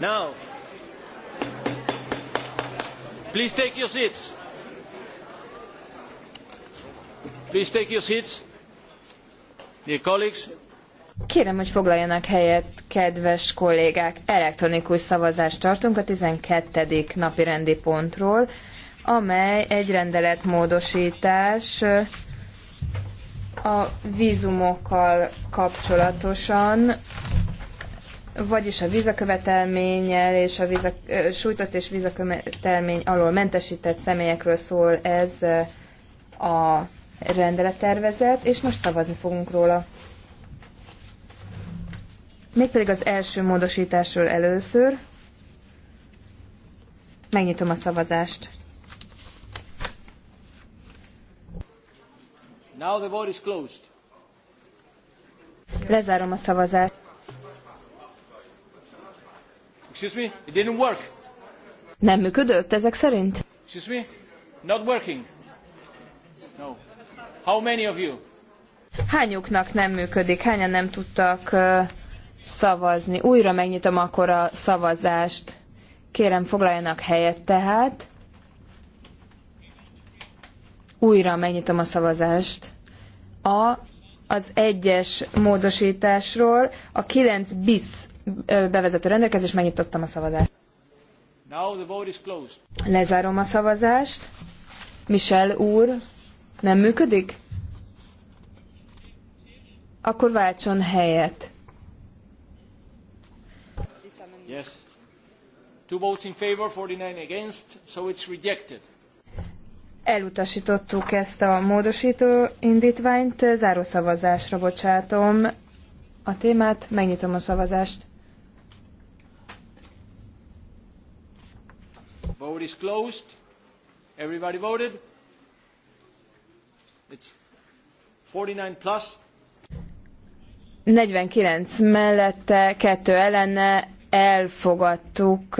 Now, please take your seats. Please take your seats. Dear colleagues. Kérem, hogy foglaljanak helyet, kedves kollégák. Elektronikus szavazást tartunk a 12. napi rendi pontról, amely egy rendeletmódosítás a vízumokkal kapcsolatosan vagyis a vízakövetelménnyel és a víza, sújtott és vízakövetelmény alól mentesített személyekről szól ez a rendelettervezet, és most szavazni fogunk róla. Mégpedig az első módosításról először. Megnyitom a szavazást. Now the vote is closed. Lezárom a szavazást. Excuse me? It didn't work. Nem működött ezek szerint? Excuse me? Not working. No. How many of you? Hányuknak nem működik? Hányan nem tudtak uh, szavazni? Újra megnyitom akkor a szavazást. Kérem, foglaljanak helyet tehát. Újra megnyitom a szavazást. A az egyes módosításról, a 9 bis bevezető rendelkezés, megnyitottam a szavazást. Lezárom a szavazást. Michel úr, nem működik? Akkor váltson helyet. Yes. Two votes in favor, 49 against, so it's rejected. Elutasítottuk ezt a módosító indítványt, zárószavazásra bocsátom a témát, megnyitom a szavazást. Vote is closed. Everybody voted? It's 49 plus. 49 mellette, kettő ellene elfogadtuk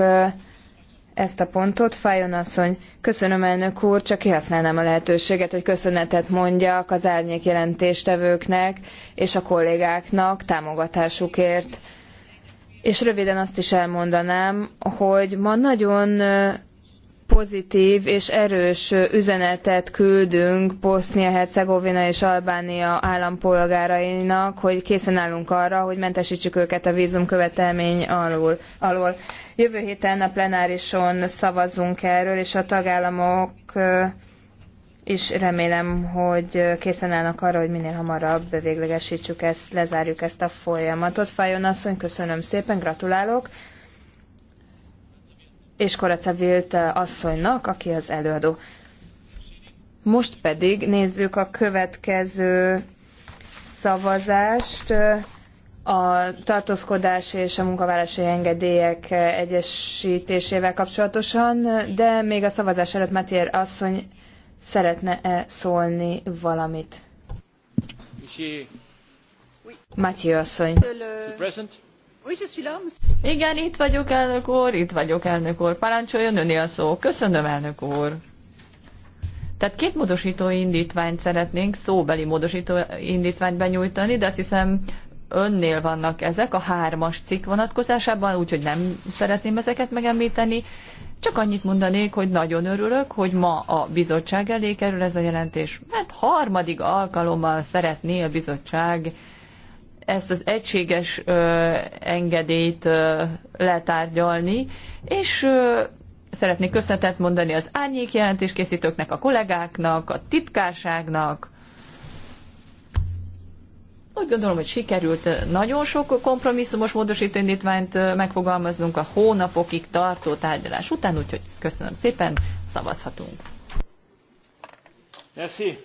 ezt a pontot. Fájon asszony, köszönöm elnök úr, csak kihasználnám a lehetőséget, hogy köszönetet mondjak az árnyék jelentéstevőknek és a kollégáknak támogatásukért. És röviden azt is elmondanám, hogy ma nagyon pozitív és erős üzenetet küldünk Bosznia-Hercegovina és Albánia állampolgárainak, hogy készen állunk arra, hogy mentesítsük őket a vízum követelmény alól. alól. Jövő héten a plenárison szavazunk erről, és a tagállamok és remélem, hogy készen állnak arra, hogy minél hamarabb véglegesítsük ezt, lezárjuk ezt a folyamatot. Fajon, asszony, köszönöm szépen, gratulálok! és Koracevilt eh, asszonynak, aki az előadó. Most pedig nézzük a következő szavazást. A tartózkodás és a munkavállalási engedélyek eh, egyesítésével kapcsolatosan, de még a szavazás előtt Matér asszony szeretne -e szólni valamit? Matyi asszony. Present? Igen, itt vagyok, elnök úr, itt vagyok, elnök úr. Parancsoljon öné a szó. Köszönöm, elnök úr. Tehát két módosító indítványt szeretnénk, szóbeli módosító indítványt benyújtani, de azt hiszem önnél vannak ezek a hármas cikk vonatkozásában, úgyhogy nem szeretném ezeket megemlíteni. Csak annyit mondanék, hogy nagyon örülök, hogy ma a bizottság elé kerül ez a jelentés, mert harmadik alkalommal szeretné a bizottság ezt az egységes engedélyt letárgyalni, és szeretnék köszönetet mondani az árnyék készítőknek, a kollégáknak, a titkárságnak. Úgy gondolom, hogy sikerült nagyon sok kompromisszumos módosító indítványt megfogalmaznunk a hónapokig tartó tárgyalás után, úgyhogy köszönöm szépen, szavazhatunk. Merci.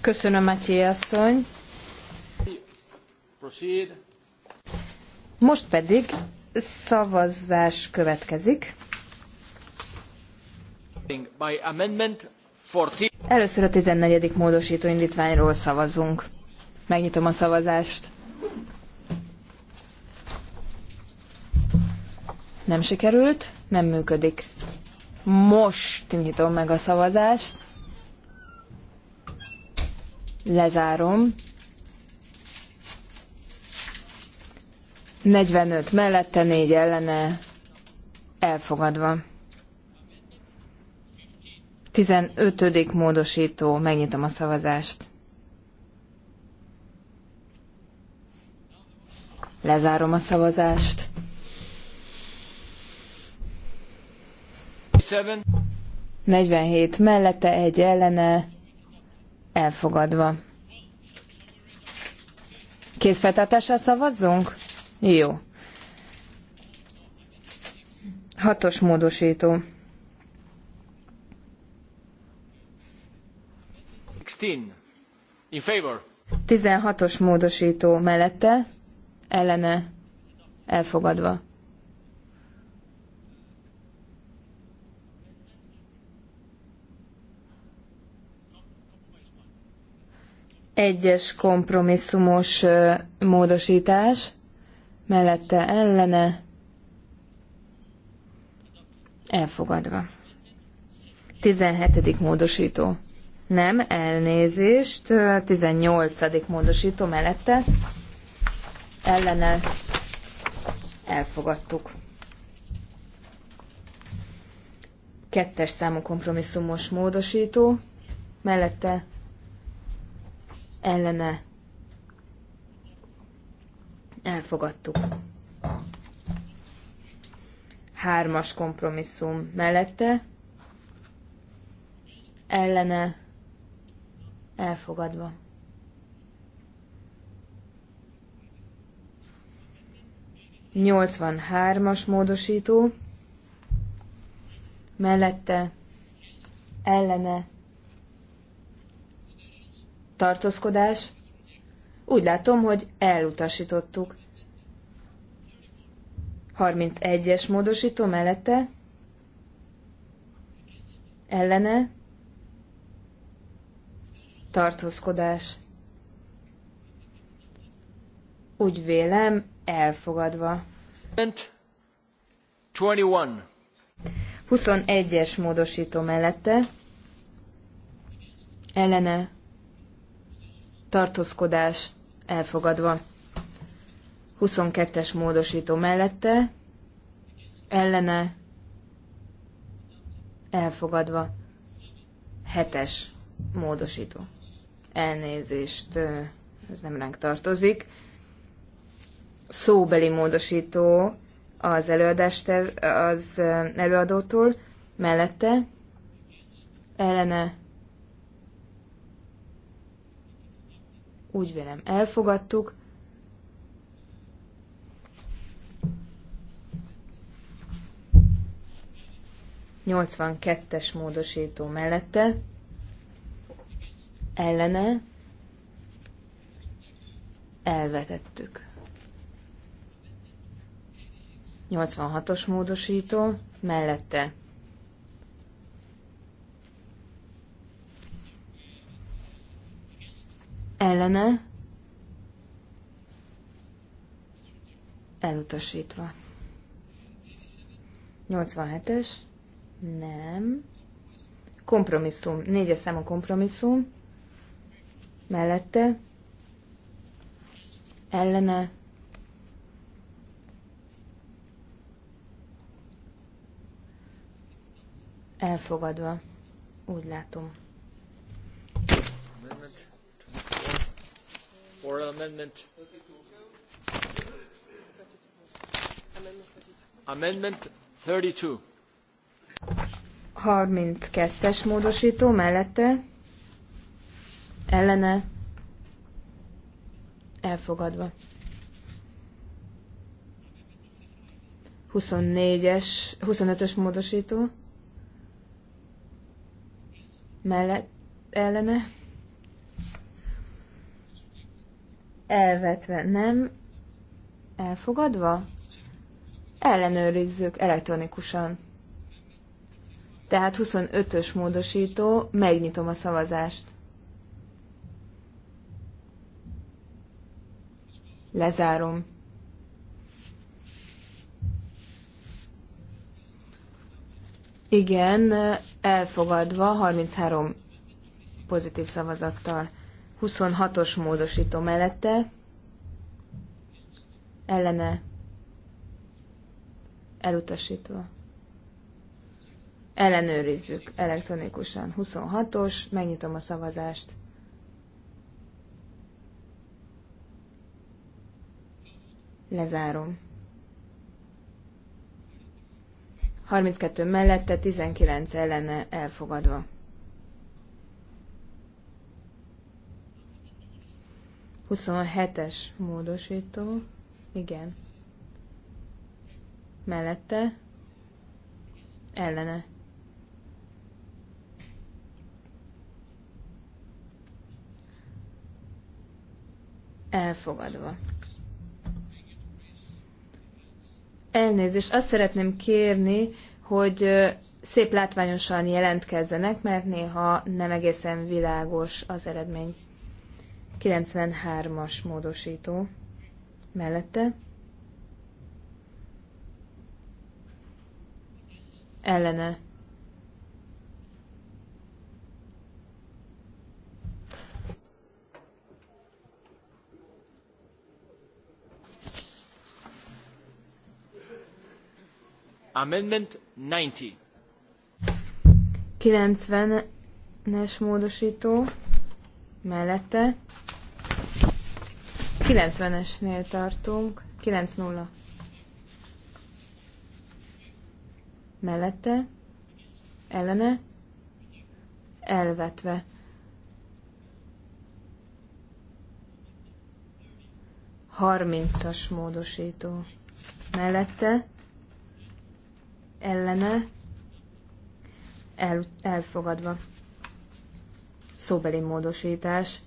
Köszönöm, Matyi asszony. Most pedig szavazás következik. Először a 14. módosító indítványról szavazunk. Megnyitom a szavazást. Nem sikerült, nem működik. Most nyitom meg a szavazást. Lezárom. 45 mellette, 4 ellene elfogadva. 15. módosító, megnyitom a szavazást. Lezárom a szavazást. 47 mellette, egy ellene, elfogadva. Készfeltartással szavazzunk? Jó. Hatos módosító. In favor. 16-os módosító mellette, ellene, elfogadva. Egyes kompromisszumos módosítás mellette ellene elfogadva. 17. módosító. Nem, elnézést. 18. módosító mellette ellene elfogadtuk. Kettes számú kompromisszumos módosító mellette ellene elfogadtuk. Hármas kompromisszum mellette, ellene, elfogadva. Nyolcvan hármas módosító, mellette, ellene, tartózkodás, úgy látom, hogy elutasítottuk. 31-es módosító mellette, ellene, tartózkodás. Úgy vélem, elfogadva. 21. es módosító mellette, ellene, tartózkodás elfogadva. 22-es módosító mellette, ellene, elfogadva. 7-es módosító. Elnézést, ez nem ránk tartozik. Szóbeli módosító az, előadást, az előadótól, mellette, ellene, úgy vélem elfogadtuk. Nyolcvankettes módosító mellette, ellene elvetettük. 86-os módosító mellette ellene elutasítva. 87-es, nem. Kompromisszum, négyes számú kompromisszum, mellette, ellene, elfogadva, úgy látom. Oral amendment. Amendment 32. 32-es módosító mellette ellene elfogadva. 24-es, 25-ös módosító mellett ellene elvetve nem, elfogadva, ellenőrizzük elektronikusan. Tehát 25-ös módosító, megnyitom a szavazást. Lezárom. Igen, elfogadva 33 pozitív szavazattal. 26-os módosító mellette ellene elutasítva. Ellenőrizzük elektronikusan. 26-os, megnyitom a szavazást. Lezárom. 32 mellette, 19 ellene elfogadva. 27-es módosító, igen. Mellette, ellene. Elfogadva. Elnézést, azt szeretném kérni, hogy szép látványosan jelentkezzenek, mert néha nem egészen világos az eredmény. 93-as módosító mellette ellene Amendment 90. 90-es módosító mellette. 90-esnél tartunk, 9-0. Mellette, ellene, elvetve. Harmincas módosító. Mellette, ellene, el, elfogadva szóbeli módosítás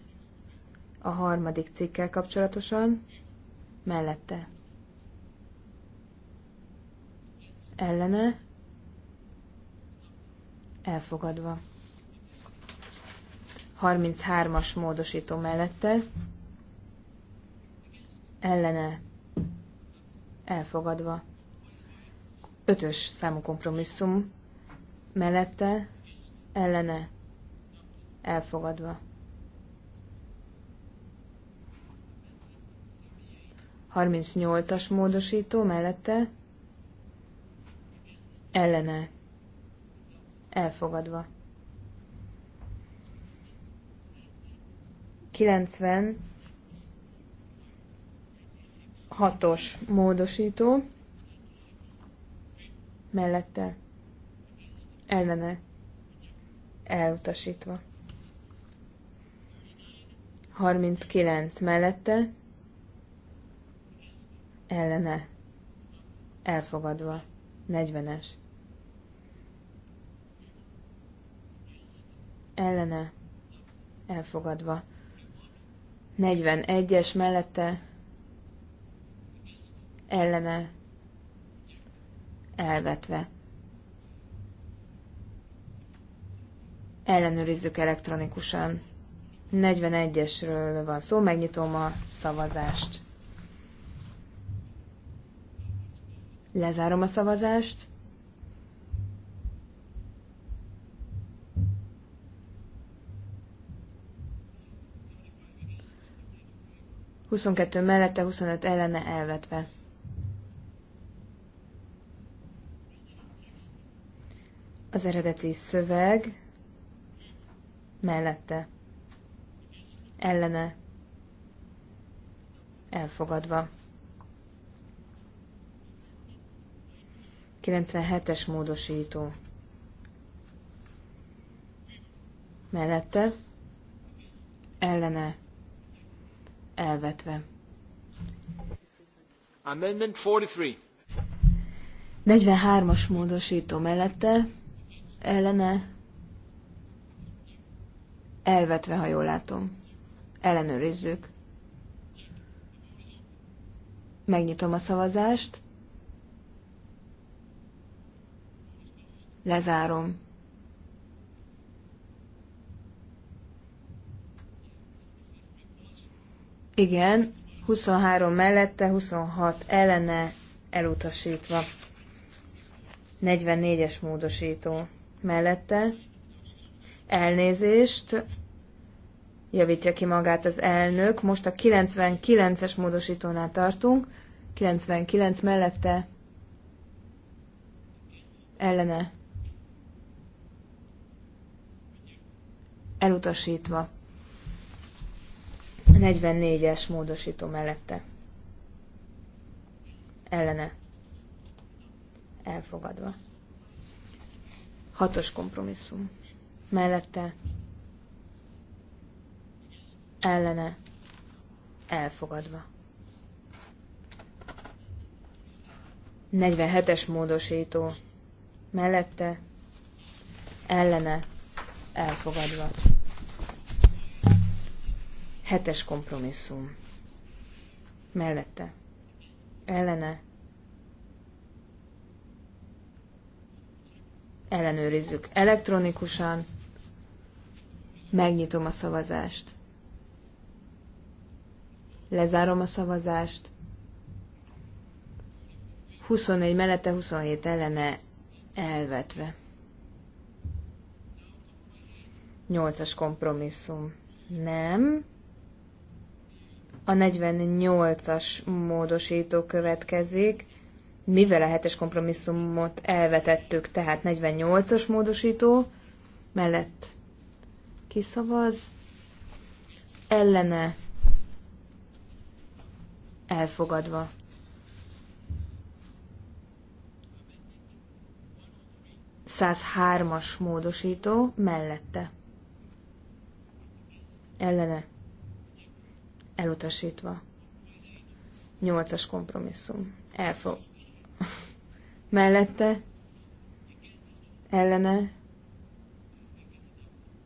a harmadik cikkel kapcsolatosan mellette. Ellene elfogadva. 33-as módosító mellette ellene elfogadva. Ötös számú kompromisszum mellette ellene elfogadva. Harminc nyolcas módosító mellette ellene elfogadva. Kilencven. hatos módosító mellette ellene elutasítva. 39 mellette, ellene, elfogadva, 40-es. Ellene, elfogadva. 41-es mellette, ellene, elvetve. Ellenőrizzük elektronikusan. 41-esről van szó, megnyitom a szavazást. Lezárom a szavazást. Huszonkettő mellette, 25 ellene elvetve. Az eredeti szöveg mellette ellene elfogadva. 97-es módosító. Mellette ellene elvetve. Amendment 43. 43-as módosító mellette ellene elvetve, ha jól látom ellenőrizzük. Megnyitom a szavazást. Lezárom. Igen, 23 mellette, 26 ellene elutasítva. 44-es módosító mellette. Elnézést, javítja ki magát az elnök. Most a 99-es módosítónál tartunk. 99 mellette ellene elutasítva. 44-es módosító mellette ellene elfogadva. Hatos kompromisszum mellette ellene elfogadva. 47-es módosító mellette ellene elfogadva. 7-es kompromisszum mellette ellene ellenőrizzük elektronikusan, megnyitom a szavazást. Lezárom a szavazást. 24 mellette, 27 ellene elvetve. 8-as kompromisszum. Nem. A 48-as módosító következik, mivel a 7-es kompromisszumot elvetettük, tehát 48-as módosító mellett kiszavaz, ellene elfogadva. Száz hármas módosító mellette. Ellene. Elutasítva. Nyolcas kompromisszum. Elfog. mellette. Ellene.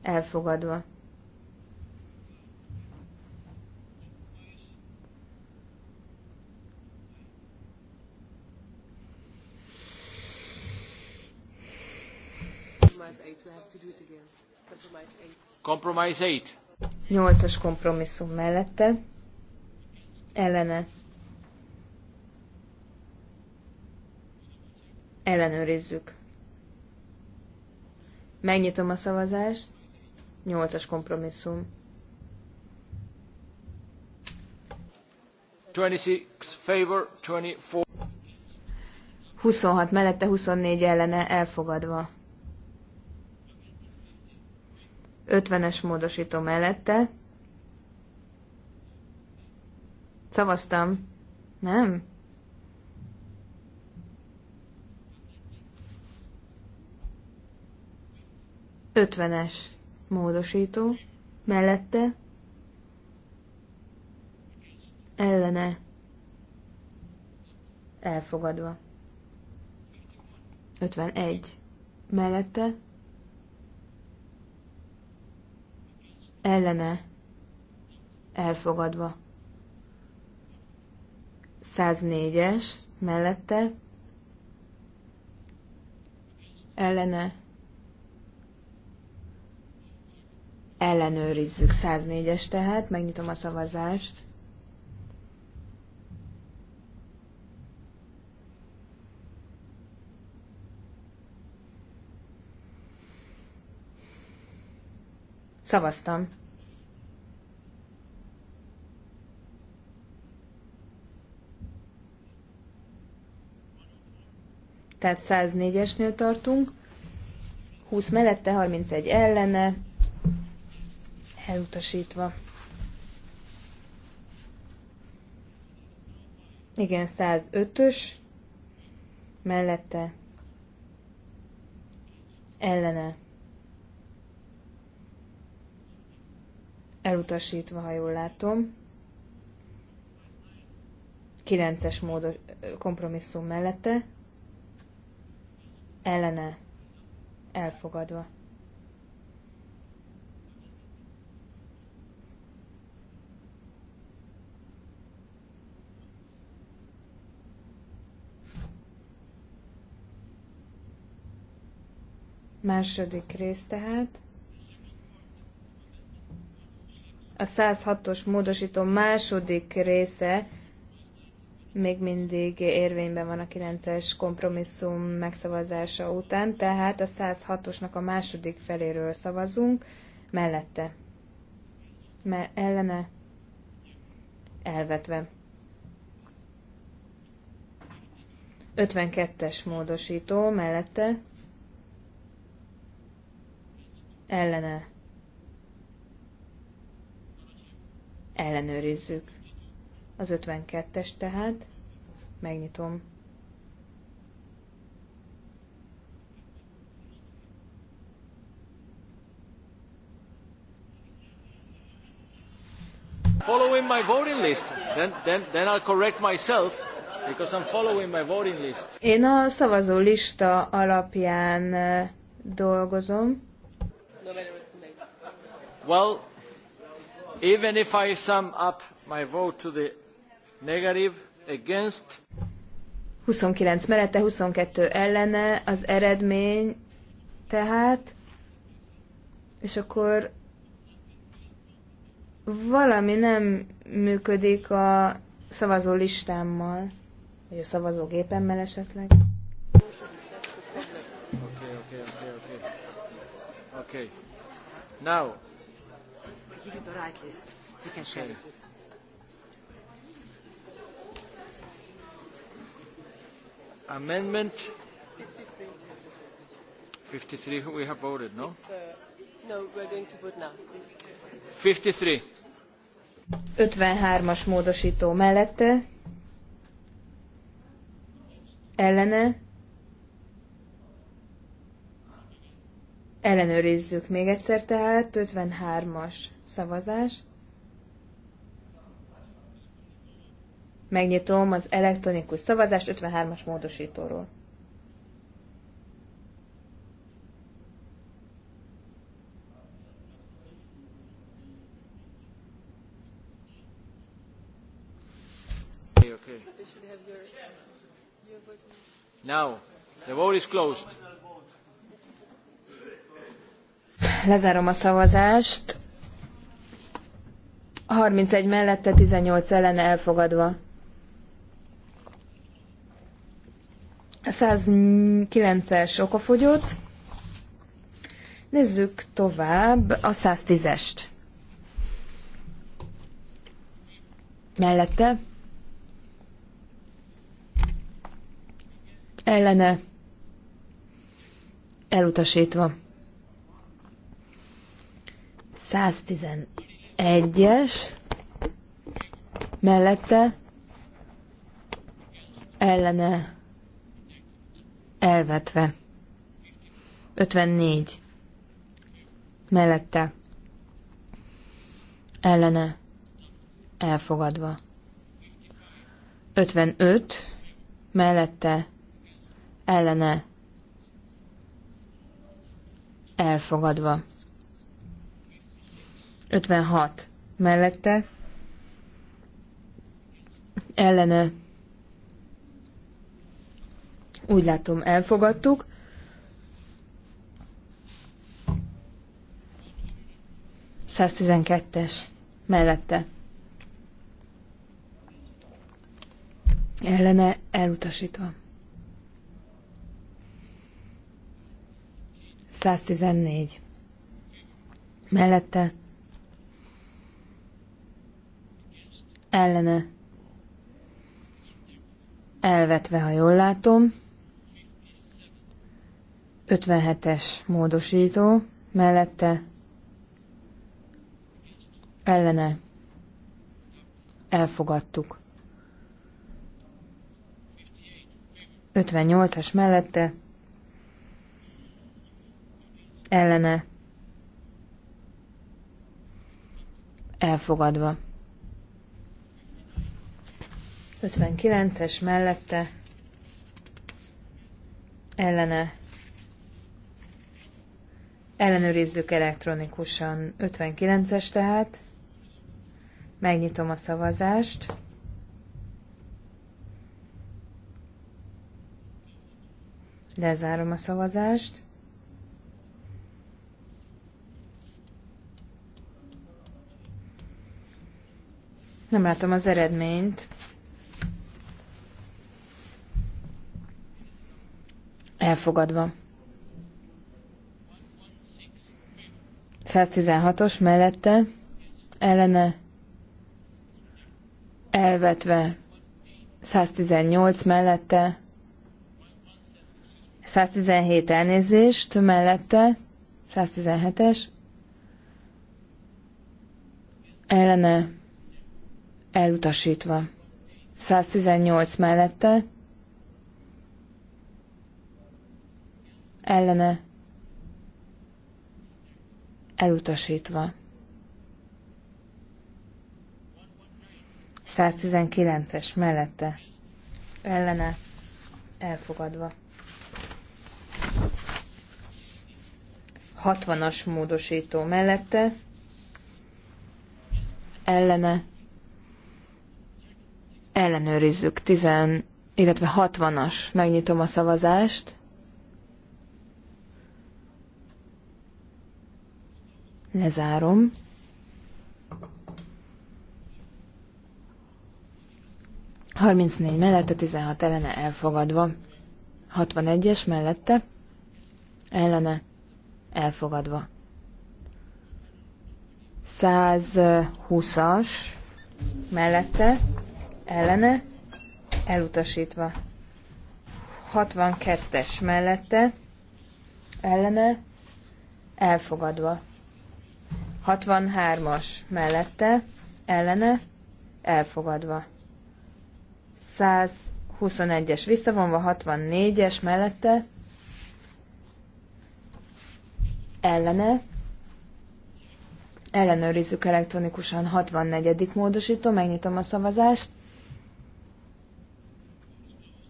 Elfogadva. Compromise 8. 8 kompromisszum mellette. Ellene. Ellenőrizzük. Megnyitom a szavazást. Nyolcas kompromisszum. 26 mellette, 24 ellene elfogadva. 50-es módosító mellette. Szavaztam. Nem? Ötvenes módosító mellette ellene elfogadva. Ötvenegy mellette ellene elfogadva. 104-es mellette ellene ellenőrizzük 104-es tehát, megnyitom a szavazást. Szavaztam. tehát 104-esnél tartunk, 20 mellette, 31 ellene, elutasítva. Igen, 105-ös, mellette, ellene, elutasítva, ha jól látom. 9-es módos kompromisszum mellette, ellene elfogadva. Második rész tehát. A 106-os módosító második része még mindig érvényben van a 9-es kompromisszum megszavazása után, tehát a 106-osnak a második feléről szavazunk, mellette. Mert ellene elvetve. 52-es módosító mellette ellene ellenőrizzük. Az 52-es tehát. Megnyitom. Following my voting list, then, then, then I'll correct myself. Because I'm following my voting list. Én a szavazó lista alapján dolgozom. Well, even if I sum up my vote to the Negative. Against. 29 mellette, 22 ellene az eredmény tehát, és akkor valami nem működik a szavazó listámmal, vagy a szavazógépemmel esetleg. Okay, okay, okay, okay. Okay. Now. I give you the right list. You can share okay. it. Amendment 53, we have voted, no? It's, uh, no, we're going to vote now. 53. 53-as módosító mellette, ellene, ellenőrizzük még egyszer, tehát 53-as szavazás. Megnyitom az elektronikus szavazást 53-as módosítóról. Now, the vote is closed. Lezárom a szavazást. 31 mellette, 18 ellene elfogadva. 109-es okafogyott. Nézzük tovább a 110-est. Mellette. Ellene. Elutasítva. 111-es. Mellette. Ellene elvetve. 54. Mellette. Ellene. Elfogadva. 55. Mellette. Ellene. Elfogadva. 56. Mellette. Ellene úgy látom, elfogadtuk. Száztizenkettes mellette. Ellene elutasítva. 114. Mellette ellene elvetve, ha jól látom. 57-es módosító, mellette ellene elfogadtuk. 58-as mellette ellene elfogadva. 59-es mellette ellene Ellenőrizzük elektronikusan 59-es tehát. Megnyitom a szavazást. Lezárom a szavazást. Nem látom az eredményt. Elfogadva. 116-os mellette ellene elvetve 118 mellette 117 elnézést mellette 117-es ellene elutasítva 118 mellette ellene elutasítva. 119-es mellette ellene elfogadva. 60-as módosító mellette ellene ellenőrizzük 10, illetve 60-as. Megnyitom a szavazást. Lezárom. négy mellette, 16 ellene elfogadva. 61-es mellette, ellene elfogadva. 120-as mellette, ellene elutasítva. 62-es mellette, ellene elfogadva. 63-as mellette, ellene, elfogadva. 121-es visszavonva, 64-es mellette, ellene, ellenőrizzük elektronikusan 64. módosító, megnyitom a szavazást,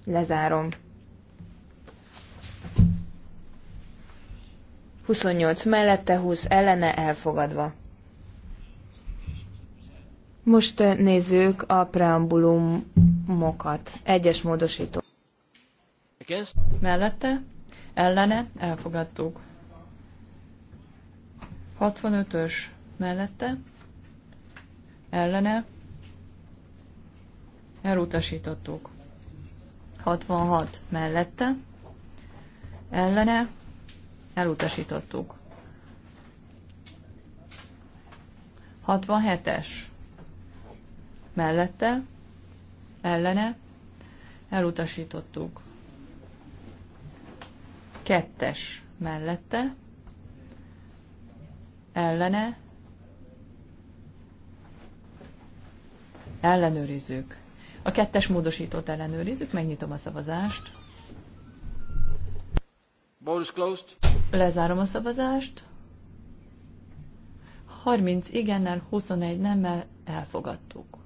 lezárom. 28 mellette, 20 ellene elfogadva. Most eh, nézzük a preambulumokat. Egyes módosító. Mellette, ellene, elfogadtuk. 65-ös mellette, ellene, elutasítottuk. 66 mellette, ellene, Elutasítottuk. 67-es. Mellette, ellene, elutasítottuk. Kettes mellette, ellene, ellenőrizzük. A kettes módosítót ellenőrizzük, megnyitom a szavazást. Lezárom a szavazást. 30 igennel, 21 nemmel elfogadtuk.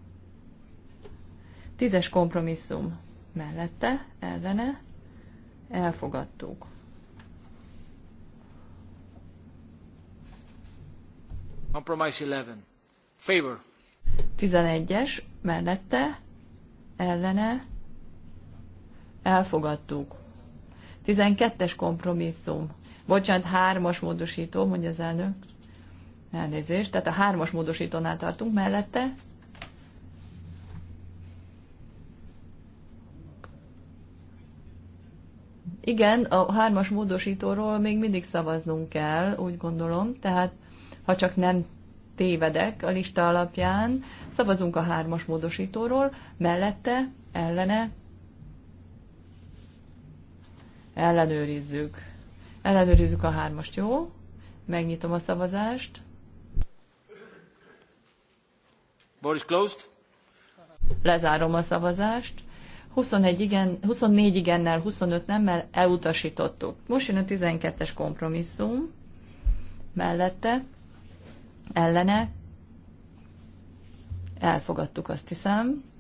Tízes kompromisszum mellette, ellene, elfogadtuk. Compromise 11. Favor. 11-es mellette, ellene, elfogadtuk. 12-es kompromisszum. Bocsánat, hármas módosító, mondja az elnök. Elnézést, tehát a hármas módosítónál tartunk mellette. Igen, a hármas módosítóról még mindig szavaznunk kell, úgy gondolom, tehát ha csak nem tévedek a lista alapján, szavazunk a hármas módosítóról, mellette, ellene, Ellenőrizzük. Ellenőrizzük a hármast, jó? Megnyitom a szavazást. Boris closed. Lezárom a szavazást. 21 igen, 24 igennel, 25 nemmel elutasítottuk. Most jön a 12-es kompromisszum mellette, ellene. Elfogadtuk azt hiszem.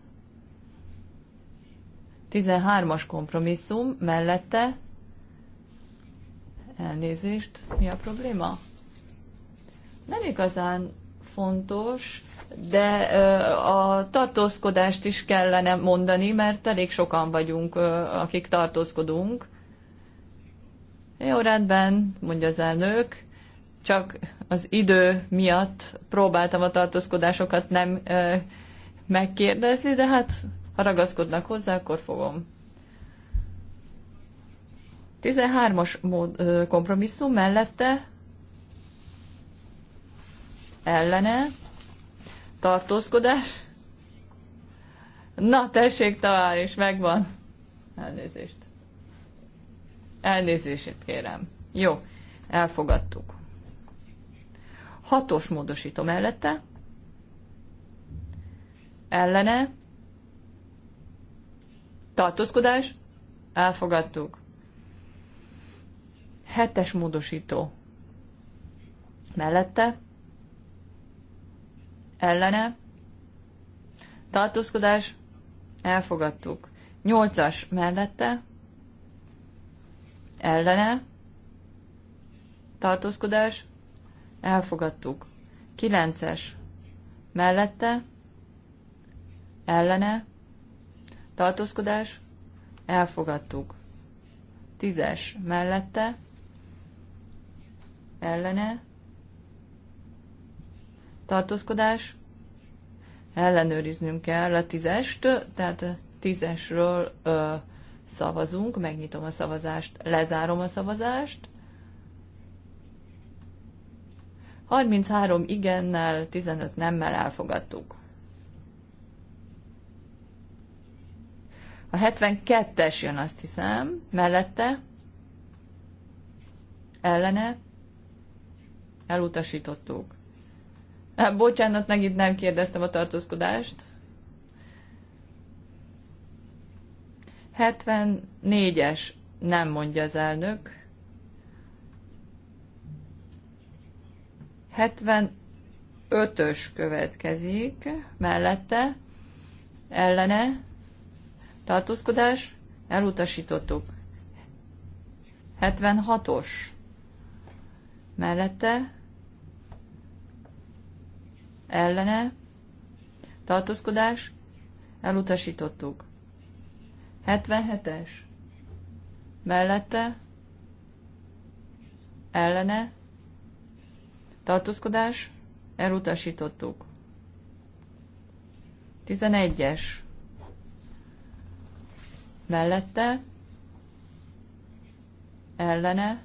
13-as kompromisszum mellette elnézést, mi a probléma? Nem igazán fontos, de a tartózkodást is kellene mondani, mert elég sokan vagyunk, akik tartózkodunk. Jó, rendben, mondja az elnök. Csak az idő miatt próbáltam a tartózkodásokat nem megkérdezni, de hát ha ragaszkodnak hozzá, akkor fogom. 13-as kompromisszum mellette ellene tartózkodás. Na, tessék, talán is megvan. Elnézést. Elnézését kérem. Jó, elfogadtuk. Hatos módosítom mellette. Ellene tartózkodás, elfogadtuk. Hetes módosító. Mellette, ellene, tartózkodás, elfogadtuk. Nyolcas mellette, ellene, tartózkodás, elfogadtuk. Kilences mellette, ellene, tartózkodás, elfogadtuk. Tízes mellette, ellene, tartózkodás, ellenőriznünk kell a tízest, tehát a tízesről ö, szavazunk, megnyitom a szavazást, lezárom a szavazást. 33 igennel, 15 nemmel elfogadtuk. A 72-es jön, azt hiszem, mellette, ellene, elutasítottuk. Hát, bocsánat, meg itt nem kérdeztem a tartózkodást. 74-es nem mondja az elnök. 75-ös következik mellette, ellene, tartózkodás, elutasítottuk. 76-os mellette, ellene, tartózkodás, elutasítottuk. 77-es mellette, ellene, tartózkodás, elutasítottuk. 11-es mellette, ellene,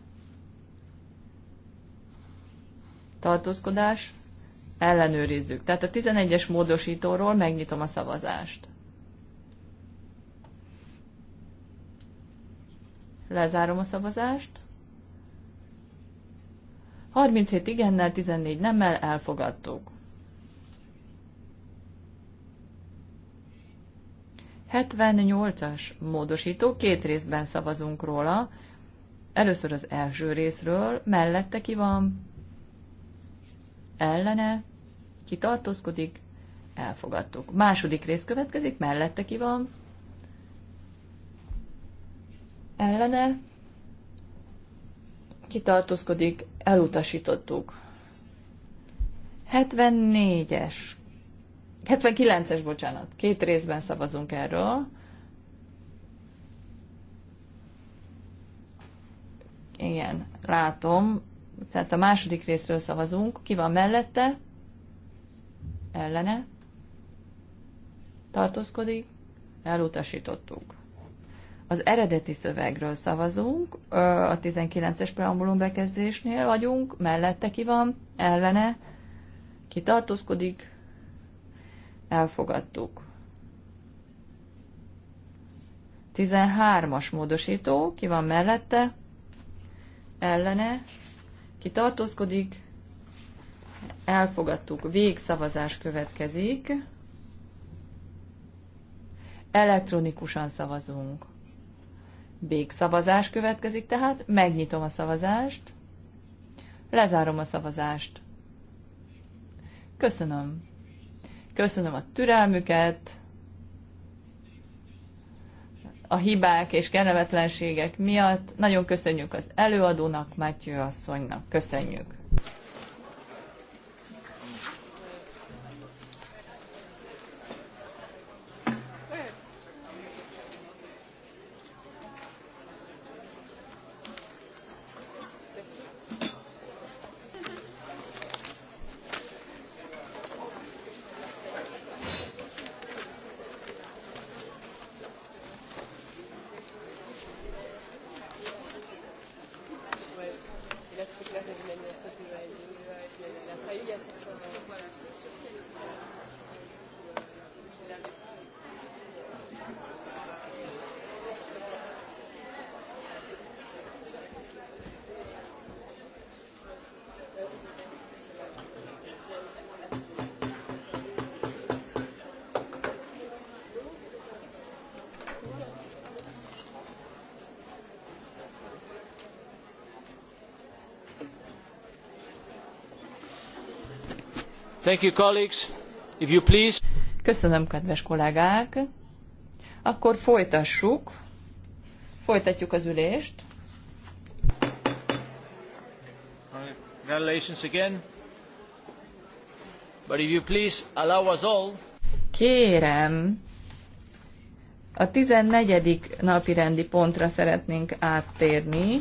tartózkodás, ellenőrizzük. Tehát a 11-es módosítóról megnyitom a szavazást. Lezárom a szavazást. 37 igennel, 14 nemmel elfogadtuk. 78-as módosító, két részben szavazunk róla. Először az első részről, mellette ki van, ellene, ki tartózkodik, elfogadtuk. Második rész következik, mellette ki van, ellene, ki tartózkodik, elutasítottuk. 74-es 79-es, bocsánat. Két részben szavazunk erről. Igen, látom. Tehát a második részről szavazunk. Ki van mellette? Ellene? Tartózkodik? Elutasítottuk. Az eredeti szövegről szavazunk, a 19-es preambulum bekezdésnél vagyunk, mellette ki van, ellene, ki tartózkodik, elfogadtuk. 13-as módosító, ki van mellette, ellene, ki tartózkodik, elfogadtuk, végszavazás következik, elektronikusan szavazunk. Végszavazás következik tehát, megnyitom a szavazást, lezárom a szavazást. Köszönöm. Köszönöm a türelmüket, a hibák és kellemetlenségek miatt. Nagyon köszönjük az előadónak, Mátyő asszonynak. Köszönjük. Thank you, colleagues. If you please. Köszönöm, kedves kollégák. Akkor folytassuk. Folytatjuk az ülést. Congratulations again. But if you please, allow us all. Kérem, a 14. napi rendi pontra szeretnénk áttérni.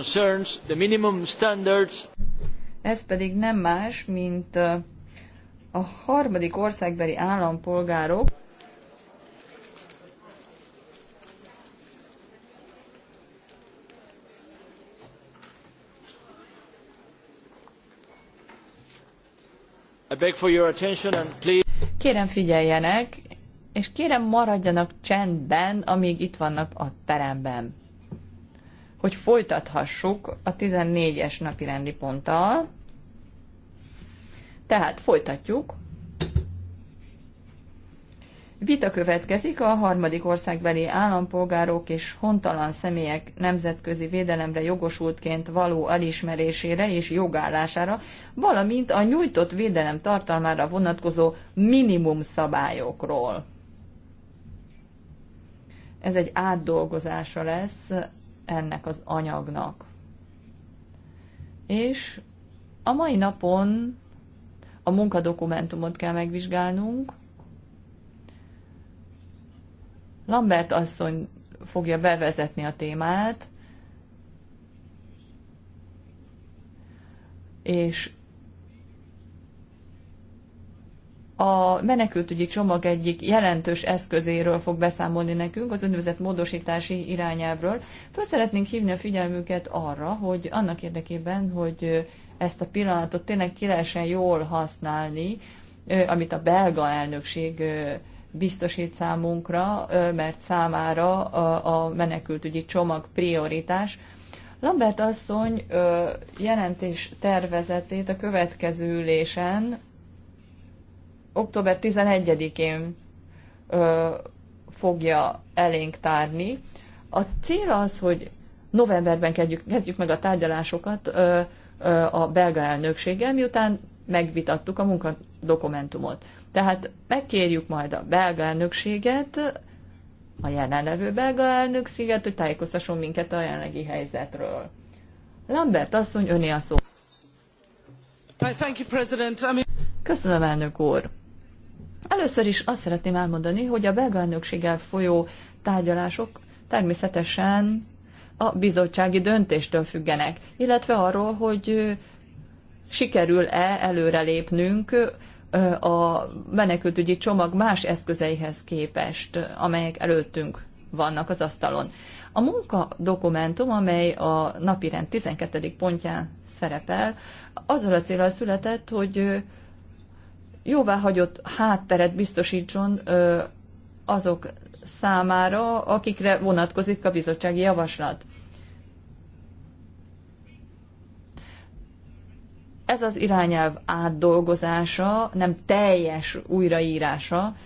concerns the minimum standards. Ez pedig nem más, mint a harmadik országbeli állampolgárok I beg for your attention and please... Kérem figyeljenek, és kérem maradjanak csendben, amíg itt vannak a teremben hogy folytathassuk a 14-es napi rendi ponttal. Tehát folytatjuk. Vita következik a harmadik országbeli állampolgárok és hontalan személyek nemzetközi védelemre jogosultként való elismerésére és jogállására, valamint a nyújtott védelem tartalmára vonatkozó minimum szabályokról. Ez egy átdolgozása lesz ennek az anyagnak. És a mai napon a munkadokumentumot kell megvizsgálnunk. Lambert asszony fogja bevezetni a témát, és a menekültügyi csomag egyik jelentős eszközéről fog beszámolni nekünk, az úgynevezett módosítási irányelvről. Föl szeretnénk hívni a figyelmüket arra, hogy annak érdekében, hogy ezt a pillanatot tényleg ki lehessen jól használni, amit a belga elnökség biztosít számunkra, mert számára a menekültügyi csomag prioritás. Lambert asszony jelentés tervezetét a következő ülésen október 11-én fogja elénk tárni. A cél az, hogy novemberben kezdjük, kezdjük meg a tárgyalásokat ö, ö, a belga elnökséggel, miután megvitattuk a munkadokumentumot. Tehát megkérjük majd a belga elnökséget, a jelenlevő belga elnökséget, hogy tájékoztasson minket a jelenlegi helyzetről. Lambert asszony, öné a szó. Köszönöm, elnök úr. Először is azt szeretném elmondani, hogy a belga elnökséggel folyó tárgyalások természetesen a bizottsági döntéstől függenek, illetve arról, hogy sikerül-e előrelépnünk a menekültügyi csomag más eszközeihez képest, amelyek előttünk vannak az asztalon. A munka dokumentum, amely a napirend 12. pontján szerepel, azzal a célral született, hogy jóváhagyott hátteret biztosítson azok számára, akikre vonatkozik a bizottsági javaslat. Ez az irányelv átdolgozása, nem teljes újraírása.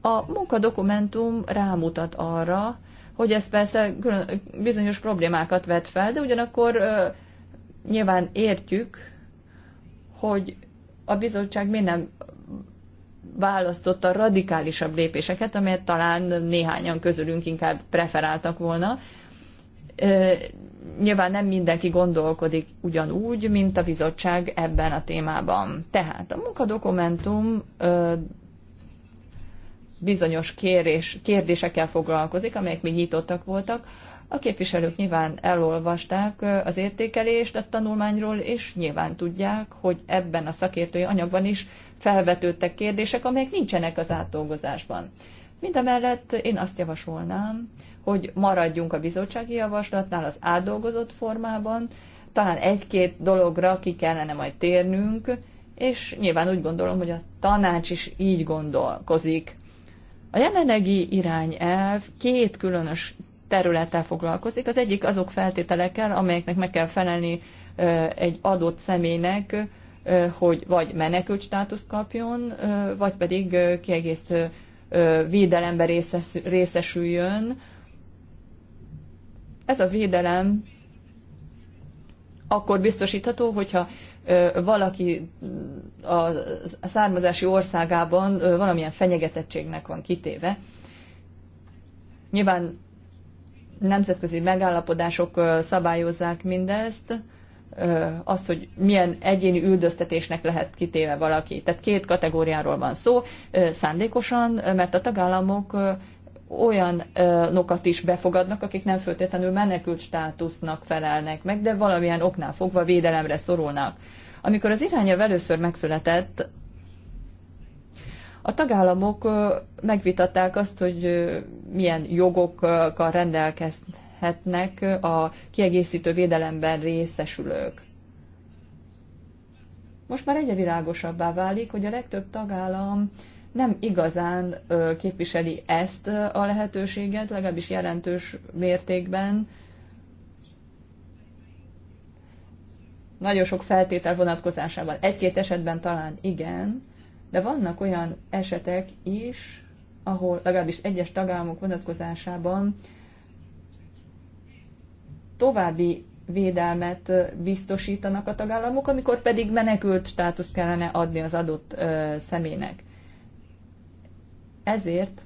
A munkadokumentum rámutat arra, hogy ez persze külön, bizonyos problémákat vet fel, de ugyanakkor ö, nyilván értjük, hogy a bizottság miért nem választotta a radikálisabb lépéseket, amelyet talán néhányan közülünk inkább preferáltak volna. Nyilván nem mindenki gondolkodik ugyanúgy, mint a bizottság ebben a témában. Tehát a munkadokumentum bizonyos kérés, kérdésekkel foglalkozik, amelyek még nyitottak voltak, a képviselők nyilván elolvasták az értékelést a tanulmányról, és nyilván tudják, hogy ebben a szakértői anyagban is felvetődtek kérdések, amelyek nincsenek az átdolgozásban. Mindemellett én azt javasolnám, hogy maradjunk a bizottsági javaslatnál az átdolgozott formában, talán egy-két dologra ki kellene majd térnünk, és nyilván úgy gondolom, hogy a tanács is így gondolkozik. A jelenlegi irányelv két különös területtel foglalkozik. Az egyik azok feltételekkel, amelyeknek meg kell felelni egy adott személynek, hogy vagy menekült státuszt kapjon, vagy pedig kiegészítő védelembe részesüljön. Ez a védelem akkor biztosítható, hogyha valaki a származási országában valamilyen fenyegetettségnek van kitéve. Nyilván nemzetközi megállapodások szabályozzák mindezt, azt, hogy milyen egyéni üldöztetésnek lehet kitéve valaki. Tehát két kategóriáról van szó, szándékosan, mert a tagállamok olyanokat is befogadnak, akik nem föltétlenül menekült státusznak felelnek meg, de valamilyen oknál fogva védelemre szorulnak. Amikor az irányelv először megszületett, a tagállamok megvitatták azt, hogy milyen jogokkal rendelkezhetnek a kiegészítő védelemben részesülők. Most már egyre világosabbá válik, hogy a legtöbb tagállam nem igazán képviseli ezt a lehetőséget, legalábbis jelentős mértékben. Nagyon sok feltétel vonatkozásában. Egy-két esetben talán igen, de vannak olyan esetek is, ahol legalábbis egyes tagállamok vonatkozásában további védelmet biztosítanak a tagállamok, amikor pedig menekült státuszt kellene adni az adott ö, személynek. Ezért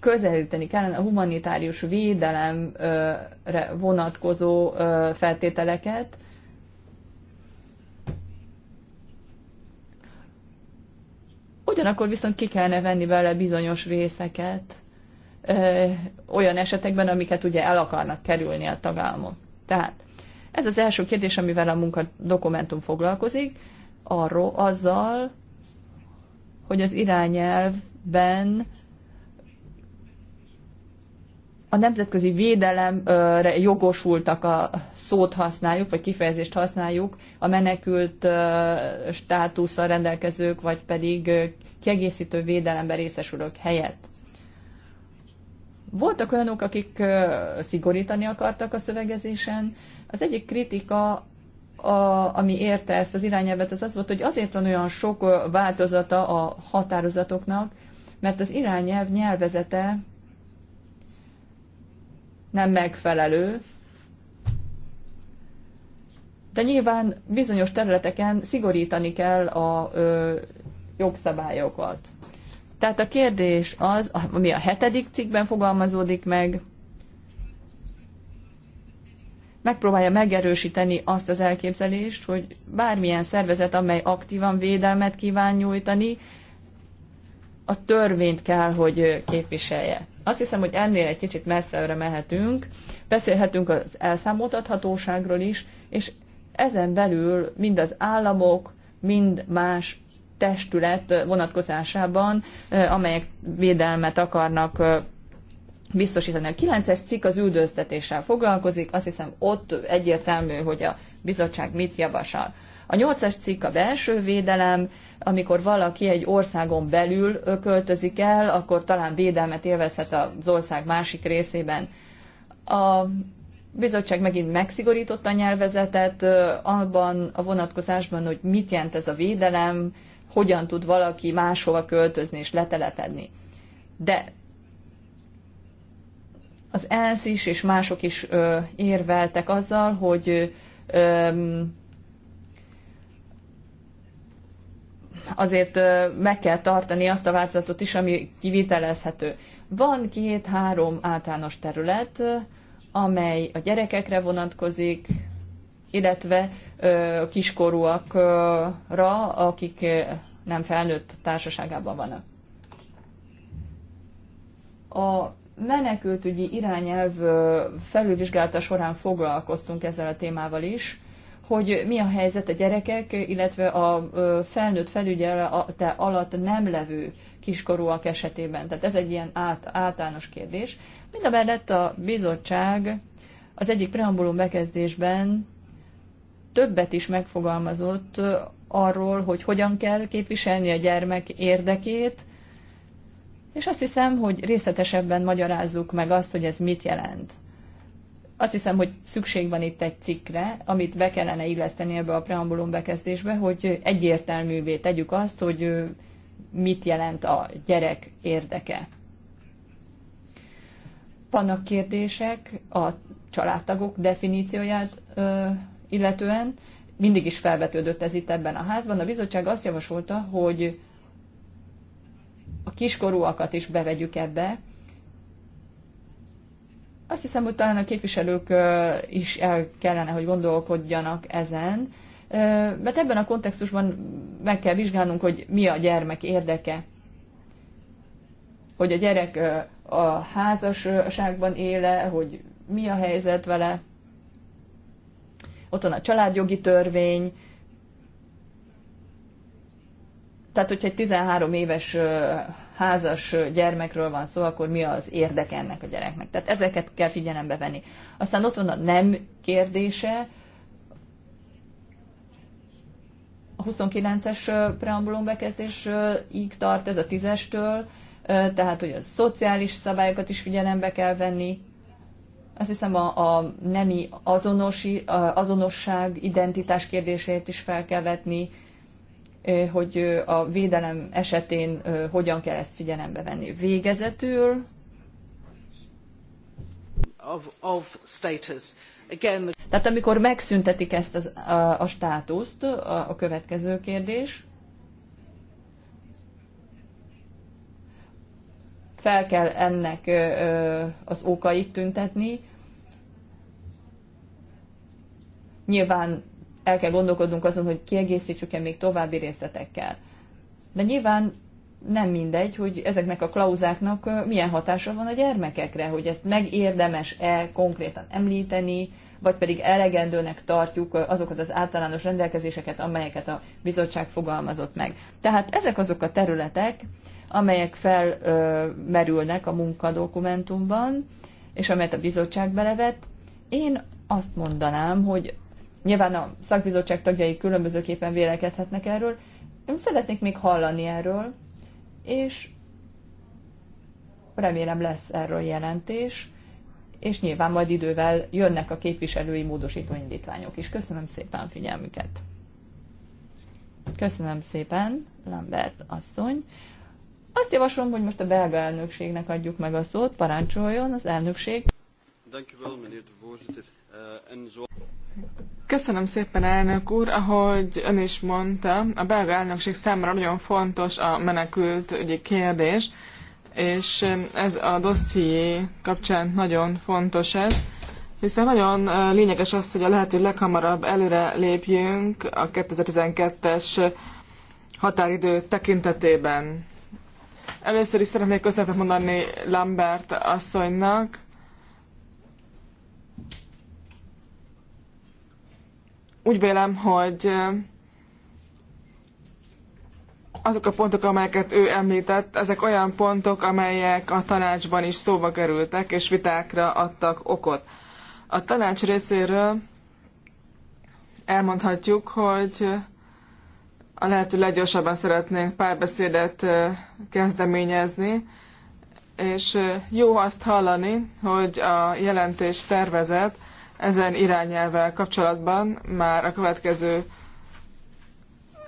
közelíteni kellene a humanitárius védelemre vonatkozó feltételeket, Ugyanakkor viszont ki kellene venni bele bizonyos részeket ö, olyan esetekben, amiket ugye el akarnak kerülni a tagállamok. Tehát ez az első kérdés, amivel a munka dokumentum foglalkozik, arról azzal, hogy az irányelvben a nemzetközi védelemre jogosultak a szót használjuk, vagy kifejezést használjuk, a menekült státusszal rendelkezők, vagy pedig kiegészítő védelembe részesülők helyett. Voltak olyanok, akik szigorítani akartak a szövegezésen. Az egyik kritika, a, ami érte ezt az irányelvet, az az volt, hogy azért van olyan sok változata a határozatoknak, mert az irányelv nyelvezete nem megfelelő, de nyilván bizonyos területeken szigorítani kell a ö, jogszabályokat. Tehát a kérdés az, ami a hetedik cikkben fogalmazódik meg, megpróbálja megerősíteni azt az elképzelést, hogy bármilyen szervezet, amely aktívan védelmet kíván nyújtani, a törvényt kell, hogy képviselje. Azt hiszem, hogy ennél egy kicsit messzebbre mehetünk, beszélhetünk az elszámoltathatóságról is, és ezen belül mind az államok, mind más testület vonatkozásában, amelyek védelmet akarnak biztosítani. A 9-es cikk az üldöztetéssel foglalkozik, azt hiszem ott egyértelmű, hogy a bizottság mit javasol. A 8 es cikk a belső védelem, amikor valaki egy országon belül költözik el, akkor talán védelmet élvezhet az ország másik részében. A bizottság megint megszigorította a nyelvezetet abban a vonatkozásban, hogy mit jelent ez a védelem, hogyan tud valaki máshova költözni és letelepedni. De az ENSZ is és mások is ö, érveltek azzal, hogy ö, azért meg kell tartani azt a változatot is, ami kivitelezhető. Van két-három általános terület, amely a gyerekekre vonatkozik, illetve kiskorúakra, akik nem felnőtt társaságában vannak. A menekültügyi irányelv felülvizsgálata során foglalkoztunk ezzel a témával is, hogy mi a helyzet a gyerekek, illetve a felnőtt felügyelete alatt nem levő kiskorúak esetében. Tehát ez egy ilyen át, általános kérdés. Mind a mellett a bizottság az egyik preambulum bekezdésben többet is megfogalmazott arról, hogy hogyan kell képviselni a gyermek érdekét, és azt hiszem, hogy részletesebben magyarázzuk meg azt, hogy ez mit jelent azt hiszem, hogy szükség van itt egy cikkre, amit be kellene illeszteni ebbe a preambulum bekezdésbe, hogy egyértelművé tegyük azt, hogy mit jelent a gyerek érdeke. Vannak kérdések a családtagok definícióját illetően, mindig is felvetődött ez itt ebben a házban. A bizottság azt javasolta, hogy a kiskorúakat is bevegyük ebbe, azt hiszem, hogy talán a képviselők is el kellene, hogy gondolkodjanak ezen, mert ebben a kontextusban meg kell vizsgálnunk, hogy mi a gyermek érdeke. Hogy a gyerek a házasságban éle, hogy mi a helyzet vele. Ott van a családjogi törvény. Tehát, hogyha egy 13 éves házas gyermekről van szó, akkor mi az érdek ennek a gyereknek. Tehát ezeket kell figyelembe venni. Aztán ott van a nem kérdése, a 29-es preambulum bekezdésig tart ez a 10-estől, tehát hogy a szociális szabályokat is figyelembe kell venni, azt hiszem a, a nemi azonosi, a azonosság, identitás kérdését is fel kell vetni, hogy a védelem esetén hogyan kell ezt figyelembe venni. Végezetül. Of, of status. Again, the... Tehát amikor megszüntetik ezt az, a, a státuszt, a, a következő kérdés, fel kell ennek az okait tüntetni. Nyilván el kell gondolkodnunk azon, hogy kiegészítsük-e még további részletekkel. De nyilván nem mindegy, hogy ezeknek a klauzáknak milyen hatása van a gyermekekre, hogy ezt megérdemes-e konkrétan említeni, vagy pedig elegendőnek tartjuk azokat az általános rendelkezéseket, amelyeket a bizottság fogalmazott meg. Tehát ezek azok a területek, amelyek felmerülnek a munkadokumentumban, és amelyet a bizottság belevet. Én azt mondanám, hogy Nyilván a szakbizottság tagjai különbözőképpen vélekedhetnek erről. Én szeretnék még hallani erről, és remélem lesz erről jelentés, és nyilván majd idővel jönnek a képviselői módosító indítványok is. Köszönöm szépen a figyelmüket! Köszönöm szépen, Lambert asszony. Azt javaslom, hogy most a belga elnökségnek adjuk meg a szót, parancsoljon az elnökség. Köszönöm szépen, elnök úr. Ahogy ön is mondta, a belga elnökség számára nagyon fontos a menekült ügyi kérdés, és ez a dosszié kapcsán nagyon fontos ez, hiszen nagyon lényeges az, hogy a lehető leghamarabb előre lépjünk a 2012-es határidő tekintetében. Először is szeretnék köszönetet mondani Lambert asszonynak, Úgy vélem, hogy azok a pontok, amelyeket ő említett, ezek olyan pontok, amelyek a tanácsban is szóba kerültek, és vitákra adtak okot. A tanács részéről elmondhatjuk, hogy a lehető leggyorsabban szeretnénk párbeszédet kezdeményezni, és jó azt hallani, hogy a jelentés tervezet ezen irányelvvel kapcsolatban már a következő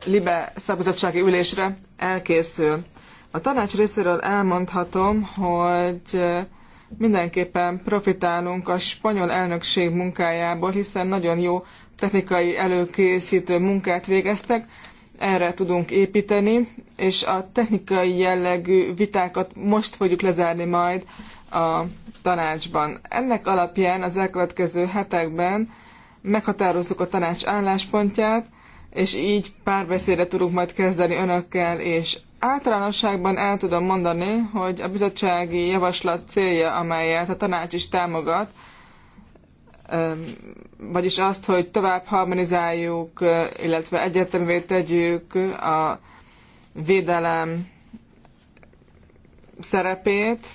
Libe szabadságügyi ülésre elkészül. A tanács részéről elmondhatom, hogy eh, mindenképpen profitálunk a spanyol elnökség munkájából, hiszen nagyon jó technikai előkészítő munkát végeztek, erre tudunk építeni, és a technikai jellegű vitákat most fogjuk lezárni majd a tanácsban. Ennek alapján az elkövetkező hetekben meghatározzuk a tanács álláspontját, és így párbeszédre tudunk majd kezdeni önökkel, és általánosságban el tudom mondani, hogy a bizottsági javaslat célja, amelyet a tanács is támogat, vagyis azt, hogy tovább harmonizáljuk, illetve egyetemvé tegyük a védelem szerepét,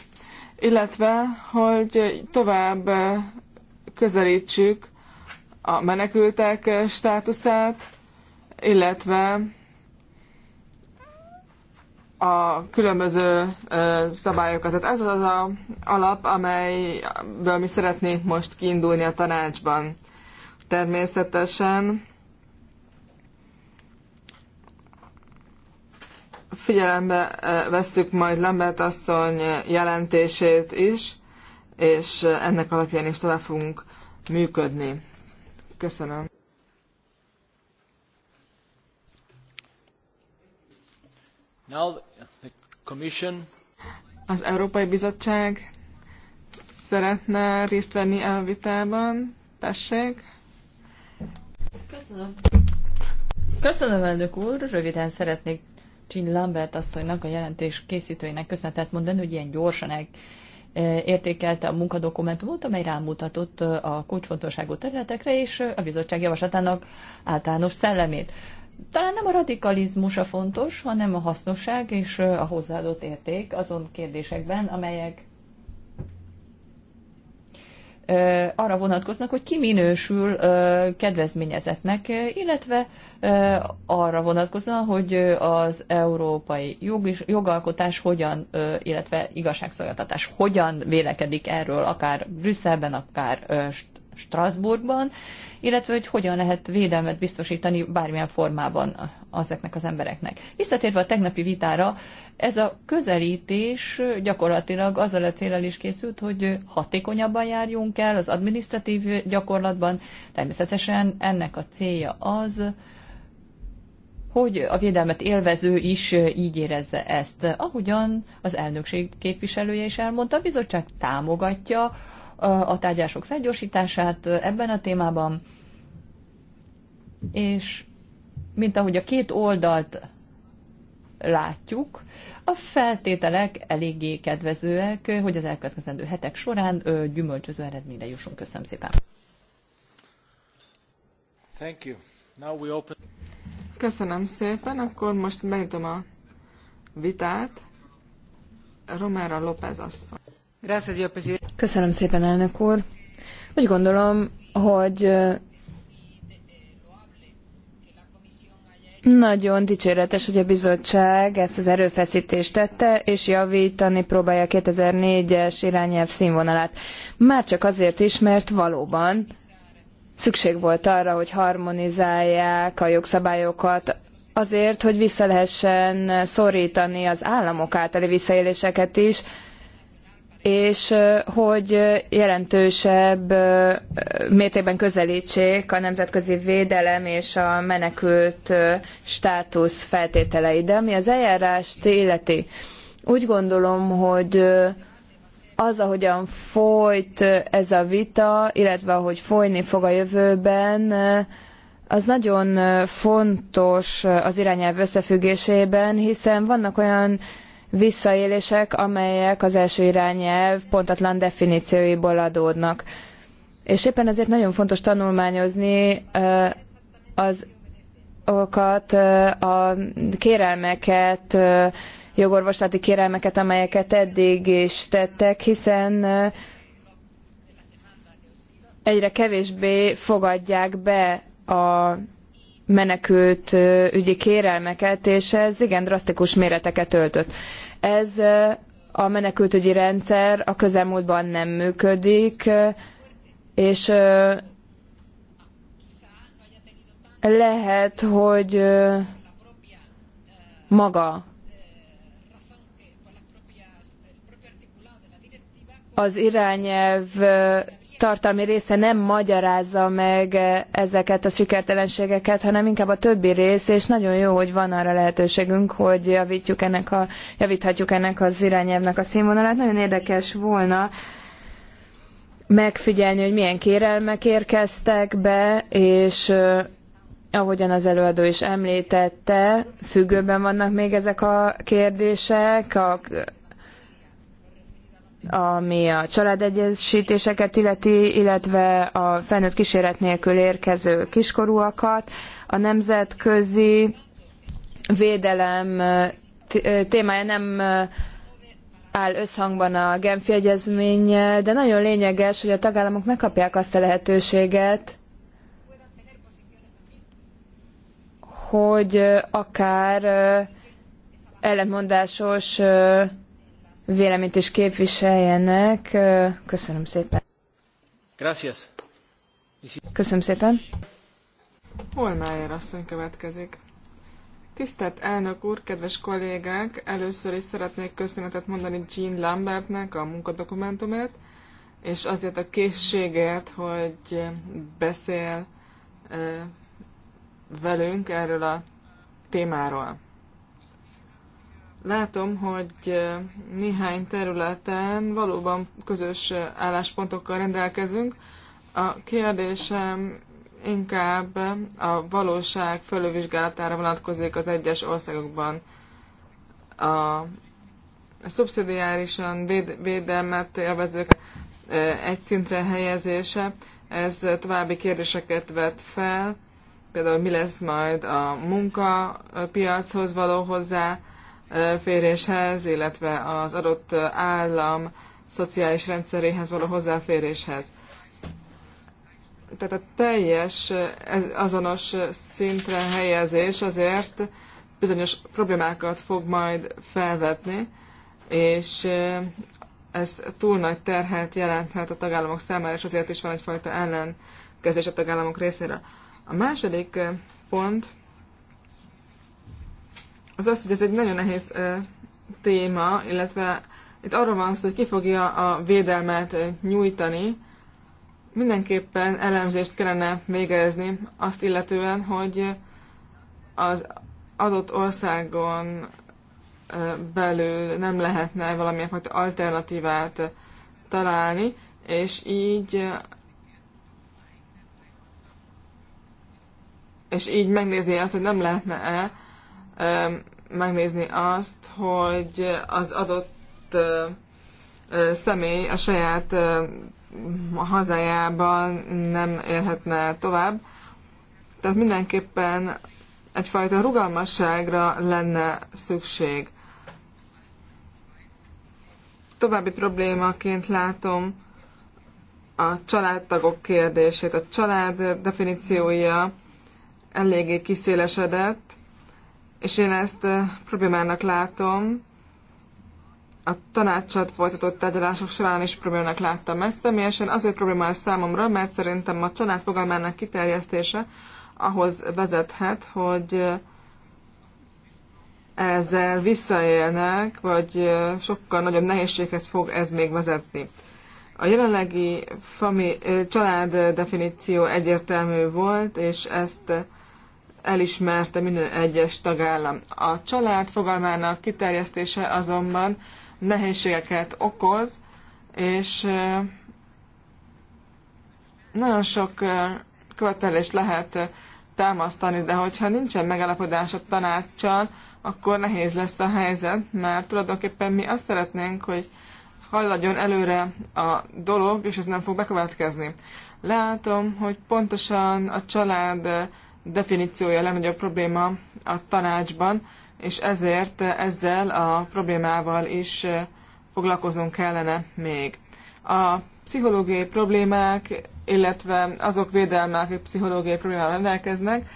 illetve hogy tovább közelítsük a menekültek státuszát, illetve a különböző szabályokat. Tehát ez az az alap, amelyből mi szeretnénk most kiindulni a tanácsban. Természetesen Figyelembe e, vesszük majd Lambert asszony jelentését is, és ennek alapján is tovább fogunk működni. Köszönöm. Now the commission. Az Európai Bizottság szeretne részt venni a vitában. Tessék. Köszönöm. Köszönöm, elnök úr. Röviden szeretnék Jean Lambert asszonynak, a jelentés készítőinek köszönetet mondani, hogy ilyen gyorsan e, értékelte a munkadokumentumot, amely rámutatott e, a kulcsfontosságú területekre és e, a bizottság javaslatának általános szellemét. Talán nem a radikalizmus a fontos, hanem a hasznosság és a hozzáadott érték azon kérdésekben, amelyek arra vonatkoznak, hogy ki minősül kedvezményezetnek, illetve arra vonatkozóan, hogy az európai jog és jogalkotás hogyan, illetve igazságszolgáltatás hogyan vélekedik erről, akár Brüsszelben, akár Strasbourgban, illetve hogy hogyan lehet védelmet biztosítani bármilyen formában azoknak az embereknek. Visszatérve a tegnapi vitára, ez a közelítés gyakorlatilag azzal a célral is készült, hogy hatékonyabban járjunk el az administratív gyakorlatban. Természetesen ennek a célja az, hogy a védelmet élvező is így érezze ezt. Ahogyan az elnökség képviselője is elmondta, a bizottság támogatja a tárgyások felgyorsítását ebben a témában, és mint ahogy a két oldalt látjuk, a feltételek eléggé kedvezőek, hogy az elkövetkezendő hetek során gyümölcsöző eredményre jussunk. Köszönöm szépen. Thank you. Now we open... Köszönöm szépen, akkor most megnyitom a vitát. Romero López asszony. Köszönöm szépen, elnök úr. Úgy gondolom, hogy Nagyon dicséretes, hogy a bizottság ezt az erőfeszítést tette, és javítani próbálja 2004-es irányelv színvonalát. Már csak azért is, mert valóban szükség volt arra, hogy harmonizálják a jogszabályokat azért, hogy vissza lehessen szorítani az államok általi visszaéléseket is, és hogy jelentősebb mértékben közelítsék a nemzetközi védelem és a menekült státusz feltételeit. De ami az eljárást illeti, úgy gondolom, hogy az, ahogyan folyt ez a vita, illetve ahogy folyni fog a jövőben, az nagyon fontos az irányelv összefüggésében, hiszen vannak olyan visszaélések, amelyek az első irányelv pontatlan definícióiból adódnak. És éppen ezért nagyon fontos tanulmányozni az okat, a kérelmeket, jogorvoslati kérelmeket, amelyeket eddig is tettek, hiszen egyre kevésbé fogadják be a menekült ügyi kérelmeket, és ez igen drasztikus méreteket öltött. Ez a menekültügyi rendszer a közelmúltban nem működik, és lehet, hogy maga az irányelv tartalmi része nem magyarázza meg eh, ezeket a sikertelenségeket, hanem inkább a többi rész, és nagyon jó, hogy van arra lehetőségünk, hogy javítjuk ennek a, javíthatjuk ennek az irányelvnek a színvonalát. Nagyon érdekes volna megfigyelni, hogy milyen kérelmek érkeztek be, és eh, ahogyan az előadó is említette, függőben vannak még ezek a kérdések, a ami a családegyesítéseket illeti, illetve a felnőtt kíséret nélkül érkező kiskorúakat. A nemzetközi védelem témája nem áll összhangban a Genfi Egyezménnyel, de nagyon lényeges, hogy a tagállamok megkapják azt a lehetőséget, hogy akár ellentmondásos véleményt is képviseljenek. Köszönöm szépen. Gracias. Köszönöm szépen. Holmájer asszony következik. Tisztelt elnök úr, kedves kollégák! Először is szeretnék köszönetet mondani Jean Lambertnek a munkadokumentumért, és azért a készségért, hogy beszél velünk erről a témáról. Látom, hogy néhány területen valóban közös álláspontokkal rendelkezünk. A kérdésem inkább a valóság fölővizsgálatára vonatkozik az egyes országokban. A szubszidiárisan védelmet élvezők egy szintre helyezése, ez további kérdéseket vet fel, például mi lesz majd a munkapiachoz való hozzá, hozzáféréshez, illetve az adott állam szociális rendszeréhez való hozzáféréshez. Tehát a teljes azonos szintre helyezés azért bizonyos problémákat fog majd felvetni, és ez túl nagy terhet jelenthet a tagállamok számára, és azért is van egyfajta ellenkezés a tagállamok részéről. A második pont az az, hogy ez egy nagyon nehéz téma, illetve itt arról van szó, hogy ki fogja a védelmet nyújtani. Mindenképpen elemzést kellene végezni azt illetően, hogy az adott országon belül nem lehetne valamilyen fajta alternatívát találni, és így és így megnézni azt, hogy nem lehetne-e megnézni azt, hogy az adott személy a saját hazájában nem élhetne tovább. Tehát mindenképpen egyfajta rugalmasságra lenne szükség. További problémaként látom a családtagok kérdését. A család definíciója eléggé kiszélesedett, és én ezt problémának látom. A tanácsot folytatott tárgyalások során is problémának láttam ezt személyesen. Azért problémás számomra, mert szerintem a család fogalmának kiterjesztése ahhoz vezethet, hogy ezzel visszaélnek, vagy sokkal nagyobb nehézséghez fog ez még vezetni. A jelenlegi fami, család definíció egyértelmű volt, és ezt elismerte minden egyes tagállam. A család fogalmának kiterjesztése azonban nehézségeket okoz, és nagyon sok követelést lehet támasztani, de hogyha nincsen megállapodás a tanácssal, akkor nehéz lesz a helyzet, mert tulajdonképpen mi azt szeretnénk, hogy halladjon előre a dolog, és ez nem fog bekövetkezni. Látom, hogy pontosan a család definíciója a legnagyobb probléma a tanácsban, és ezért ezzel a problémával is eh, foglalkoznunk kellene még. A pszichológiai problémák, illetve azok védelme, akik pszichológiai problémával rendelkeznek,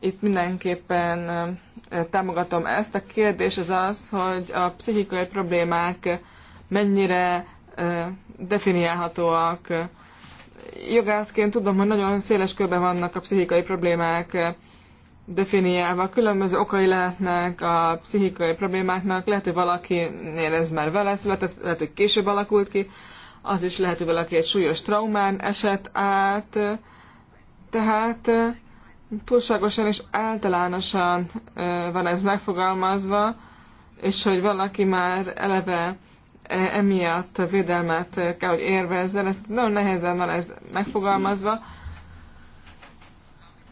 itt mindenképpen eh, támogatom ezt. A kérdés az az, hogy a pszichikai problémák mennyire eh, definiálhatóak jogászként tudom, hogy nagyon széles körben vannak a pszichikai problémák eh, definiálva. Különböző okai lehetnek a pszichikai problémáknak. Lehet, hogy valakinél ez már vele született, lehet, hogy később alakult ki. Az is lehet, hogy valaki egy súlyos traumán esett át. Tehát eh, túlságosan és általánosan eh, van ez megfogalmazva, és hogy valaki már eleve emiatt védelmet kell, hogy érvezzen. Ez nagyon nehezen van ez megfogalmazva.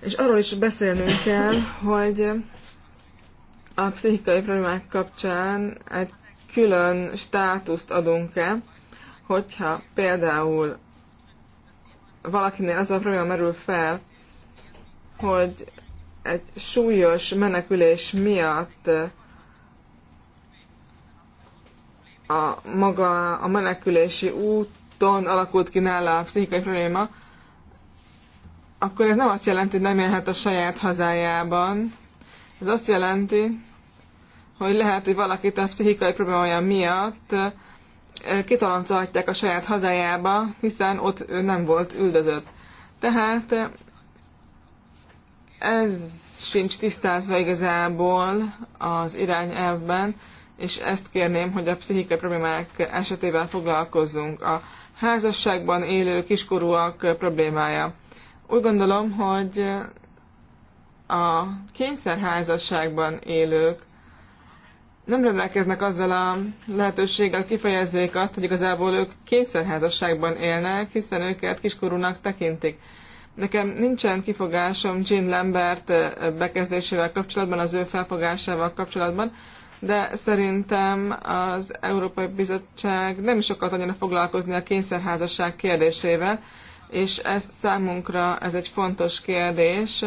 És arról is beszélnünk kell, hogy a pszichikai problémák kapcsán egy külön státuszt adunk-e, hogyha például valakinél az a probléma merül fel, hogy egy súlyos menekülés miatt a maga a menekülési úton alakult ki nála a pszichikai probléma, akkor ez nem azt jelenti, hogy nem élhet a saját hazájában. Ez azt jelenti, hogy lehet, hogy valakit a pszichikai problémája miatt eh, kitaloncolhatják a saját hazájába, hiszen ott ő nem volt üldözött. Tehát eh, ez sincs tisztázva igazából az irányelvben, és ezt kérném, hogy a pszichikai problémák esetében foglalkozzunk. A házasságban élő kiskorúak problémája. Úgy gondolom, hogy a kényszerházasságban élők nem rendelkeznek azzal a lehetőséggel, kifejezzék azt, hogy igazából ők kényszerházasságban élnek, hiszen őket kiskorúnak tekintik. Nekem nincsen kifogásom Jean Lambert bekezdésével kapcsolatban, az ő felfogásával kapcsolatban, de szerintem az Európai Bizottság nem is sokat annyira foglalkozni a kényszerházasság kérdésével, és ez számunkra ez egy fontos kérdés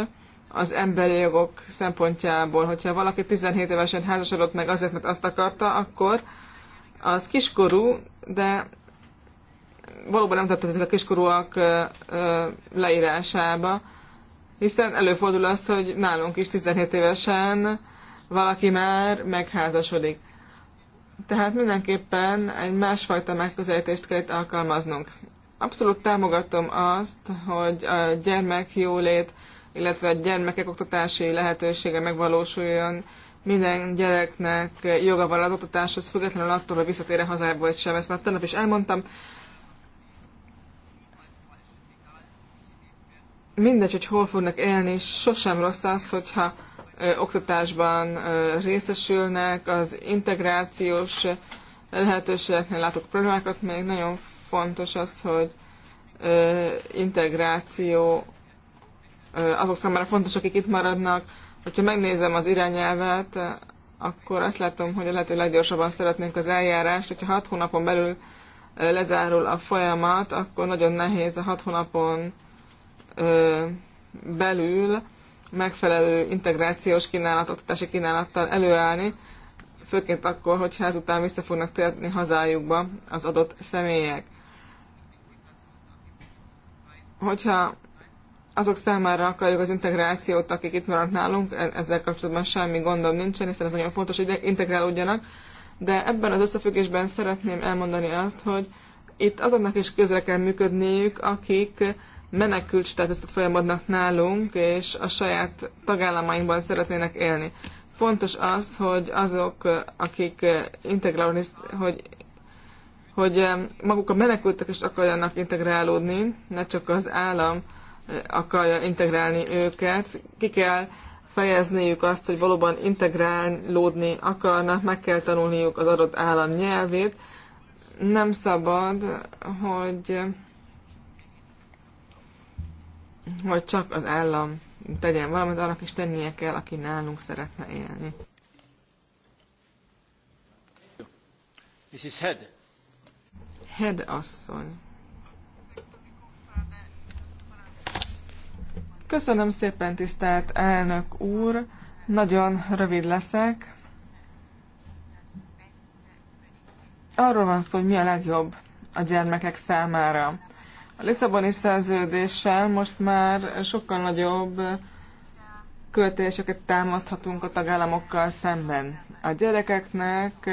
az emberi jogok szempontjából. Hogyha valaki 17 évesen házasodott meg azért, mert azt akarta, akkor az kiskorú, de valóban nem tartozik a kiskorúak leírásába, hiszen előfordul az, hogy nálunk is 17 évesen valaki már megházasodik. Tehát mindenképpen egy másfajta megközelítést kell alkalmaznunk. Abszolút támogatom azt, hogy a gyermek jólét, illetve a gyermekek oktatási lehetősége megvalósuljon, minden gyereknek joga van az oktatáshoz, függetlenül attól, hogy visszatér hazába vagy sem. Ezt már tegnap is elmondtam. Mindegy, hogy hol fognak élni, sosem rossz az, hogyha oktatásban részesülnek, az integrációs lehetőségeknél látok problémákat, még nagyon fontos az, hogy integráció azok számára fontos, akik itt maradnak. Hogyha megnézem az irányelvet, akkor azt látom, hogy a lehető leggyorsabban szeretnénk az eljárást. Hogyha hat hónapon belül lezárul a folyamat, akkor nagyon nehéz a hat hónapon belül megfelelő integrációs kínálatot, oktatási kínálattal előállni, főként akkor, hogy ezután vissza fognak térni hazájukba az adott személyek. Hogyha azok számára akarjuk az integrációt, akik itt maradnak nálunk, e- ezzel kapcsolatban semmi gondom nincsen, hiszen ez nagyon fontos, hogy integrálódjanak, de ebben az összefüggésben szeretném elmondani azt, hogy itt azoknak is közre kell működniük, akik menekült státuszt folyamodnak nálunk, és a saját tagállamainkban szeretnének élni. Fontos az, hogy azok, akik integrálni, hogy, hogy maguk a menekültek is akarjanak integrálódni, ne csak az állam eh, akarja integrálni őket. Ki kell fejezniük azt, hogy valóban integrálódni akarnak, meg kell tanulniuk az adott állam nyelvét. Nem szabad, hogy hogy csak az állam tegyen valamit, annak is tennie kell, aki nálunk szeretne élni. Mrs. Head. Head asszony. Köszönöm szépen, tisztelt elnök úr. Nagyon rövid leszek. Arról van szó, hogy mi a legjobb a gyermekek számára. A Lisszaboni szerződéssel most már sokkal nagyobb költéseket támaszthatunk a tagállamokkal szemben. A gyerekeknek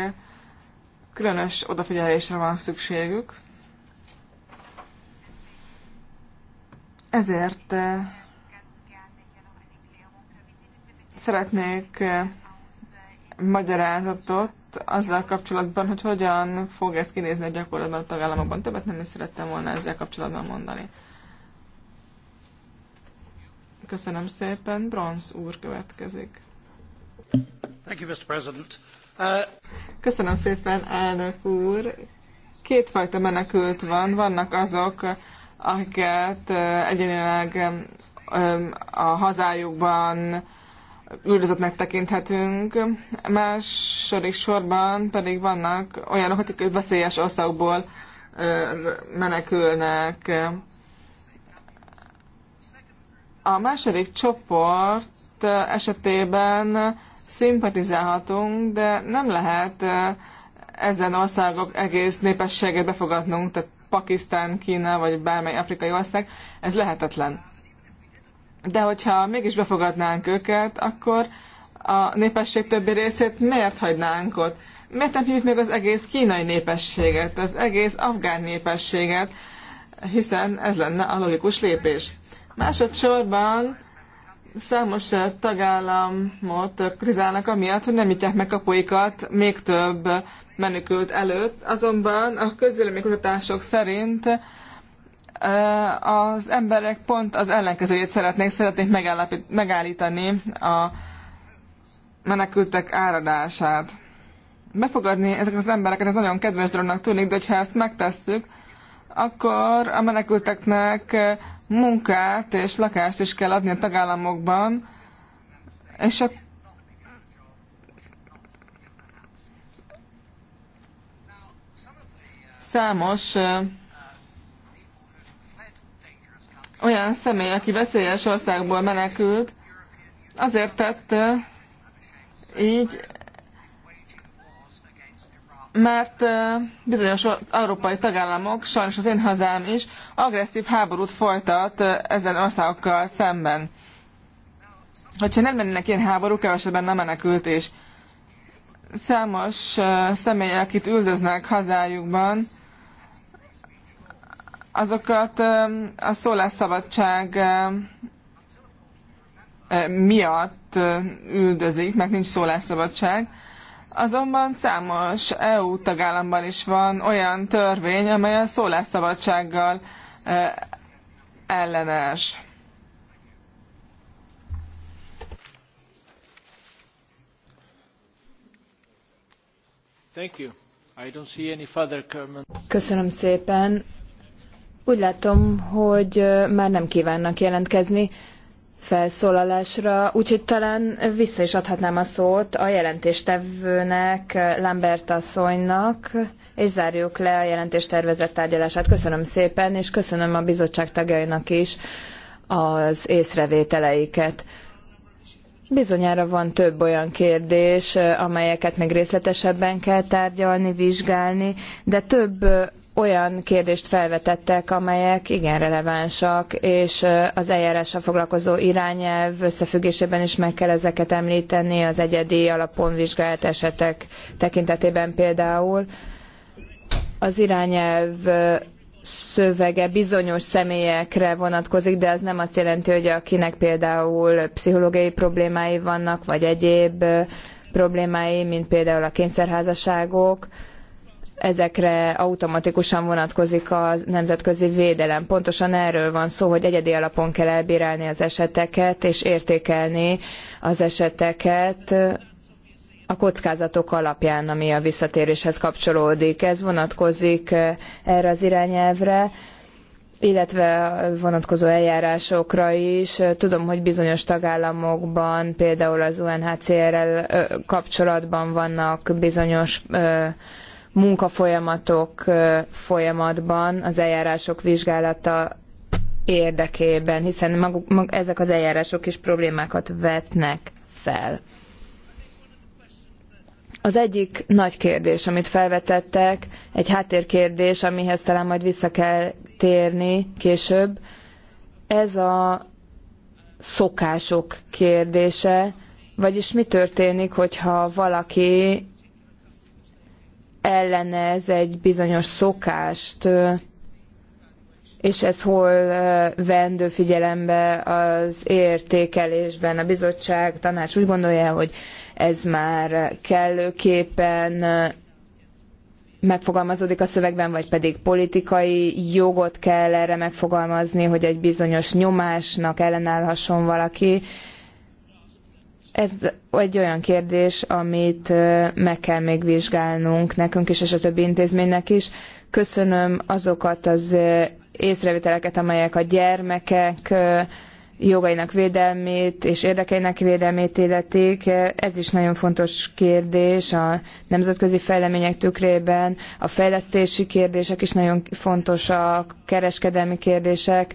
különös odafigyelésre van szükségük, ezért eh, szeretnék eh, magyarázatot azzal kapcsolatban, hogy hogyan fog ez kinézni a gyakorlatban a tagállamokban. Többet nem is szerettem volna ezzel kapcsolatban mondani. Köszönöm szépen. Bronz úr következik. Thank you, Mr. President. Uh... Köszönöm szépen, elnök úr. Kétfajta menekült van. Vannak azok, akiket uh, egyénileg um, um, a hazájukban üldözöttnek tekinthetünk. Második sorban pedig vannak olyanok, akik veszélyes országból menekülnek. A második csoport esetében szimpatizálhatunk, de nem lehet ezen országok egész népességet befogadnunk, tehát Pakisztán, Kína vagy bármely afrikai ország, ez lehetetlen de hogyha mégis befogadnánk őket, akkor a népesség többi részét miért hagynánk ott? Miért nem hívjuk még az egész kínai népességet, az egész afgán népességet, hiszen ez lenne a logikus lépés. Másodszorban számos tagállamot krizálnak amiatt, hogy nem nyitják meg kapuikat még több menükült előtt, azonban a közvéleménykutatások szerint az emberek pont az ellenkezőjét szeretnék, szeretnék megállítani a menekültek áradását. Befogadni ezeket az embereket, ez nagyon kedves dolognak tűnik, de ha ezt megtesszük, akkor a menekülteknek munkát és lakást is kell adni a tagállamokban, és a számos olyan személy, aki veszélyes országból menekült, azért tette így, mert bizonyos európai tagállamok, sajnos az én hazám is, agresszív háborút folytat ezen országokkal szemben. Hogyha nem mennének ilyen háború, kevesebben nem menekült is. Számos személy, akit üldöznek hazájukban, azokat a szólásszabadság miatt üldözik, mert nincs szólásszabadság. Azonban számos EU tagállamban is van olyan törvény, amely a szólásszabadsággal ellenes. Köszönöm szépen. Úgy látom, hogy már nem kívánnak jelentkezni felszólalásra, úgyhogy talán vissza is adhatnám a szót a jelentéstevőnek, Lambert asszonynak, és zárjuk le a jelentéstervezet tárgyalását. Köszönöm szépen, és köszönöm a bizottság tagjainak is az észrevételeiket. Bizonyára van több olyan kérdés, amelyeket még részletesebben kell tárgyalni, vizsgálni, de több olyan kérdést felvetettek, amelyek igen relevánsak, és az eljárással foglalkozó irányelv összefüggésében is meg kell ezeket említeni, az egyedi alapon vizsgált esetek tekintetében például. Az irányelv szövege bizonyos személyekre vonatkozik, de az nem azt jelenti, hogy akinek például pszichológiai problémái vannak, vagy egyéb problémái, mint például a kényszerházasságok, ezekre automatikusan vonatkozik a nemzetközi védelem. Pontosan erről van szó, hogy egyedi alapon kell elbírálni az eseteket, és értékelni az eseteket a kockázatok alapján, ami a visszatéréshez kapcsolódik. Ez vonatkozik eh, erre az irányelvre illetve vonatkozó eljárásokra is. Tudom, hogy bizonyos tagállamokban, például az UNHCR-rel eh, kapcsolatban vannak bizonyos eh, munkafolyamatok folyamatban az eljárások vizsgálata érdekében, hiszen maguk, mag, ezek az eljárások is problémákat vetnek fel. Az egyik nagy kérdés, amit felvetettek, egy háttérkérdés, amihez talán majd vissza kell térni később, ez a szokások kérdése, vagyis mi történik, hogyha valaki ez egy bizonyos szokást, és ez hol vendő figyelembe az értékelésben? A bizottság, tanács úgy gondolja, hogy ez már kellőképpen megfogalmazódik a szövegben, vagy pedig politikai jogot kell erre megfogalmazni, hogy egy bizonyos nyomásnak ellenállhasson valaki, ez egy olyan kérdés, amit meg kell még vizsgálnunk nekünk is, és a többi intézménynek is. Köszönöm azokat az észrevételeket, amelyek a gyermekek jogainak védelmét és érdekeinek védelmét illetik. Ez is nagyon fontos kérdés a nemzetközi fejlemények tükrében. A fejlesztési kérdések is nagyon fontosak, kereskedelmi kérdések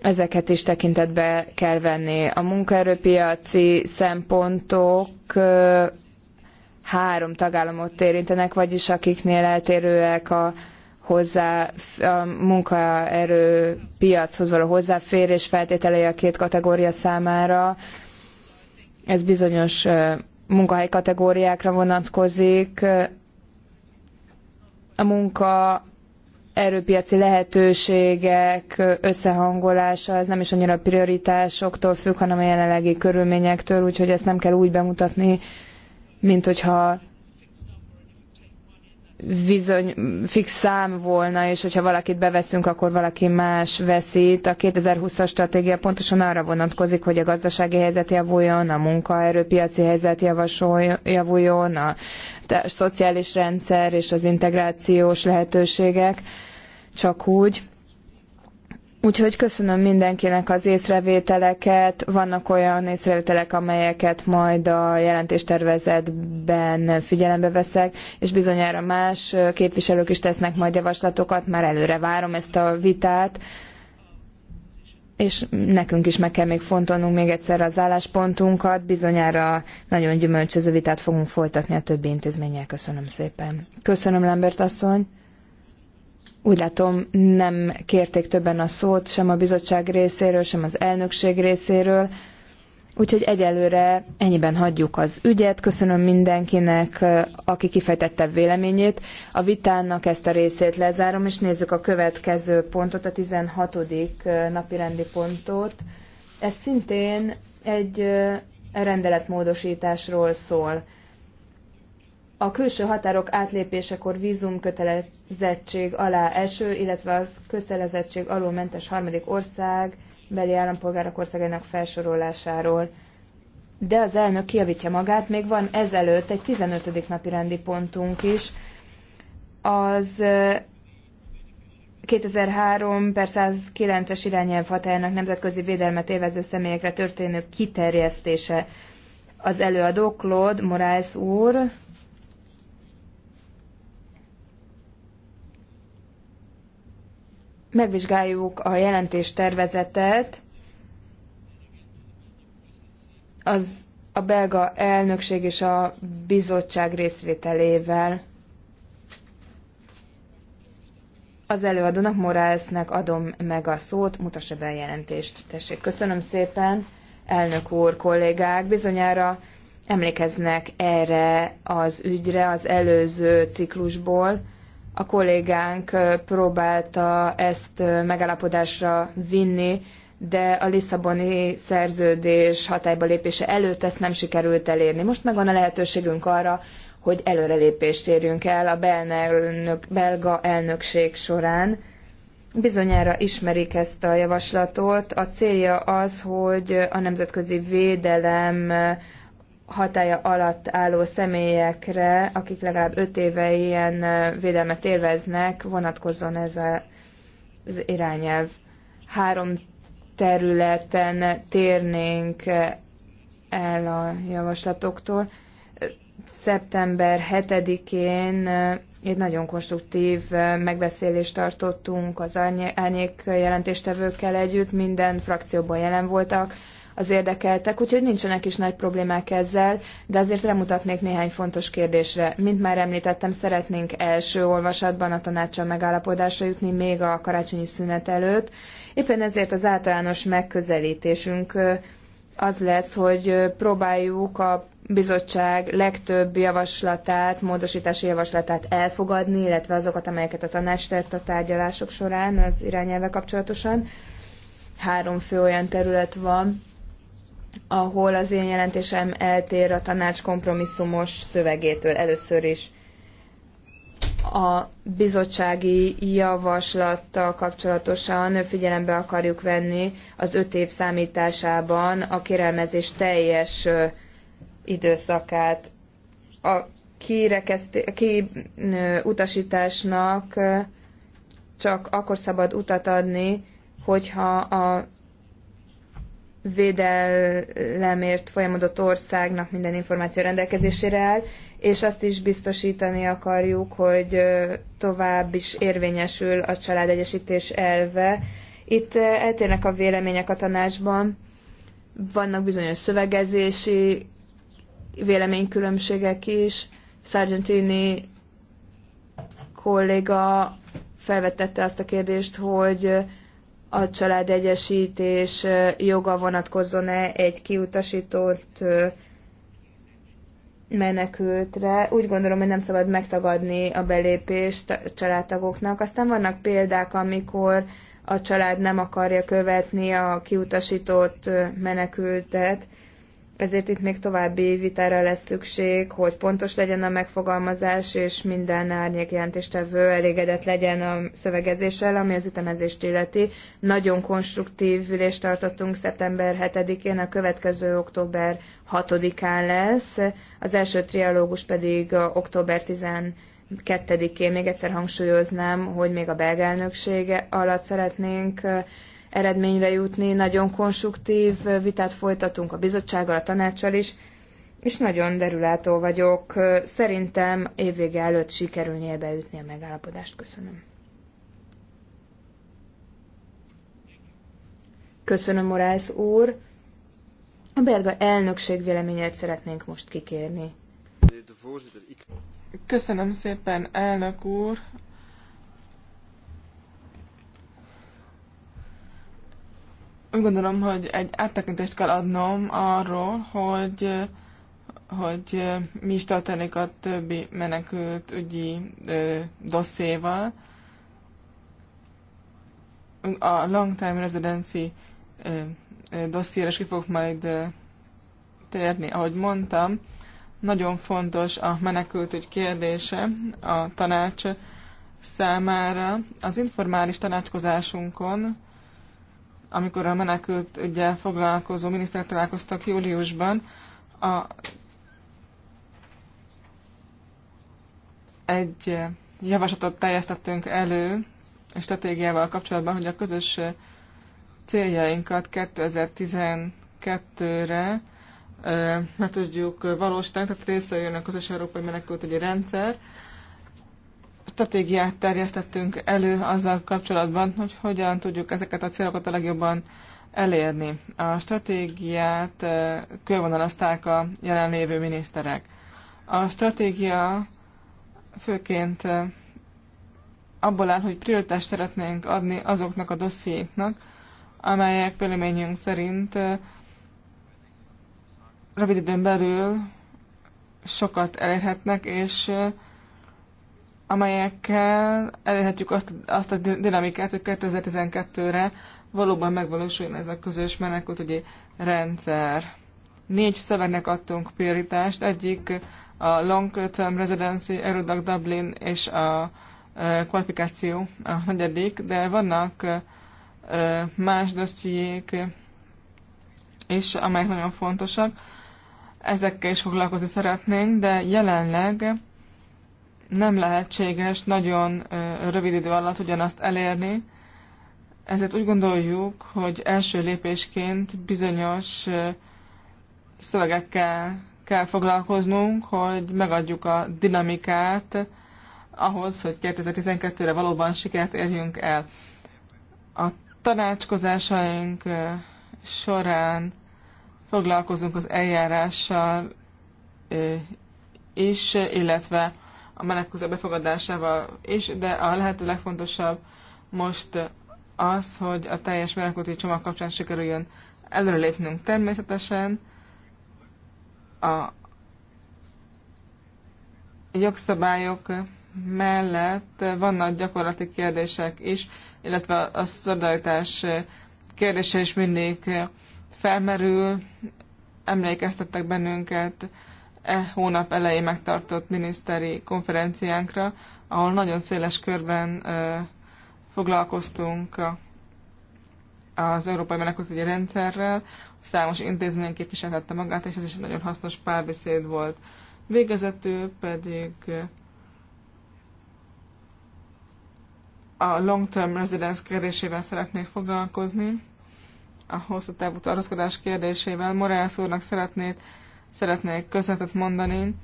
ezeket is tekintetbe kell venni. A munkaerőpiaci szempontok három tagállamot érintenek, vagyis akiknél eltérőek a hozzá a munkaerő piachoz való hozzáférés feltételei a két kategória számára. Ez bizonyos munkahely kategóriákra vonatkozik. A munka erőpiaci lehetőségek összehangolása, ez nem is annyira a prioritásoktól függ, hanem a jelenlegi körülményektől, úgyhogy ezt nem kell úgy bemutatni, mint hogyha bizony fix szám volna, és hogyha valakit beveszünk, akkor valaki más veszít. A 2020-as stratégia pontosan arra vonatkozik, hogy a gazdasági helyzet javuljon, a munkaerőpiaci helyzet javasol, javuljon, a, a szociális rendszer és az integrációs lehetőségek csak úgy. Úgyhogy köszönöm mindenkinek az észrevételeket. Vannak olyan észrevételek, amelyeket majd a jelentéstervezetben figyelembe veszek, és bizonyára más képviselők is tesznek majd javaslatokat. Már előre várom ezt a vitát, és nekünk is meg kell még fontolnunk még egyszer az álláspontunkat. Bizonyára nagyon gyümölcsöző vitát fogunk folytatni a többi intézménnyel. Köszönöm szépen. Köszönöm, Lambert asszony. Úgy látom, nem kérték többen a szót, sem a bizottság részéről, sem az elnökség részéről. Úgyhogy egyelőre ennyiben hagyjuk az ügyet. Köszönöm mindenkinek, aki kifejtette véleményét. A vitának ezt a részét lezárom, és nézzük a következő pontot, a 16. napi rendi pontot. Ez szintén egy rendeletmódosításról szól a külső határok átlépésekor vízumkötelezettség alá eső, illetve az kötelezettség alól mentes harmadik ország beli állampolgárok országának felsorolásáról. De az elnök kiavítja magát, még van ezelőtt egy 15. napi rendi pontunk is. Az 2003 per 109-es irányelv hatájának nemzetközi védelmet élvező személyekre történő kiterjesztése. Az előadó Claude Moraes úr, megvizsgáljuk a jelentés tervezetet, az a belga elnökség és a bizottság részvételével. Az előadónak, Moralesnek adom meg a szót, mutassa be a jelentést. Tessék, köszönöm szépen, elnök úr, kollégák, bizonyára emlékeznek erre az ügyre az előző ciklusból, a kollégánk próbálta ezt megállapodásra vinni, de a Lisszaboni szerződés hatályba lépése előtt ezt nem sikerült elérni. Most megvan a lehetőségünk arra, hogy előrelépést érjünk el a belnök, belga elnökség során. Bizonyára ismerik ezt a javaslatot. A célja az, hogy a nemzetközi védelem hatája alatt álló személyekre, akik legalább öt éve ilyen védelmet élveznek, vonatkozzon ez a, az irányelv. Három területen térnénk el a javaslatoktól. Szeptember 7-én egy nagyon konstruktív megbeszélést tartottunk az árnyék jelentéstevőkkel együtt, minden frakcióban jelen voltak, az érdekeltek, úgyhogy nincsenek is nagy problémák ezzel, de azért remutatnék néhány fontos kérdésre. Mint már említettem, szeretnénk első olvasatban a tanácsa megállapodásra jutni még a karácsonyi szünet előtt. Éppen ezért az általános megközelítésünk az lesz, hogy próbáljuk a bizottság legtöbb javaslatát, módosítási javaslatát elfogadni, illetve azokat, amelyeket a tanács tett a tárgyalások során az irányelve kapcsolatosan. Három fő olyan terület van, ahol az én jelentésem eltér a tanács kompromisszumos szövegétől először is. A bizottsági javaslattal kapcsolatosan figyelembe akarjuk venni az öt év számításában a kérelmezés teljes időszakát. A kiutasításnak csak akkor szabad utat adni, hogyha a védelemért folyamodott országnak minden információ rendelkezésére áll, és azt is biztosítani akarjuk, hogy tovább is érvényesül a családegyesítés elve. Itt eltérnek a vélemények a tanácsban, vannak bizonyos szövegezési véleménykülönbségek is. Sargentini kolléga felvetette azt a kérdést, hogy a családegyesítés joga vonatkozzon-e egy kiutasított menekültre. Úgy gondolom, hogy nem szabad megtagadni a belépést a családtagoknak. Aztán vannak példák, amikor a család nem akarja követni a kiutasított menekültet, ezért itt még további vitára lesz szükség, hogy pontos legyen a megfogalmazás, és minden árnyék jelentéstevő elégedett legyen a szövegezéssel, ami az ütemezést illeti. Nagyon konstruktív ülést tartottunk szeptember 7-én, a következő október 6-án lesz, az első trialógus pedig október 12-én. Még egyszer hangsúlyoznám, hogy még a belga alatt szeretnénk eredményre jutni, nagyon konstruktív vitát folytatunk a bizottsággal, a tanácssal is, és nagyon derülátó vagyok. Szerintem évvége előtt sikerülnie beütni a megállapodást. Köszönöm. Köszönöm, Morász úr. A belga elnökség véleményét szeretnénk most kikérni. Köszönöm szépen, elnök úr. úgy gondolom, hogy egy áttekintést kell adnom arról, hogy, hogy mi is történik a többi menekült ügyi dosszéval. A long time residency dossziére is ki fogok majd térni. Ahogy mondtam, nagyon fontos a menekült, ügy kérdése a tanács számára. Az informális tanácskozásunkon amikor a menekült ugye foglalkozó miniszter találkoztak júliusban, a egy javaslatot teljesztettünk elő a stratégiával kapcsolatban, hogy a közös céljainkat 2012-re meg tudjuk valósítani, tehát része jön a közös európai menekültügyi rendszer, stratégiát terjesztettünk elő azzal kapcsolatban, hogy hogyan tudjuk ezeket a célokat a legjobban elérni. A stratégiát eh, körvonalazták a jelenlévő miniszterek. A stratégia főként eh, abból áll, hogy prioritást szeretnénk adni azoknak a dossziéknak, amelyek véleményünk szerint eh, rövid időn belül sokat elérhetnek, és amelyekkel elérhetjük azt, azt a dinamikát, hogy 2012-re valóban megvalósuljon ez a közös menekült, ugye, rendszer. Négy szövegnek adtunk prioritást, egyik a Long Term Residency, Erudag Dublin és a kvalifikáció a negyedik, de vannak más dossziék és amelyek nagyon fontosak. Ezekkel is foglalkozni szeretnénk, de jelenleg nem lehetséges nagyon rövid idő alatt ugyanazt elérni, ezért úgy gondoljuk, hogy első lépésként bizonyos szövegekkel kell foglalkoznunk, hogy megadjuk a dinamikát ahhoz, hogy 2012-re valóban sikert érjünk el. A tanácskozásaink során foglalkozunk az eljárással is, illetve a menekültek befogadásával is, de a lehető legfontosabb most az, hogy a teljes menekülti csomag kapcsán sikerüljön előrelépnünk természetesen. A jogszabályok mellett vannak gyakorlati kérdések is, illetve a szolidaritás kérdése is mindig felmerül, emlékeztettek bennünket e hónap elején megtartott miniszteri konferenciánkra, ahol nagyon széles körben foglalkoztunk az Európai Menekültügyi Rendszerrel, számos intézmény képviselhette magát, és ez is egy nagyon hasznos párbeszéd volt. Végezetül pedig a long-term residence kérdésével szeretnék foglalkozni, a hosszú távú tartózkodás kérdésével. Morales úrnak szeretnék szeretnék köszönetet mondani,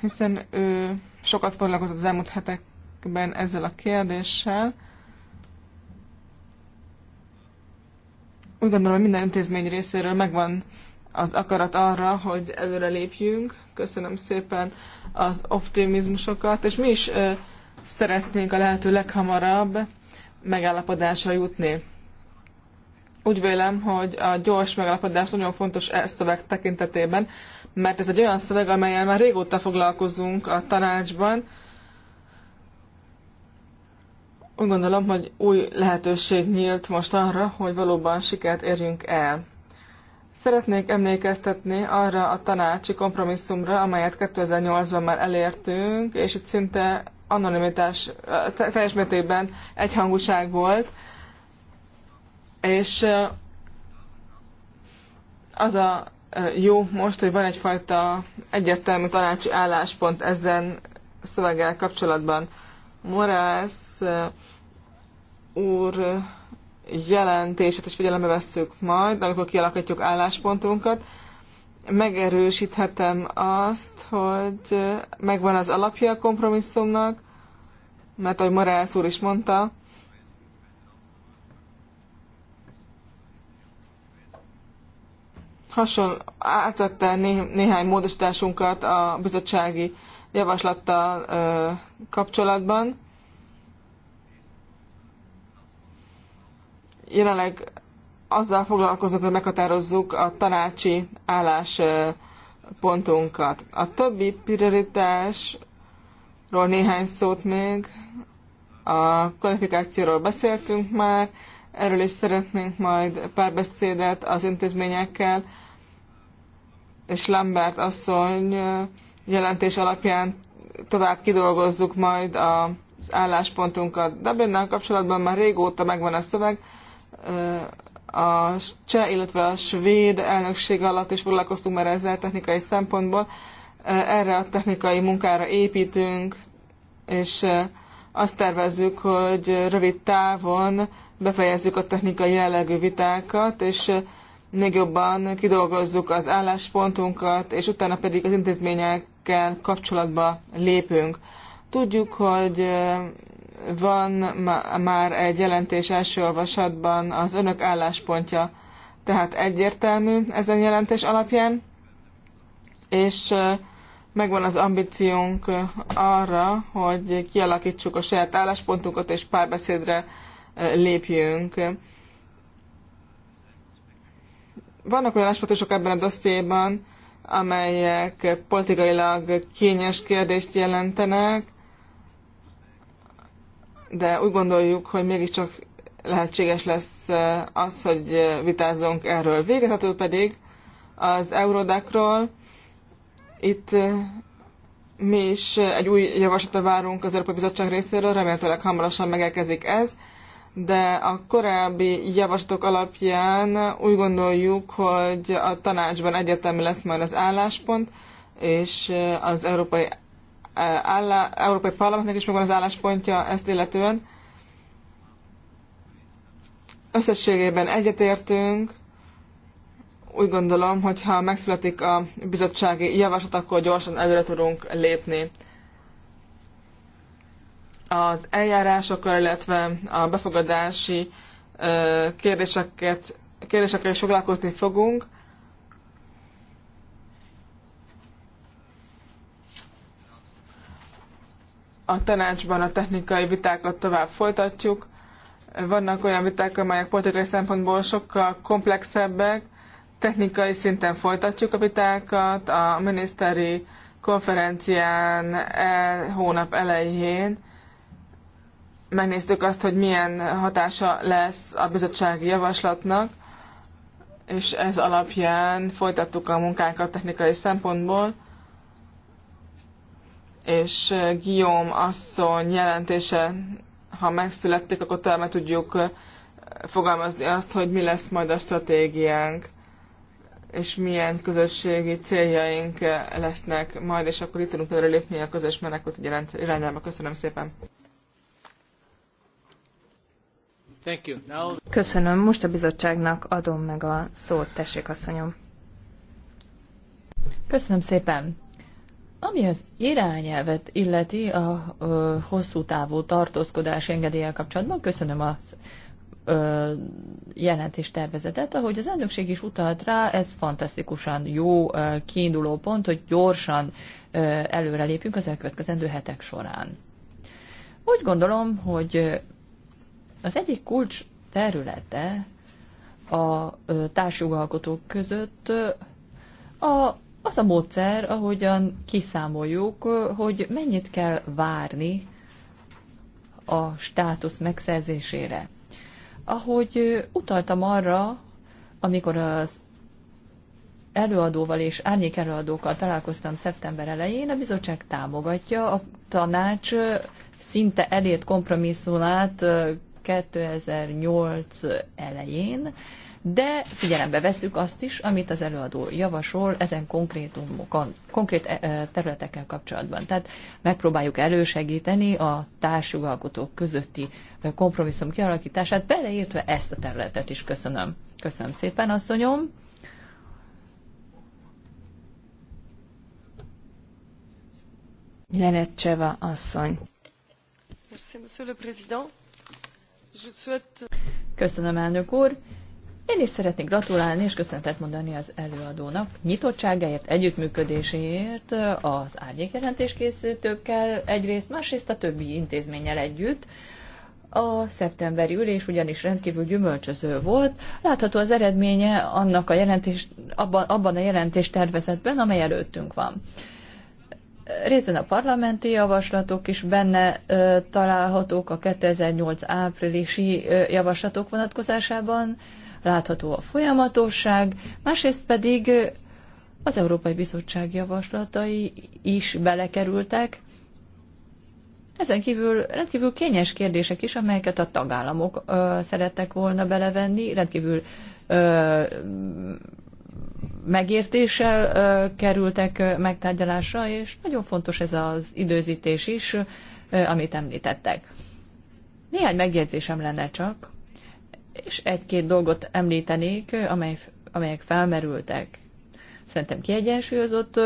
hiszen ő sokat foglalkozott az elmúlt hetekben ezzel a kérdéssel. Úgy gondolom, hogy minden intézmény részéről megvan az akarat arra, hogy előre lépjünk. Köszönöm szépen az optimizmusokat, és mi is ö, szeretnénk a lehető leghamarabb megállapodásra jutni. Úgy vélem, hogy a gyors megállapodás nagyon fontos e szöveg tekintetében, mert ez egy olyan szöveg, amelyel már régóta foglalkozunk a tanácsban. Úgy gondolom, hogy új lehetőség nyílt most arra, hogy valóban sikert érjünk el. Szeretnék emlékeztetni arra a tanácsi kompromisszumra, amelyet 2008-ban már elértünk, és itt szinte anonimitás teljes mértékben egyhangúság volt, és az a jó most, hogy van egyfajta egyértelmű tanácsi álláspont ezen szöveggel kapcsolatban. Morász úr jelentését is figyelembe vesszük majd, amikor kialakítjuk álláspontunkat. Megerősíthetem azt, hogy megvan az alapja a kompromisszumnak, mert ahogy Morász úr is mondta, hasonló, átvette né, néhány módosításunkat a bizottsági javaslattal ö, kapcsolatban. Jelenleg azzal foglalkozunk, hogy meghatározzuk a tanácsi álláspontunkat. A többi prioritásról néhány szót még. A kvalifikációról beszéltünk már, Erről is szeretnénk majd párbeszédet az intézményekkel, és Lambert asszony jelentés alapján tovább kidolgozzuk majd az álláspontunkat. Dublinnal kapcsolatban már régóta megvan a szöveg, a cseh, illetve a svéd elnökség alatt is foglalkoztunk már ezzel technikai szempontból. Erre a technikai munkára építünk, és azt tervezzük, hogy rövid távon befejezzük a technikai jellegű vitákat, és eh, még jobban kidolgozzuk az álláspontunkat, és utána pedig az intézményekkel kapcsolatba lépünk. Tudjuk, hogy eh, van már egy jelentés első olvasatban az önök álláspontja, tehát egyértelmű ezen jelentés alapján, és eh, megvan az ambíciónk arra, hogy kialakítsuk a saját álláspontunkat, és párbeszédre lépjünk. Vannak olyan aspektusok ebben a dossziéban, amelyek politikailag kényes kérdést jelentenek, de úgy gondoljuk, hogy mégiscsak lehetséges lesz az, hogy vitázzunk erről. Végezetül pedig az Eurodákról. Itt mi is egy új javaslata várunk az Európai Bizottság részéről, remélhetőleg hamarosan megelkezik ez de a korábbi javaslatok alapján úgy gondoljuk, hogy a tanácsban egyértelmű lesz majd az álláspont, és eh, az Európai, eh, állá, Európai Parlamentnek is megvan az álláspontja ezt illetően. Összességében egyetértünk, úgy gondolom, hogy ha megszületik a bizottsági javaslat, akkor gyorsan előre tudunk lépni az eljárásokkal, illetve a befogadási kérdéseket, kérdésekkel is foglalkozni fogunk. A tanácsban a technikai vitákat tovább folytatjuk. Vannak olyan viták, amelyek politikai szempontból sokkal komplexebbek. Technikai szinten folytatjuk a vitákat. A miniszteri konferencián e hónap elején megnéztük azt, hogy milyen hatása lesz a bizottsági javaslatnak, és ez alapján folytattuk a munkánkat technikai szempontból, és eh, Guillaume asszony jelentése, ha megszületik, akkor talán meg tudjuk eh, fogalmazni azt, hogy mi lesz majd a stratégiánk, és milyen közösségi céljaink eh, lesznek majd, és akkor itt tudunk előre lépni a közös menekült irányába. Köszönöm szépen! Köszönöm. Most a bizottságnak adom meg a szót. Tessék, asszonyom. Köszönöm szépen. Ami az irányelvet illeti a ö, hosszú távú tartózkodás engedélye kapcsolatban, köszönöm a jelentés tervezetet. Ahogy az elnökség is utalt rá, ez fantasztikusan jó ö, kiinduló pont, hogy gyorsan előrelépünk az elkövetkezendő hetek során. Úgy gondolom, hogy az egyik kulcs területe a társjogalkotók között a, az a módszer, ahogyan kiszámoljuk, hogy mennyit kell várni a státusz megszerzésére. Ahogy utaltam arra, amikor az előadóval és árnyék előadókkal találkoztam szeptember elején, a bizottság támogatja a tanács szinte elért kompromisszumát 2008 elején, de figyelembe veszük azt is, amit az előadó javasol ezen konkrétumokon, konkrét eh, területekkel kapcsolatban. Tehát megpróbáljuk elősegíteni a társjogalkotók közötti eh, kompromisszum kialakítását, beleértve ezt a területet is. Köszönöm. Köszönöm szépen, asszonyom. Cseva asszony. Merci, monsieur le président. Köszönöm, elnök úr. Én is szeretnék gratulálni és köszönetet mondani az előadónak nyitottságáért, együttműködéséért az árnyékjelentés készítőkkel egyrészt, másrészt a többi intézménnyel együtt. A szeptemberi ülés ugyanis rendkívül gyümölcsöző volt. Látható az eredménye annak a jelentés, abban, abban a jelentés tervezetben, amely előttünk van részben a parlamenti javaslatok is benne találhatók a 2008 áprilisi javaslatok vonatkozásában, látható a folyamatosság, másrészt pedig az Európai Bizottság javaslatai is belekerültek. Ezen kívül rendkívül kényes kérdések is, amelyeket a tagállamok ö, szerettek volna belevenni, rendkívül ö, megértéssel kerültek megtárgyalásra, és nagyon fontos ez az időzítés is, amit említettek. Néhány megjegyzésem lenne csak, és egy-két dolgot említenék, amely, amelyek felmerültek. Szerintem kiegyensúlyozott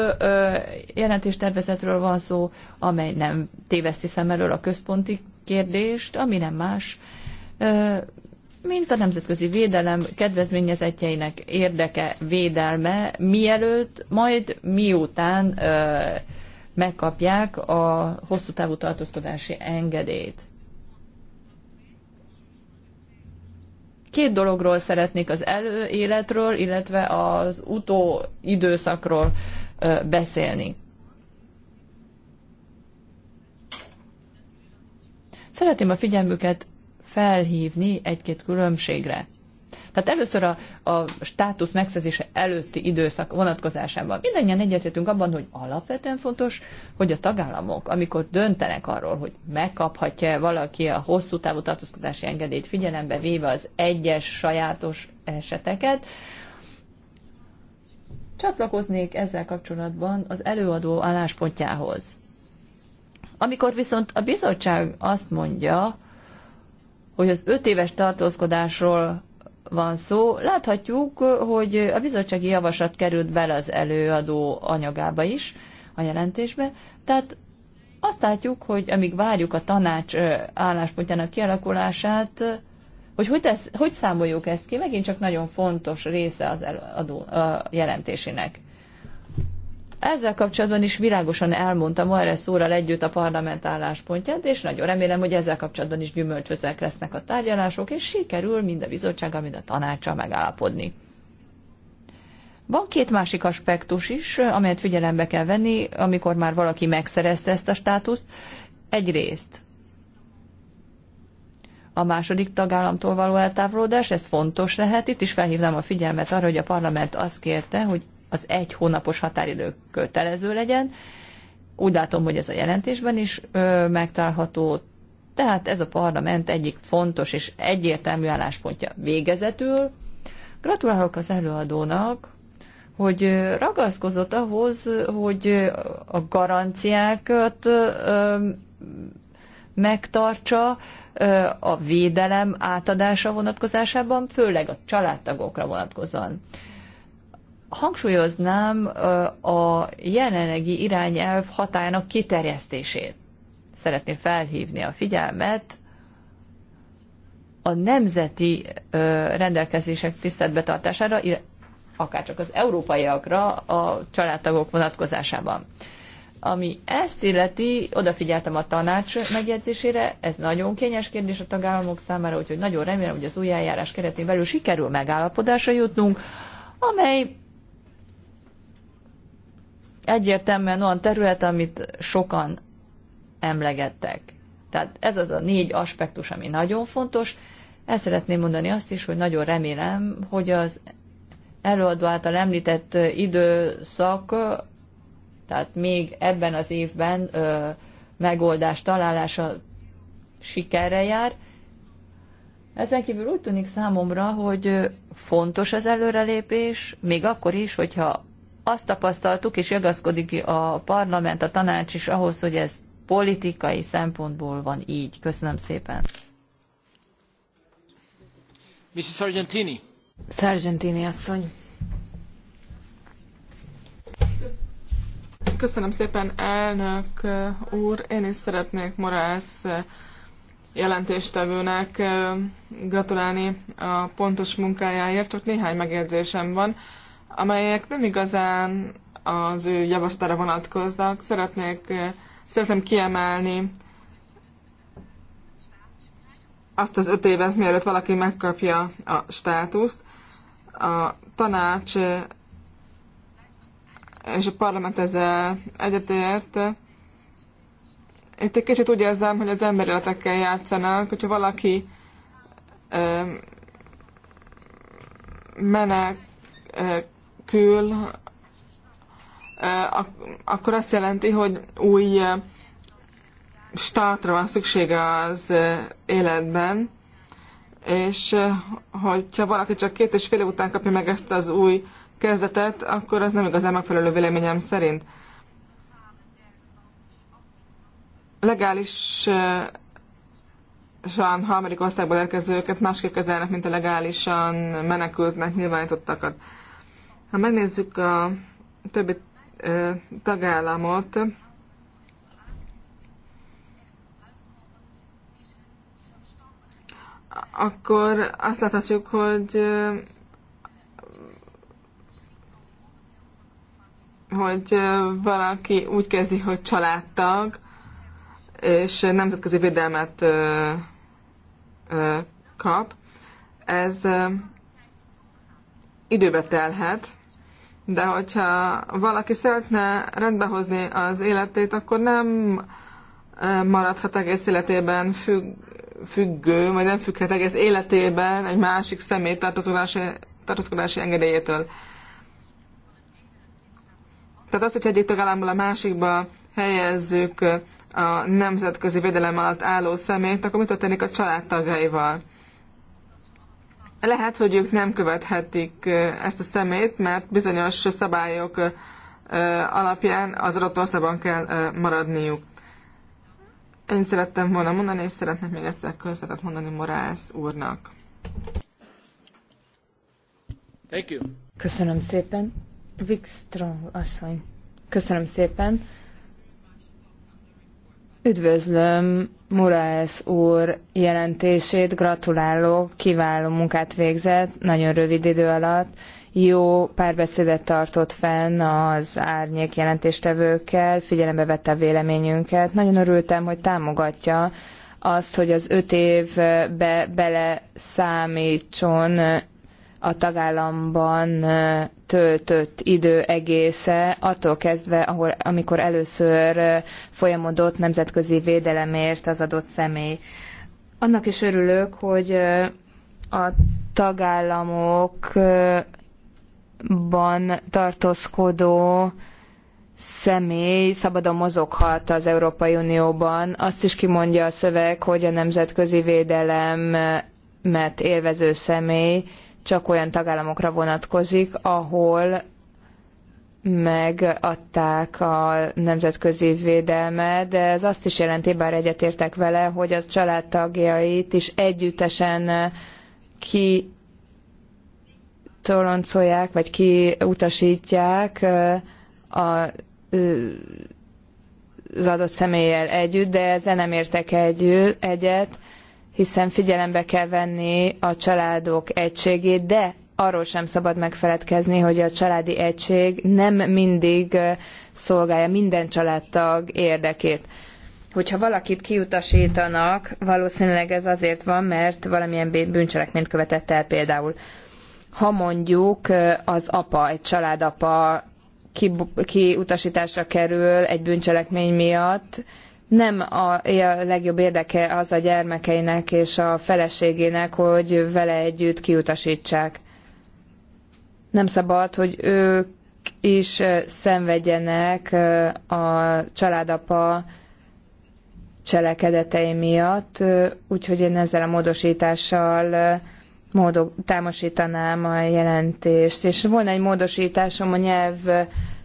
jelentéstervezetről van szó, amely nem téveszti szem elől a központi kérdést, ami nem más, mint a nemzetközi védelem kedvezményezetjeinek érdeke védelme, mielőtt, majd miután ö, megkapják a hosszú távú tartózkodási engedélyt. Két dologról szeretnék az előéletről, illetve az utó időszakról ö, beszélni. Szeretném a figyelmüket felhívni egy-két különbségre. Tehát először a, a státusz megszerzése előtti időszak vonatkozásában mindannyian egyetértünk abban, hogy alapvetően fontos, hogy a tagállamok, amikor döntenek arról, hogy megkaphatja valaki a hosszú távú tartózkodási engedélyt figyelembe véve az egyes sajátos eseteket, csatlakoznék ezzel kapcsolatban az előadó álláspontjához. Amikor viszont a bizottság azt mondja, hogy az öt éves tartózkodásról van szó, láthatjuk, hogy a bizottsági javaslat került bele az előadó anyagába is, a jelentésbe, tehát azt látjuk, hogy amíg várjuk a tanács álláspontjának kialakulását, hogy hogy, tesz, hogy számoljuk ezt ki, megint csak nagyon fontos része az előadó a jelentésének. Ezzel kapcsolatban is világosan elmondtam erre szóra együtt a parlament álláspontját, és nagyon remélem, hogy ezzel kapcsolatban is gyümölcsözek lesznek a tárgyalások, és sikerül mind a bizottsága, mind a tanácsa megállapodni. Van két másik aspektus is, amelyet figyelembe kell venni, amikor már valaki megszerezte ezt a státuszt. Egyrészt a második tagállamtól való eltávolodás, ez fontos lehet. Itt is felhívnám a figyelmet arra, hogy a parlament azt kérte, hogy az egy hónapos határidő kötelező legyen. Úgy látom, hogy ez a jelentésben is ö, megtalálható. Tehát ez a parlament egyik fontos és egyértelmű álláspontja végezetül. Gratulálok az előadónak, hogy ragaszkodott ahhoz, hogy a garanciákat megtartsa a védelem átadása vonatkozásában, főleg a családtagokra vonatkozóan hangsúlyoznám a jelenlegi irányelv hatájának kiterjesztését. Szeretném felhívni a figyelmet a nemzeti rendelkezések tiszteletbetartására, akárcsak az európaiakra a családtagok vonatkozásában. Ami ezt illeti, odafigyeltem a tanács megjegyzésére, ez nagyon kényes kérdés a tagállamok számára, úgyhogy nagyon remélem, hogy az új eljárás keretén belül sikerül megállapodásra jutnunk, amely egyértelműen olyan terület, amit sokan emlegettek. Tehát ez az a négy aspektus, ami nagyon fontos. Ezt szeretném mondani azt is, hogy nagyon remélem, hogy az előadó által említett időszak, tehát még ebben az évben ö, megoldás találása sikerre jár. Ezen kívül úgy tűnik számomra, hogy fontos az előrelépés, még akkor is, hogyha azt tapasztaltuk, és ragaszkodik a parlament, a tanács is ahhoz, hogy ez politikai szempontból van így. Köszönöm szépen. Mrs. Sargentini. Sargentini asszony. Köszönöm szépen, elnök uh, úr. Én is szeretnék Morász uh, jelentéstevőnek uh, gratulálni a pontos munkájáért. Csak néhány megjegyzésem van amelyek nem igazán az ő javaslatára vonatkoznak. Szeretnék, eh, szeretném kiemelni azt az öt évet, mielőtt valaki megkapja a státuszt. A tanács eh, és a parlament ezzel egyetért. Itt egy kicsit úgy érzem, hogy az életekkel játszanak, hogyha valaki eh, menek kül, akkor azt jelenti, hogy új startra van szüksége az életben, és hogyha valaki csak két és fél év után kapja meg ezt az új kezdetet, akkor az nem igazán megfelelő véleményem szerint. Legálisan ha Amerikországból érkezőket másképp kezelnek, mint a legálisan menekültnek nyilvánítottakat. Ha megnézzük a többi tagállamot, akkor azt láthatjuk, hogy hogy valaki úgy kezdi, hogy családtag, és nemzetközi védelmet kap. Ez időbe telhet, de hogyha valaki szeretne rendbehozni az életét, akkor nem maradhat egész életében függ, függő, vagy nem függhet egész életében egy másik személy tartozkodási, tartozkodási engedélyétől. Tehát az, hogyha egyik tagállamból a másikba helyezzük a nemzetközi védelem alatt álló szemét, akkor mi történik a családtagjaival? Lehet, hogy ők nem követhetik ezt a szemét, mert bizonyos szabályok alapján az adott országban kell maradniuk. Ennyit szerettem volna mondani, és szeretnék még egyszer közvetet mondani Morász úrnak. Thank you. Köszönöm szépen. Wikström asszony. Köszönöm szépen. Üdvözlöm Moraes úr jelentését, gratulálok, kiváló munkát végzett, nagyon rövid idő alatt. Jó párbeszédet tartott fenn az árnyék jelentéstevőkkel, figyelembe vette a véleményünket. Nagyon örültem, hogy támogatja azt, hogy az öt évbe bele számítson a tagállamban töltött idő egésze, attól kezdve, ahol, amikor először folyamodott nemzetközi védelemért az adott személy. Annak is örülök, hogy a tagállamokban tartózkodó személy szabadon mozoghat az Európai Unióban. Azt is kimondja a szöveg, hogy a nemzetközi védelem mert élvező személy csak olyan tagállamokra vonatkozik, ahol megadták a nemzetközi védelmet, de ez azt is jelenti, bár egyetértek vele, hogy a családtagjait is együttesen ki toloncolják, vagy kiutasítják a az adott személlyel együtt, de ezzel nem értek együtt, egyet hiszen figyelembe kell venni a családok egységét, de arról sem szabad megfeledkezni, hogy a családi egység nem mindig szolgálja minden családtag érdekét. Hogyha valakit kiutasítanak, valószínűleg ez azért van, mert valamilyen bűncselekményt követett el például. Ha mondjuk az apa, egy családapa kiutasításra kerül egy bűncselekmény miatt, nem a, legjobb érdeke az a gyermekeinek és a feleségének, hogy vele együtt kiutasítsák. Nem szabad, hogy ők is szenvedjenek a családapa cselekedetei miatt, úgyhogy én ezzel a módosítással módok, támosítanám a jelentést. És volna egy módosításom a nyelv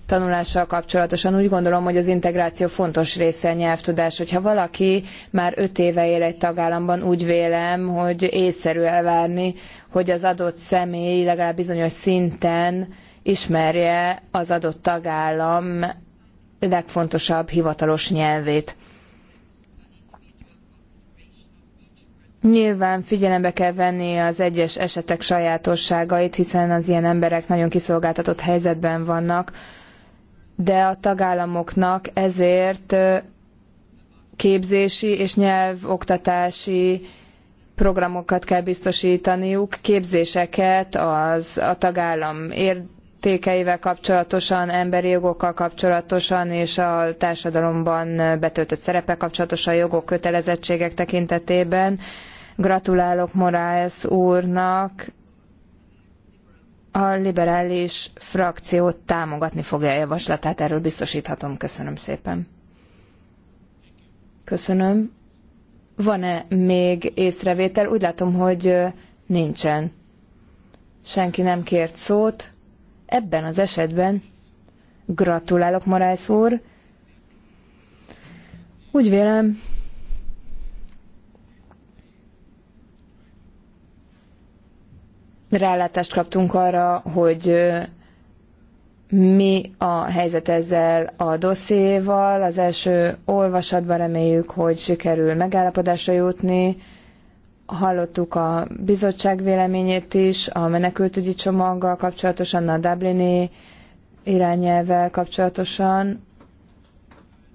tanulással kapcsolatosan úgy gondolom, hogy az integráció fontos része a nyelvtudás. Hogyha valaki már öt éve él egy tagállamban, úgy vélem, hogy észszerű elvárni, hogy az adott személy legalább bizonyos szinten ismerje az adott tagállam legfontosabb hivatalos nyelvét. Nyilván figyelembe kell venni az egyes esetek sajátosságait, hiszen az ilyen emberek nagyon kiszolgáltatott helyzetben vannak de a tagállamoknak ezért képzési és nyelvoktatási programokat kell biztosítaniuk, képzéseket az a tagállam értékeivel kapcsolatosan, emberi jogokkal kapcsolatosan és a társadalomban betöltött szerepe kapcsolatosan jogok, kötelezettségek tekintetében. Gratulálok Moraes úrnak a liberális frakciót támogatni fogja a javaslatát, erről biztosíthatom. Köszönöm szépen. Köszönöm. Van-e még észrevétel? Úgy látom, hogy nincsen. Senki nem kért szót. Ebben az esetben gratulálok, Morász úr. Úgy vélem, rálátást kaptunk arra, hogy mi a helyzet ezzel a dosszéval. Az első olvasatban reméljük, hogy sikerül megállapodásra jutni. Hallottuk a bizottság véleményét is, a menekültügyi csomaggal kapcsolatosan, a Dublini irányelvvel kapcsolatosan.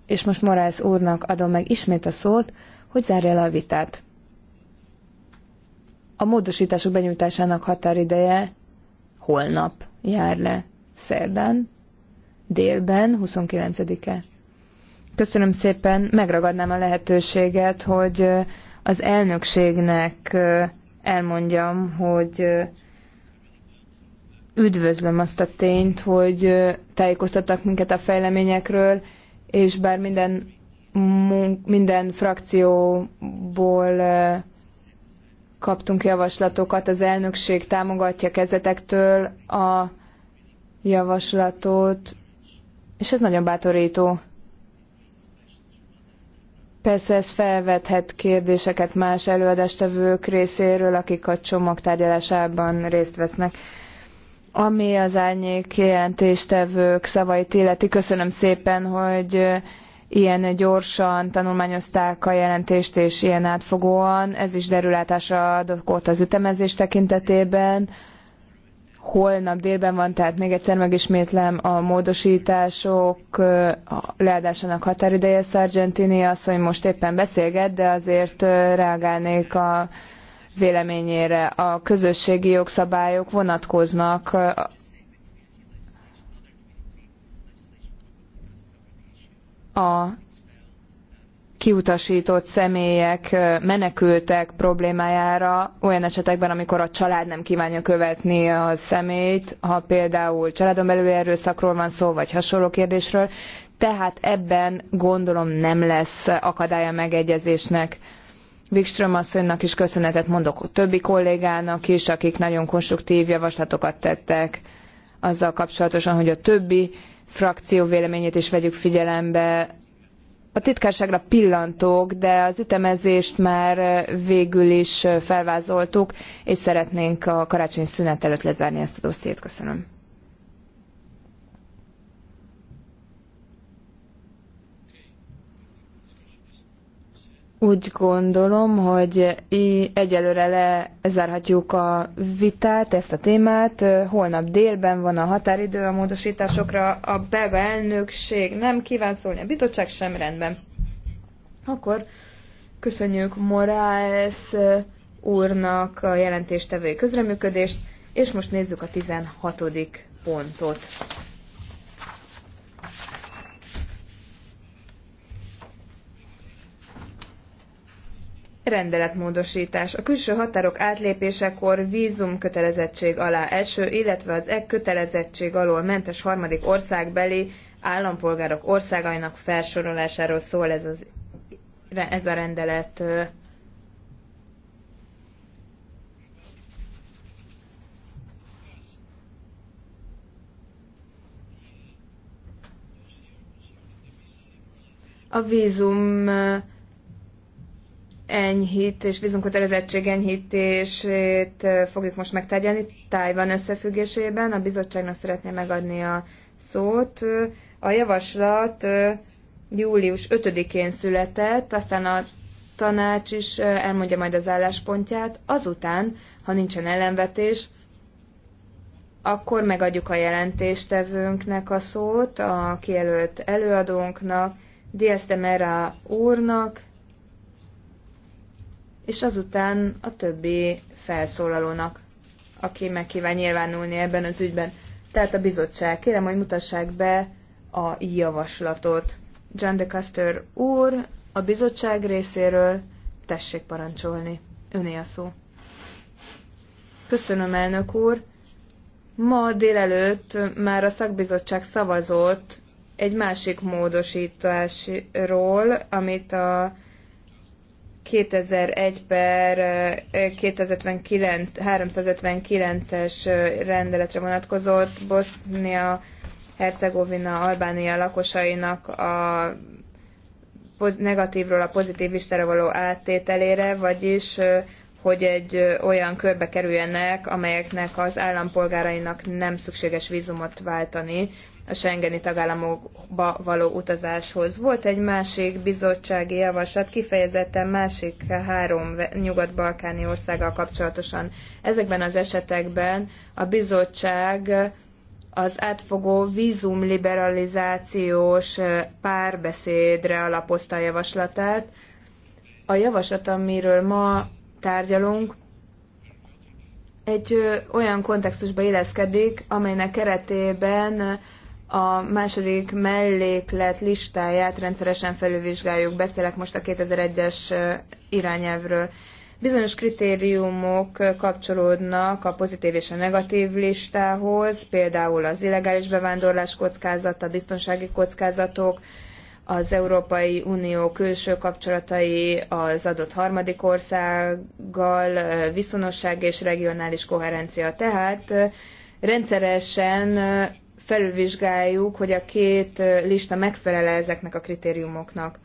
És most Morales úrnak adom meg ismét a szót, hogy zárja le a vitát. A módosítások benyújtásának határideje holnap jár le, szerdán, délben, 29-e. Köszönöm szépen, megragadnám a lehetőséget, hogy az elnökségnek elmondjam, hogy üdvözlöm azt a tényt, hogy tájékoztattak minket a fejleményekről, és bár minden, minden frakcióból kaptunk javaslatokat, az elnökség támogatja kezetektől a javaslatot, és ez nagyon bátorító. Persze ez felvethet kérdéseket más előadástevők részéről, akik a csomag tárgyalásában részt vesznek. Ami az árnyék jelentéstevők szavait illeti, köszönöm szépen, hogy ilyen gyorsan tanulmányozták a jelentést, és ilyen átfogóan. Ez is derülátásra adott ott az ütemezés tekintetében. Holnap délben van, tehát még egyszer megismétlem a módosítások leadásának határideje. Sargentini asszony most éppen beszélget, de azért reagálnék a véleményére. A közösségi jogszabályok vonatkoznak a kiutasított személyek, menekültek problémájára olyan esetekben, amikor a család nem kívánja követni a személyt, ha például családon belüli erőszakról van szó, vagy hasonló kérdésről, tehát ebben gondolom nem lesz akadálya megegyezésnek. Wikström asszonynak is köszönetet mondok a többi kollégának is, akik nagyon konstruktív javaslatokat tettek azzal kapcsolatosan, hogy a többi frakció véleményét is vegyük figyelembe. A titkárságra pillantók, de az ütemezést már végül is felvázoltuk, és szeretnénk a karácsonyi szünet előtt lezárni ezt a dossziét. Köszönöm. Úgy gondolom, hogy egyelőre lezárhatjuk a vitát, ezt a témát. Holnap délben van a határidő a módosításokra. A belga elnökség nem kíván szólni, a bizottság sem rendben. Akkor köszönjük Morales úrnak a jelentéstevői közreműködést, és most nézzük a 16. pontot. Rendeletmódosítás. A külső határok átlépésekor vízum kötelezettség alá eső, illetve az e kötelezettség alól mentes harmadik országbeli állampolgárok országainak felsorolásáról szól ez, az, ez a rendelet. A vízum enyhít és vízumkötelezettség enyhítését fogjuk most megtárgyalni Tájvan összefüggésében. A bizottságnak szeretné megadni a szót. A javaslat július 5-én született, aztán a tanács is elmondja majd az álláspontját. Azután, ha nincsen ellenvetés, akkor megadjuk a jelentéstevőnknek a szót, a kijelölt előadónknak, Diaz de Mera úrnak, és azután a többi felszólalónak, aki meg kíván nyilvánulni ebben az ügyben. Tehát a bizottság, kérem, hogy mutassák be a javaslatot. John de Custer úr, a bizottság részéről tessék parancsolni. Öné a szó. Köszönöm, elnök úr. Ma délelőtt már a szakbizottság szavazott egy másik módosításról, amit a 2001 per 259, 359-es rendeletre vonatkozott Bosznia Hercegovina Albánia lakosainak a negatívról a pozitív listára való áttételére, vagyis hogy egy olyan körbe kerüljenek, amelyeknek az állampolgárainak nem szükséges vízumot váltani, a Schengeni tagállamokba való utazáshoz. Volt egy másik bizottsági javaslat, kifejezetten másik három nyugat-balkáni országgal kapcsolatosan. Ezekben az esetekben a bizottság az átfogó vízumliberalizációs párbeszédre alapozta a javaslatát. A javaslat, amiről ma tárgyalunk, egy olyan kontextusba illeszkedik, amelynek keretében a második melléklet listáját rendszeresen felülvizsgáljuk. Beszélek most a 2001-es irányelvről. Bizonyos kritériumok kapcsolódnak a pozitív és a negatív listához, például az illegális bevándorlás kockázata, biztonsági kockázatok, az Európai Unió külső kapcsolatai az adott harmadik országgal, viszonosság és regionális koherencia. Tehát rendszeresen felülvizsgáljuk, hogy a két lista megfelele ezeknek a kritériumoknak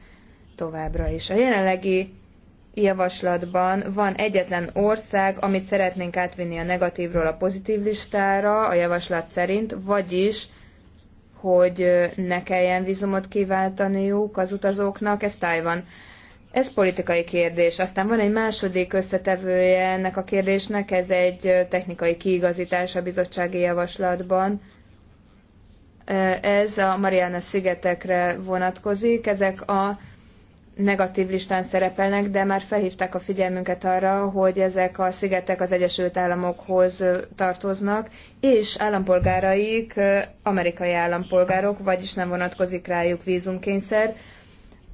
továbbra is. A jelenlegi javaslatban van egyetlen ország, amit szeretnénk átvinni a negatívról a pozitív listára a javaslat szerint, vagyis hogy ne kelljen vízumot kiváltaniuk az utazóknak, ez Tájvan. Ez politikai kérdés. Aztán van egy második összetevője ennek a kérdésnek, ez egy technikai kiigazítás a bizottsági javaslatban, ez a Mariana szigetekre vonatkozik. Ezek a negatív listán szerepelnek, de már felhívták a figyelmünket arra, hogy ezek a szigetek az Egyesült Államokhoz tartoznak, és állampolgáraik amerikai állampolgárok, vagyis nem vonatkozik rájuk vízumkényszer.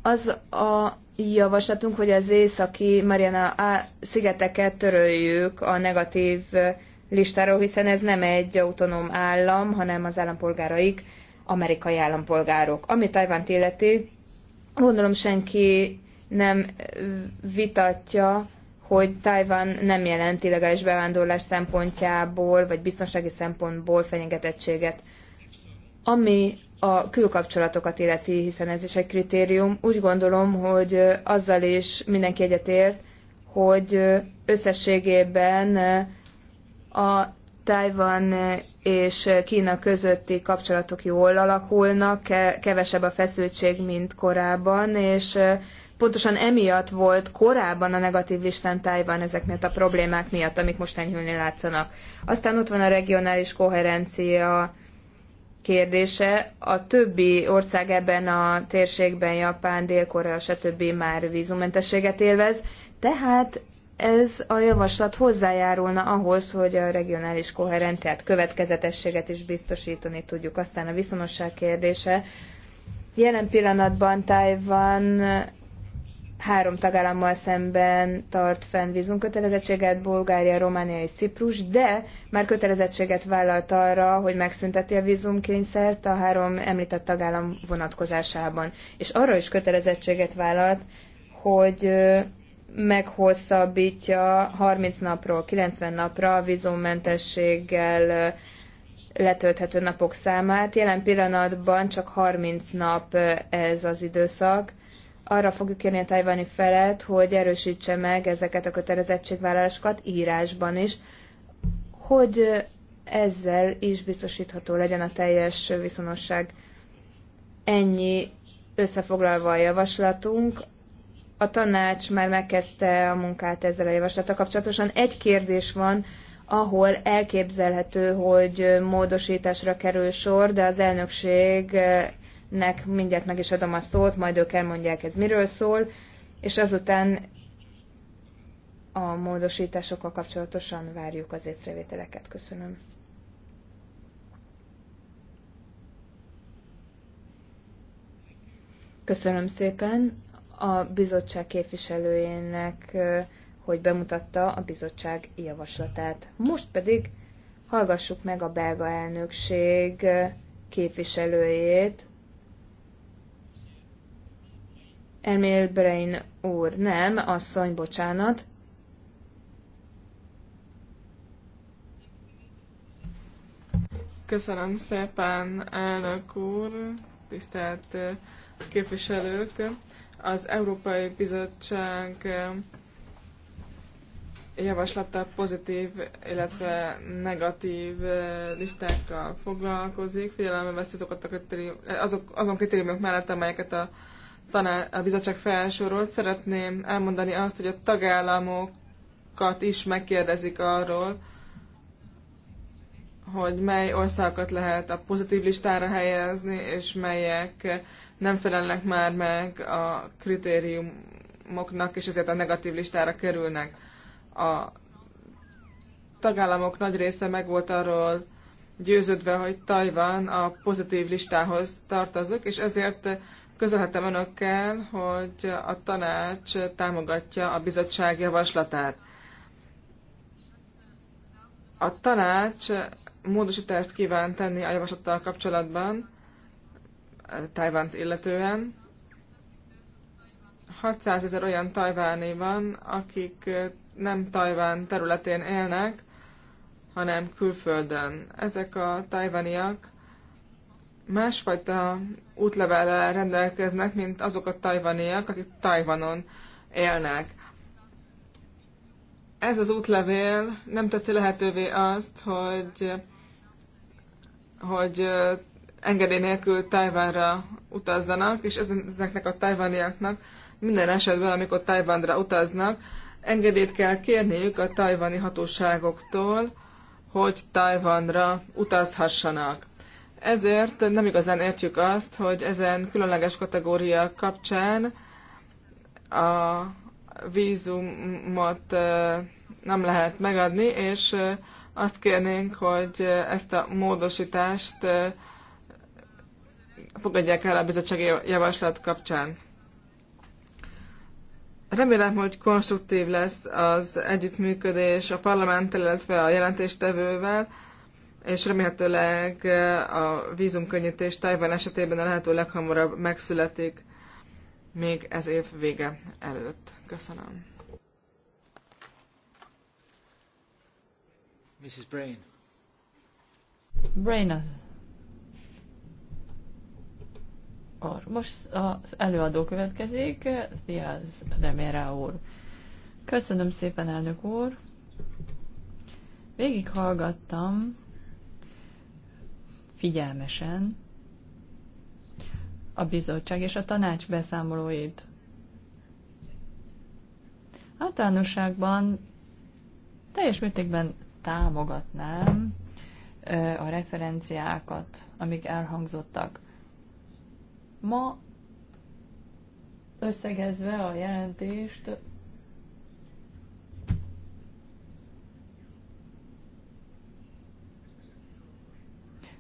Az a javaslatunk, hogy az északi Mariana szigeteket töröljük a negatív listáról, hiszen ez nem egy autonóm állam, hanem az állampolgáraik amerikai állampolgárok. Ami Tajvánt illeti, gondolom senki nem vitatja, hogy Tajvan nem jelent illegális bevándorlás szempontjából, vagy biztonsági szempontból fenyegetettséget. Ami a külkapcsolatokat illeti, hiszen ez is egy kritérium, úgy gondolom, hogy azzal is mindenki egyetért, hogy összességében a Tajvan és Kína közötti kapcsolatok jól alakulnak, kevesebb a feszültség, mint korábban, és pontosan emiatt volt korábban a negatív listán Tajvan miatt a problémák miatt, amik most enyhülni látszanak. Aztán ott van a regionális koherencia kérdése. A többi ország ebben a térségben, Japán, Dél-Korea, stb. már vízumentességet élvez, tehát ez a javaslat hozzájárulna ahhoz, hogy a regionális koherenciát, következetességet is biztosítani tudjuk. Aztán a viszonosság kérdése. Jelen pillanatban Tájvan három tagállammal szemben tart fenn vízumkötelezettséget, Bulgária, Románia és Ciprus, de már kötelezettséget vállalt arra, hogy megszünteti a vízumkényszert a három említett tagállam vonatkozásában. És arra is kötelezettséget vállalt, hogy meghosszabbítja 30 napról 90 napra a vízummentességgel letölthető napok számát. Jelen pillanatban csak 30 nap ez az időszak. Arra fogjuk kérni a tajvani felet, hogy erősítse meg ezeket a kötelezettségvállalásokat írásban is, hogy ezzel is biztosítható legyen a teljes viszonosság. Ennyi összefoglalva a javaslatunk, a tanács már megkezdte a munkát ezzel a javaslattal kapcsolatosan. Egy kérdés van, ahol elképzelhető, hogy módosításra kerül sor, de az elnökségnek mindjárt meg is adom a szót, majd ők elmondják, ez miről szól, és azután a módosításokkal kapcsolatosan várjuk az észrevételeket. Köszönöm. Köszönöm szépen a bizottság képviselőjének, hogy bemutatta a bizottság javaslatát. Most pedig hallgassuk meg a belga elnökség képviselőjét, Emil Brain úr, nem, asszony, bocsánat. Köszönöm szépen, elnök úr, tisztelt képviselők. Az Európai Bizottság eh, javaslata pozitív, illetve negatív eh, listákkal foglalkozik, figyelembe veszi azokat a kritérium, eh, azok, azon kritériumok mellett, amelyeket a, taná, a bizottság felsorolt. Szeretném elmondani azt, hogy a tagállamokat is megkérdezik arról, hogy mely országokat lehet a pozitív listára helyezni, és melyek nem felelnek már meg a kritériumoknak, és ezért a negatív listára kerülnek. A tagállamok nagy része meg volt arról győződve, hogy Tajvan a pozitív listához tartozik, és ezért közölhetem önökkel, hogy a tanács támogatja a bizottság javaslatát. A tanács módosítást kíván tenni a javaslattal kapcsolatban, Tajvant illetően. 600 ezer olyan tajváni van, akik nem Tajván területén élnek, hanem külföldön. Ezek a tajvaniak másfajta útlevellel rendelkeznek, mint azok a tajvaniak, akik Tajvanon élnek. Ez az útlevél nem teszi lehetővé azt, hogy, hogy engedély nélkül Tajvánra utazzanak, és ezeknek a tajvaniaknak minden esetben, amikor Tajvánra utaznak, engedélyt kell kérniük a tajvani hatóságoktól, hogy Tajvánra utazhassanak. Ezért nem igazán értjük azt, hogy ezen különleges kategória kapcsán a vízumot nem lehet megadni, és azt kérnénk, hogy ezt a módosítást fogadják el a bizottsági javaslat kapcsán. Remélem, hogy konstruktív lesz az együttműködés a parlament, illetve a jelentéstevővel, és remélhetőleg a vízumkönnyítés Tajvan esetében a lehető leghamarabb megszületik még ez év vége előtt. Köszönöm. Mrs. Brain. Brain. Or, most az előadó következik, Diaz Demera úr. Köszönöm szépen, elnök úr. Végig hallgattam figyelmesen a bizottság és a tanács beszámolóit. Általánosságban teljes mértékben támogatnám a referenciákat, amik elhangzottak. Ma összegezve a jelentést,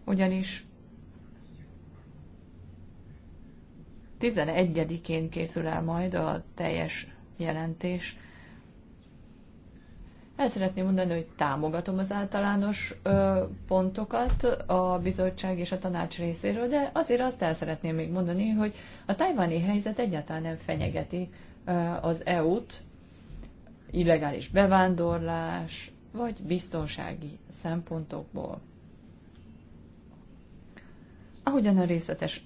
ugyanis 11-én készül el majd a teljes jelentés, el szeretném mondani, hogy támogatom az általános ö, pontokat a bizottság és a tanács részéről, de azért azt el szeretném még mondani, hogy a tajvani helyzet egyáltalán nem fenyegeti ö, az EU-t, illegális bevándorlás vagy biztonsági szempontokból. Ahogyan a részletes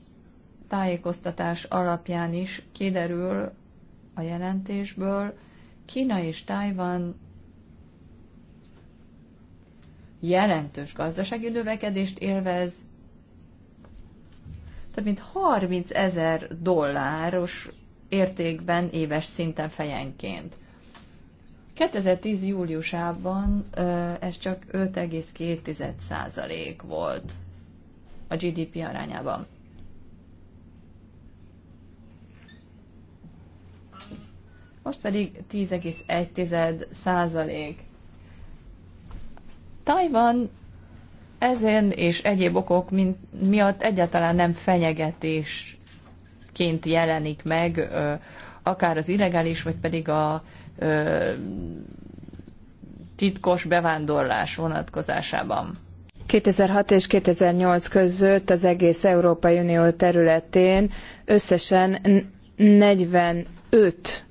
tájékoztatás alapján is kiderül a jelentésből, Kína és Tajvan jelentős gazdasági növekedést élvez, több mint 30 ezer dolláros értékben éves szinten fejenként. 2010. júliusában ez csak 5,2% volt a GDP arányában. Most pedig 10,1 százalék Tajvan ezen és egyéb okok miatt egyáltalán nem fenyegetésként jelenik meg, akár az illegális, vagy pedig a titkos bevándorlás vonatkozásában. 2006 és 2008 között az egész Európai Unió területén összesen 45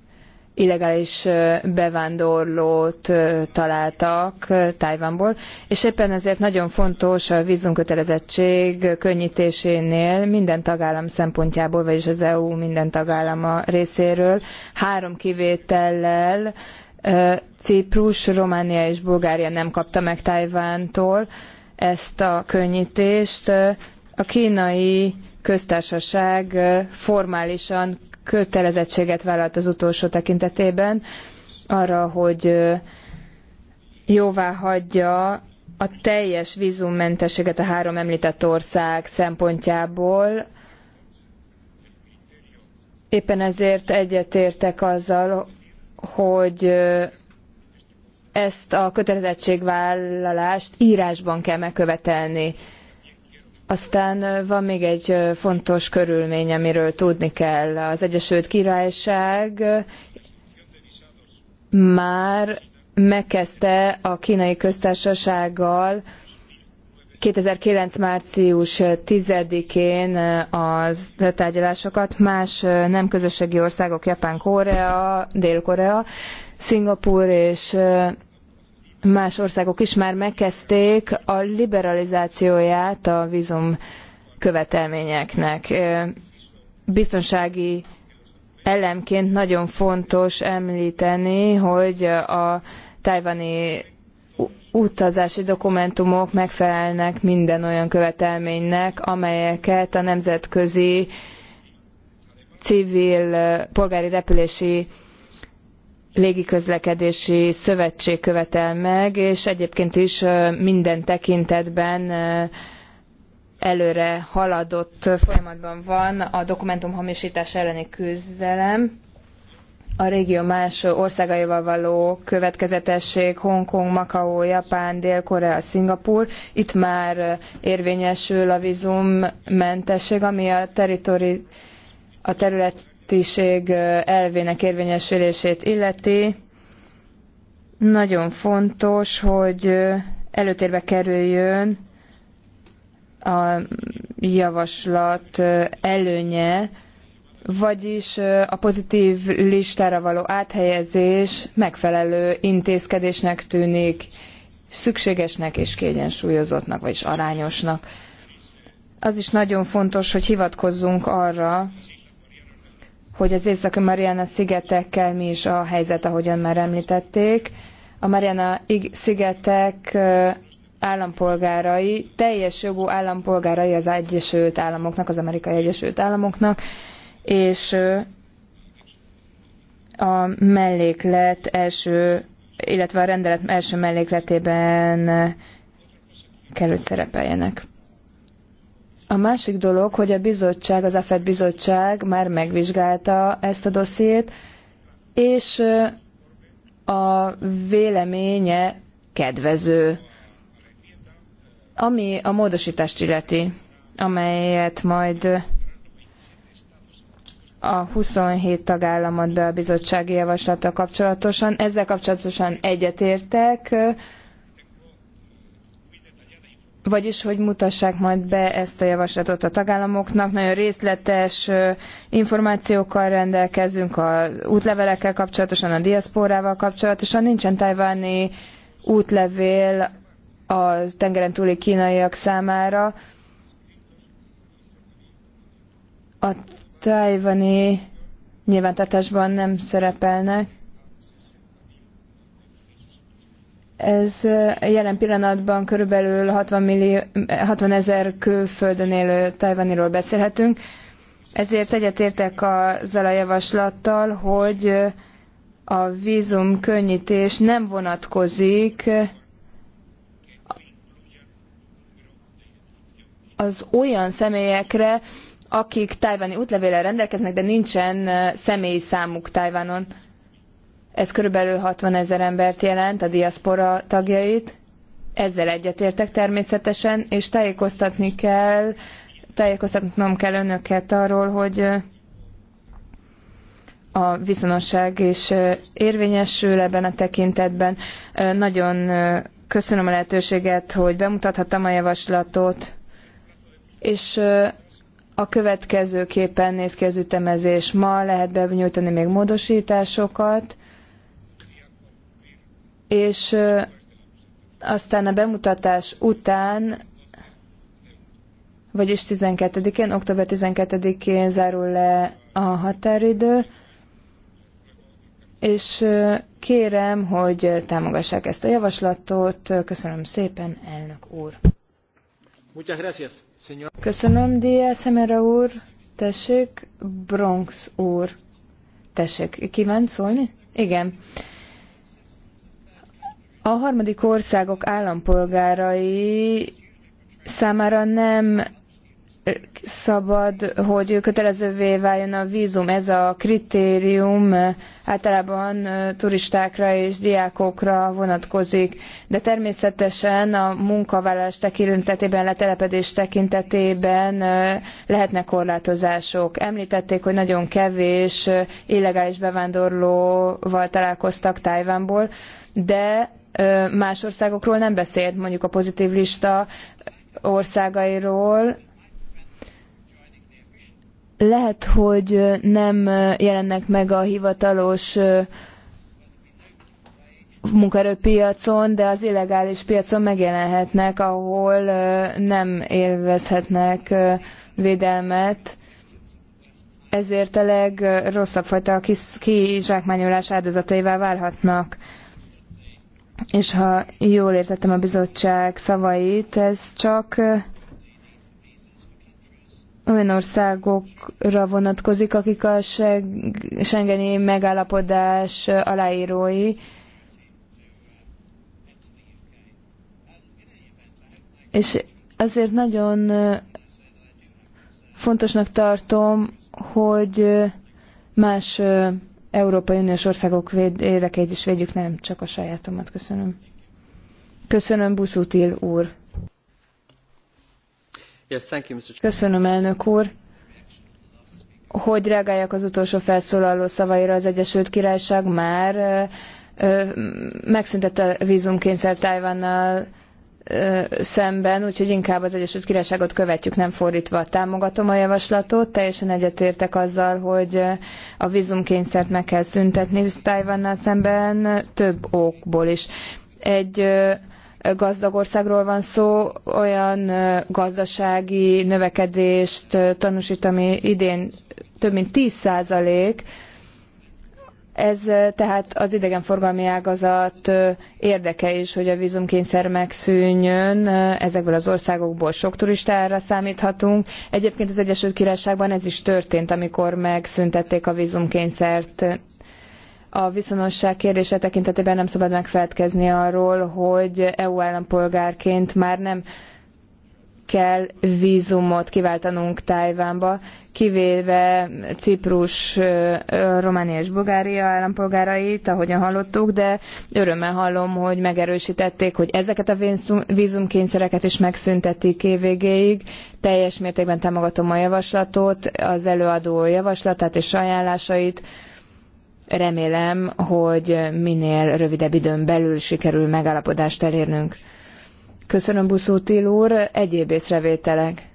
illegális bevándorlót találtak Tajvanból, és éppen ezért nagyon fontos a vízumkötelezettség könnyítésénél minden tagállam szempontjából, vagyis az EU minden tagállama részéről három kivétellel Ciprus, Románia és Bulgária nem kapta meg Tajvántól ezt a könnyítést. A kínai köztársaság formálisan kötelezettséget vállalt az utolsó tekintetében arra, hogy jóvá hagyja a teljes vízummentességet a három említett ország szempontjából. Éppen ezért egyetértek azzal, hogy ezt a kötelezettségvállalást írásban kell megkövetelni aztán van még egy fontos körülmény, amiről tudni kell. Az Egyesült Királyság már megkezdte a kínai köztársasággal 2009. március 10-én az tárgyalásokat más nem közösségi országok, Japán, Korea, Dél-Korea, Szingapúr és más országok is már megkezdték a liberalizációját a vízum követelményeknek. Biztonsági elemként nagyon fontos említeni, hogy a tajvani utazási dokumentumok megfelelnek minden olyan követelménynek, amelyeket a nemzetközi civil polgári repülési légiközlekedési szövetség követel meg, és egyébként is minden tekintetben előre haladott folyamatban van a dokumentum hamisítás elleni küzdelem. A régió más országaival való következetesség, Hongkong, Makao, Japán, Dél-Korea, Szingapur. Itt már érvényesül a vízummentesség, ami a a terület közöttiség elvének érvényesülését illeti, nagyon fontos, hogy előtérbe kerüljön a javaslat előnye, vagyis a pozitív listára való áthelyezés megfelelő intézkedésnek tűnik, szükségesnek és kiegyensúlyozottnak, vagyis arányosnak. Az is nagyon fontos, hogy hivatkozzunk arra, hogy az északi Mariana szigetekkel mi is a helyzet, ahogyan már említették. A Mariana szigetek állampolgárai, teljes jogú állampolgárai az Egyesült Államoknak, az Amerikai Egyesült Államoknak, és a melléklet első, illetve a rendelet első mellékletében kell, hogy szerepeljenek. A másik dolog, hogy a bizottság, az AFED bizottság már megvizsgálta ezt a dossziét, és a véleménye kedvező, ami a módosítást illeti, amelyet majd a 27 tagállamot be a bizottsági javaslata kapcsolatosan. Ezzel kapcsolatosan egyetértek, vagyis hogy mutassák majd be ezt a javaslatot a tagállamoknak. Nagyon részletes információkkal rendelkezünk a útlevelekkel kapcsolatosan, a diaszpórával kapcsolatosan. Nincsen tajváni útlevél a tengeren túli kínaiak számára. A tajvani nyilvántartásban nem szerepelnek. Ez eh, jelen pillanatban körülbelül 60, millió, 60 ezer külföldön élő tajvaniról beszélhetünk, ezért egyetértek azzal a javaslattal, hogy eh, a vízum könnyítés nem vonatkozik az olyan személyekre, akik tájváni útlevéllel rendelkeznek, de nincsen eh, személyi számuk Tájvánon. Ez körülbelül 60 ezer embert jelent, a diaszpora tagjait. Ezzel egyetértek természetesen, és tájékoztatni kell, tájékoztatnom kell önöket arról, hogy a viszonosság és érvényesül ebben a tekintetben. Nagyon köszönöm a lehetőséget, hogy bemutathattam a javaslatot, és a következőképpen néz ki az ütemezés. Ma lehet benyújtani még módosításokat, és aztán a bemutatás után, vagyis 12-én, október 12-én zárul le a határidő, és kérem, hogy támogassák ezt a javaslatot. Köszönöm szépen, elnök úr. Köszönöm, Díaz Szemera úr. Tessék, Bronx úr. Tessék, kívánt szólni? Igen. A harmadik országok állampolgárai számára nem szabad, hogy kötelezővé váljon a vízum. Ez a kritérium általában turistákra és diákokra vonatkozik, de természetesen a munkavállalás tekintetében, letelepedés tekintetében lehetnek korlátozások. Említették, hogy nagyon kevés illegális bevándorlóval találkoztak Tájvánból, de más országokról nem beszélt, mondjuk a pozitív lista országairól. Lehet, hogy nem jelennek meg a hivatalos munkaerőpiacon, de az illegális piacon megjelenhetnek, ahol nem élvezhetnek védelmet. Ezért a legrosszabb fajta kizsákmányolás áldozataivá válhatnak és ha jól értettem a bizottság szavait, ez csak olyan országokra vonatkozik, akik a Schengeni megállapodás aláírói. És azért nagyon fontosnak tartom, hogy más Európai Uniós országok véd, érdekeit is védjük, nem csak a sajátomat. Köszönöm. Köszönöm, Buszutil úr. Köszönöm, elnök úr hogy reagáljak az utolsó felszólaló szavaira, az Egyesült Királyság már megszüntette a megszüntette vízumkényszer Tajvannal szemben, úgyhogy inkább az Egyesült Királyságot követjük, nem fordítva támogatom a javaslatot. Teljesen egyetértek azzal, hogy a vízumkényszert meg kell szüntetni Tajvannal szemben több okból is. Egy gazdag országról van szó, olyan gazdasági növekedést tanúsít, ami idén több mint 10 százalék, ez tehát az idegenforgalmi ágazat érdeke is, hogy a vízumkényszer megszűnjön. Ezekből az országokból sok turistára számíthatunk. Egyébként az Egyesült Királyságban ez is történt, amikor megszüntették a vízumkényszert a viszonosság kérdése tekintetében nem szabad megfeledkezni arról, hogy EU állampolgárként már nem kell vízumot kiváltanunk Tájvánba, kivéve Ciprus, Románia és Bulgária állampolgárait, ahogyan hallottuk, de örömmel hallom, hogy megerősítették, hogy ezeket a vízumkényszereket is megszüntetik évvégéig. Teljes mértékben támogatom a javaslatot, az előadó javaslatát és ajánlásait. Remélem, hogy minél rövidebb időn belül sikerül megállapodást elérnünk. Köszönöm, Buszútil úr. Egyéb észrevételek.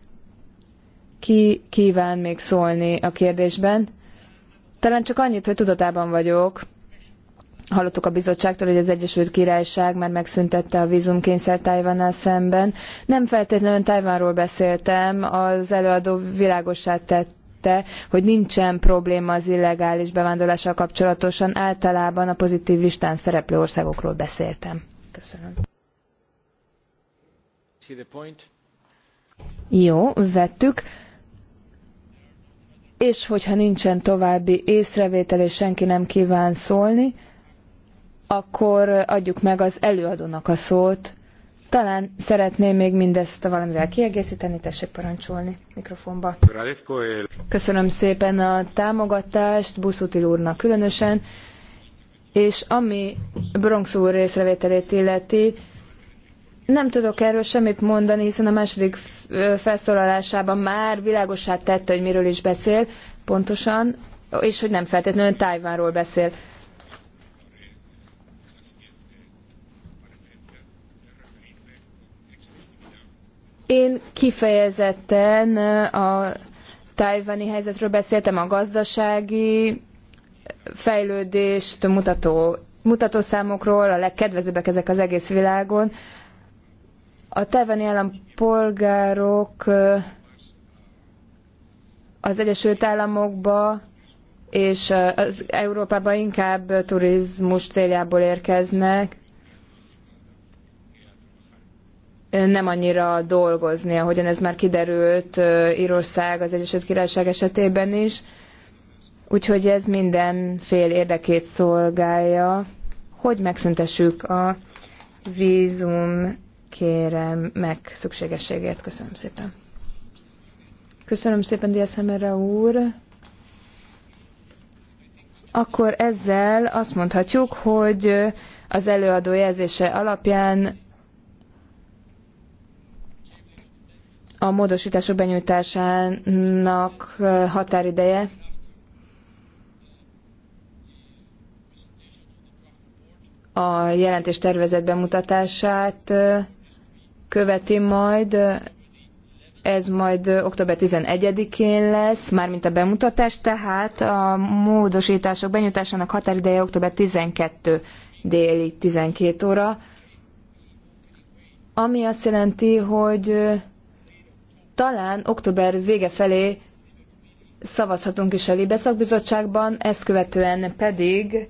Ki kíván még szólni a kérdésben? Talán csak annyit, hogy tudatában vagyok. Hallottuk a bizottságtól, hogy az Egyesült Királyság már megszüntette a vízumkényszer Tajvannal szemben. Nem feltétlenül Tajvanról beszéltem, az előadó világossá tett hogy nincsen probléma az illegális bevándorlással kapcsolatosan, általában a pozitív listán szereplő országokról beszéltem. Köszönöm. Jó, vettük. És hogyha nincsen további észrevétel, és senki nem kíván szólni, akkor adjuk meg az előadónak a szót. Talán szeretném még mindezt valamivel kiegészíteni, tessék parancsolni mikrofonba. Köszönöm szépen a támogatást, Buszutil úrnak különösen, és ami Bronx úr észrevételét illeti, nem tudok erről semmit mondani, hiszen a második felszólalásában már világossá tette, hogy miről is beszél pontosan, és hogy nem feltétlenül Tájvánról beszél. Én kifejezetten a tájvani helyzetről beszéltem, a gazdasági fejlődést mutató, mutató számokról, a legkedvezőbbek ezek az egész világon. A teveni állampolgárok az Egyesült Államokba és az Európába inkább turizmus céljából érkeznek, nem annyira dolgozni, ahogyan ez már kiderült Írország, az Egyesült Királyság esetében is. Úgyhogy ez minden fél érdekét szolgálja, hogy megszüntessük a vízum meg szükségességét. Köszönöm szépen. Köszönöm szépen, Diaz Hemere úr. Akkor ezzel azt mondhatjuk, hogy az előadó jelzése alapján a módosítások benyújtásának határideje a jelentés tervezet bemutatását követi majd, ez majd október 11-én lesz, mármint a bemutatás, tehát a módosítások benyújtásának határideje október 12 déli 12 óra, ami azt jelenti, hogy talán október vége felé szavazhatunk is a Libeszakbizottságban, ezt követően pedig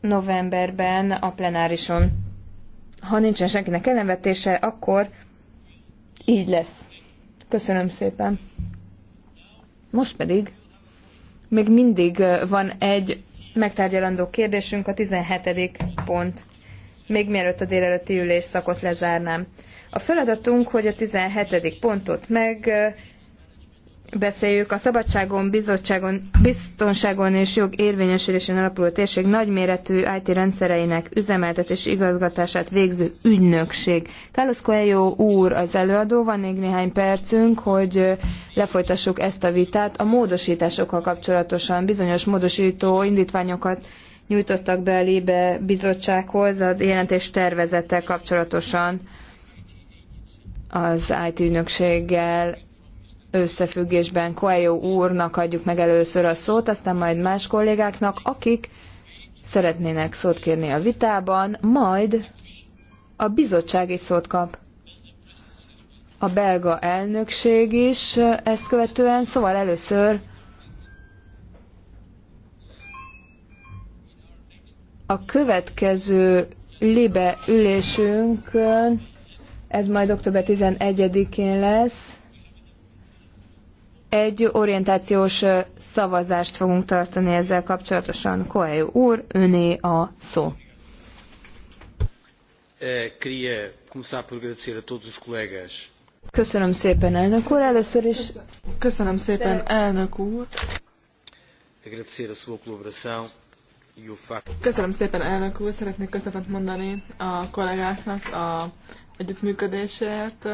novemberben a plenárison ha nincsen senkinek ellenvetése, akkor így lesz. Köszönöm szépen. Most pedig még mindig van egy megtárgyalandó kérdésünk, a 17. pont. Még mielőtt a délelőtti ülés szakot lezárnám. A feladatunk, hogy a 17. pontot meg beszéljük, a szabadságon, bizottságon, biztonságon és jog érvényesülésén alapuló térség nagyméretű IT rendszereinek üzemeltetés igazgatását végző ügynökség. Carlos Coelho úr az előadó, van még néhány percünk, hogy lefolytassuk ezt a vitát. A módosításokkal kapcsolatosan bizonyos módosító indítványokat nyújtottak be a Libe bizottsághoz a jelentés tervezettel kapcsolatosan az IT ügynökséggel összefüggésben Coelho úrnak adjuk meg először a szót, aztán majd más kollégáknak, akik szeretnének szót kérni a vitában, majd a bizottság is szót kap. A belga elnökség is ezt követően, szóval először a következő libe ülésünkön, ez majd október 11-én lesz, egy orientációs szavazást fogunk tartani ezzel kapcsolatosan. Koelyó úr, öné a szó. Köszönöm szépen, elnök úr. Először is köszönöm szépen, elnök úr. E köszönöm szépen, elnök úr. Szeretnék köszönet mondani a kollégáknak a együttműködésért,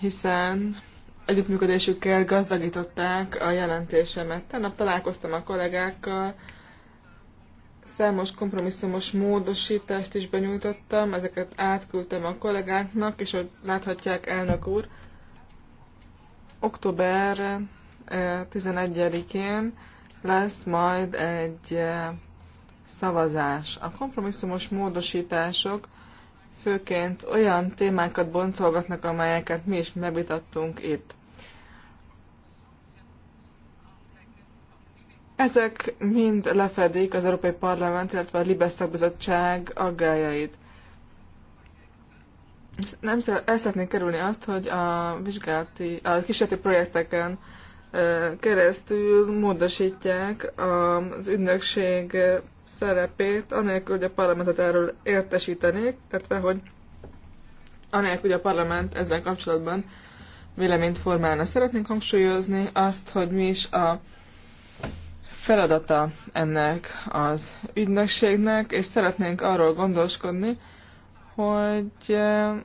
hiszen együttműködésükkel gazdagították a jelentésemet. Tegnap találkoztam a kollégákkal, számos kompromisszumos módosítást is benyújtottam, ezeket átküldtem a kollégáknak, és ott láthatják, elnök úr, október 11-én eh, lesz majd egy eh, szavazás. A kompromisszumos módosítások főként olyan témákat boncolgatnak, amelyeket mi is megvitattunk itt. Ezek mind lefedik az Európai Parlament, illetve a Libes szakbizottság aggájait. Nem el szeretnék kerülni azt, hogy a vizsgálati, a kísérleti projekteken keresztül módosítják az ügynökség szerepét, anélkül, hogy a parlamentet erről értesítenék, illetve, hogy anélkül, hogy a parlament ezzel kapcsolatban véleményt formálna. Szeretnénk hangsúlyozni azt, hogy mi is a feladata ennek az ügynökségnek, és szeretnénk arról gondoskodni, hogy eh,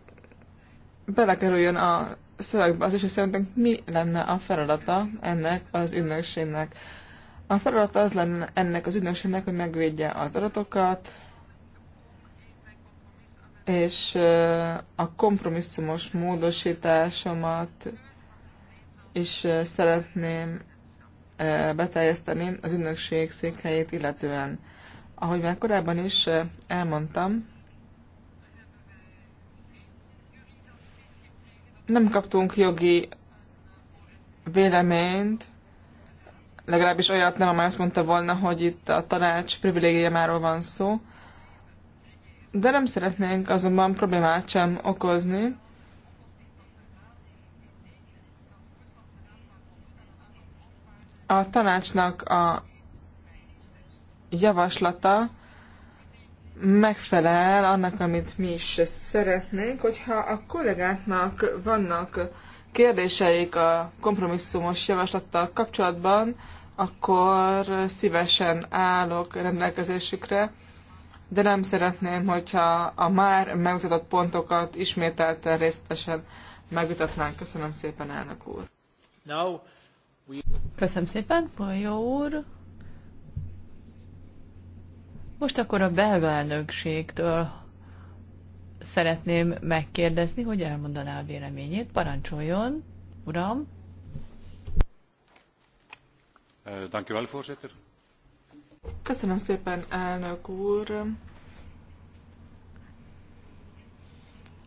belekerüljön a szövegbe az is, hogy szerintünk mi lenne a feladata ennek az ügynökségnek. A feladat az lenne ennek az ügynökségnek, hogy megvédje az adatokat, és a kompromisszumos módosításomat is szeretném beteljeszteni az ügynökség székhelyét illetően. Ahogy már korábban is elmondtam, nem kaptunk jogi véleményt legalábbis olyat nem, amely azt mondta volna, hogy itt a tanács privilégiumáról van szó. De nem szeretnénk azonban problémát sem okozni. A tanácsnak a javaslata megfelel annak, amit mi is szeretnénk, hogyha a kollégáknak vannak kérdéseik a kompromisszumos javaslattal kapcsolatban, akkor szívesen állok rendelkezésükre, de nem szeretném, hogyha a már megmutatott pontokat ismételten részletesen megvitatnánk. Köszönöm szépen, elnök úr. Köszönöm szépen, Pajó úr. Most akkor a belga elnökségtől szeretném megkérdezni, hogy elmondaná a véleményét. Parancsoljon, uram! Eh, voorzitter. Köszönöm szépen, elnök úr.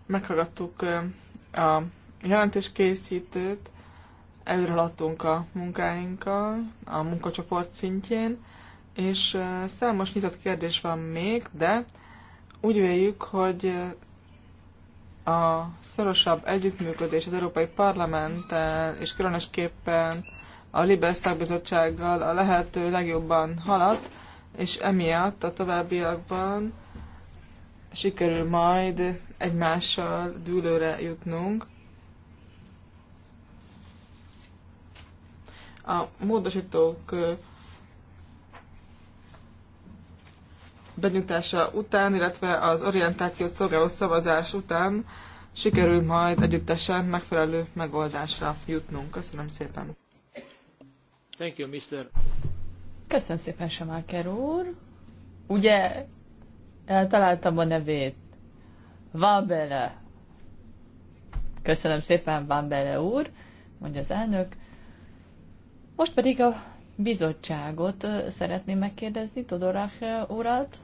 Meghallgattuk eh, a jelentéskészítőt, előrehaladtunk a munkáinkkal, a munkacsoport szintjén, és eh, számos nyitott kérdés van még, de úgy véljük, hogy a szorosabb együttműködés az Európai Parlamenttel, és különösképpen a Libes szakbizottsággal a lehető legjobban halad, és emiatt a továbbiakban sikerül majd egymással dűlőre jutnunk. A módosítók benyújtása után, illetve az orientációt szolgáló szavazás után sikerül majd együttesen megfelelő megoldásra jutnunk. Köszönöm szépen! Thank you, Mr. Köszönöm szépen, Semáker úr. Ugye eltaláltam a nevét. Van bele. Köszönöm szépen, Van bele úr, mondja az elnök. Most pedig a bizottságot szeretném megkérdezni, Todorach urat.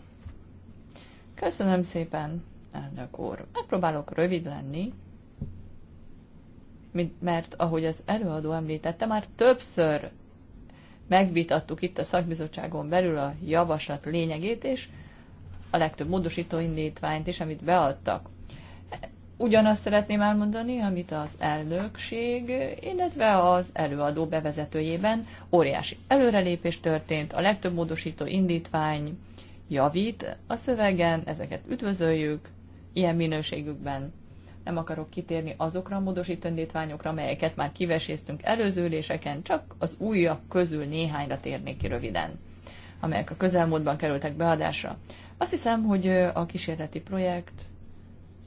Köszönöm szépen, elnök úr. Megpróbálok rövid lenni, mert ahogy az előadó említette, már többször megvitattuk itt a szakbizottságon belül a javaslat lényegét, és a legtöbb módosító indítványt is, amit beadtak. Ugyanazt szeretném elmondani, amit az elnökség, illetve az előadó bevezetőjében óriási előrelépés történt, a legtöbb módosító indítvány javít a szövegen, ezeket üdvözöljük ilyen minőségükben nem akarok kitérni azokra a módosítendítványokra, melyeket már kiveséztünk előző üléseken, csak az újak közül néhányra térnék ki röviden, amelyek a közelmúltban kerültek beadásra. Azt hiszem, hogy a kísérleti projekt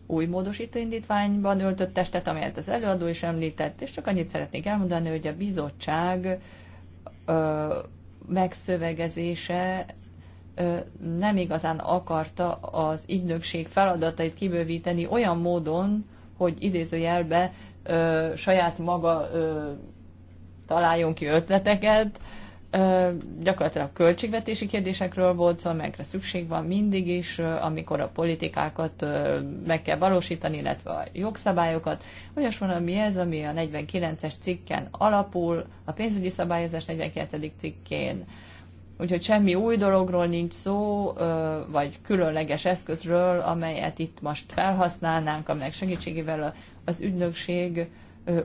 új módosítóindítványban öltött testet, amelyet az előadó is említett, és csak annyit szeretnék elmondani, hogy a bizottság ö, megszövegezése nem igazán akarta az ügynökség feladatait kibővíteni olyan módon, hogy idézőjelbe ö, saját maga ö, találjon ki ötleteket. Ö, gyakorlatilag költségvetési kérdésekről volt szó, amelyekre szükség van mindig is, ö, amikor a politikákat ö, meg kell valósítani, illetve a jogszabályokat. Olyas van, ami ez, ami a 49-es cikken alapul, a pénzügyi szabályozás 49. cikkén Úgyhogy semmi új dologról nincs szó, vagy különleges eszközről, amelyet itt most felhasználnánk, aminek segítségével az ügynökség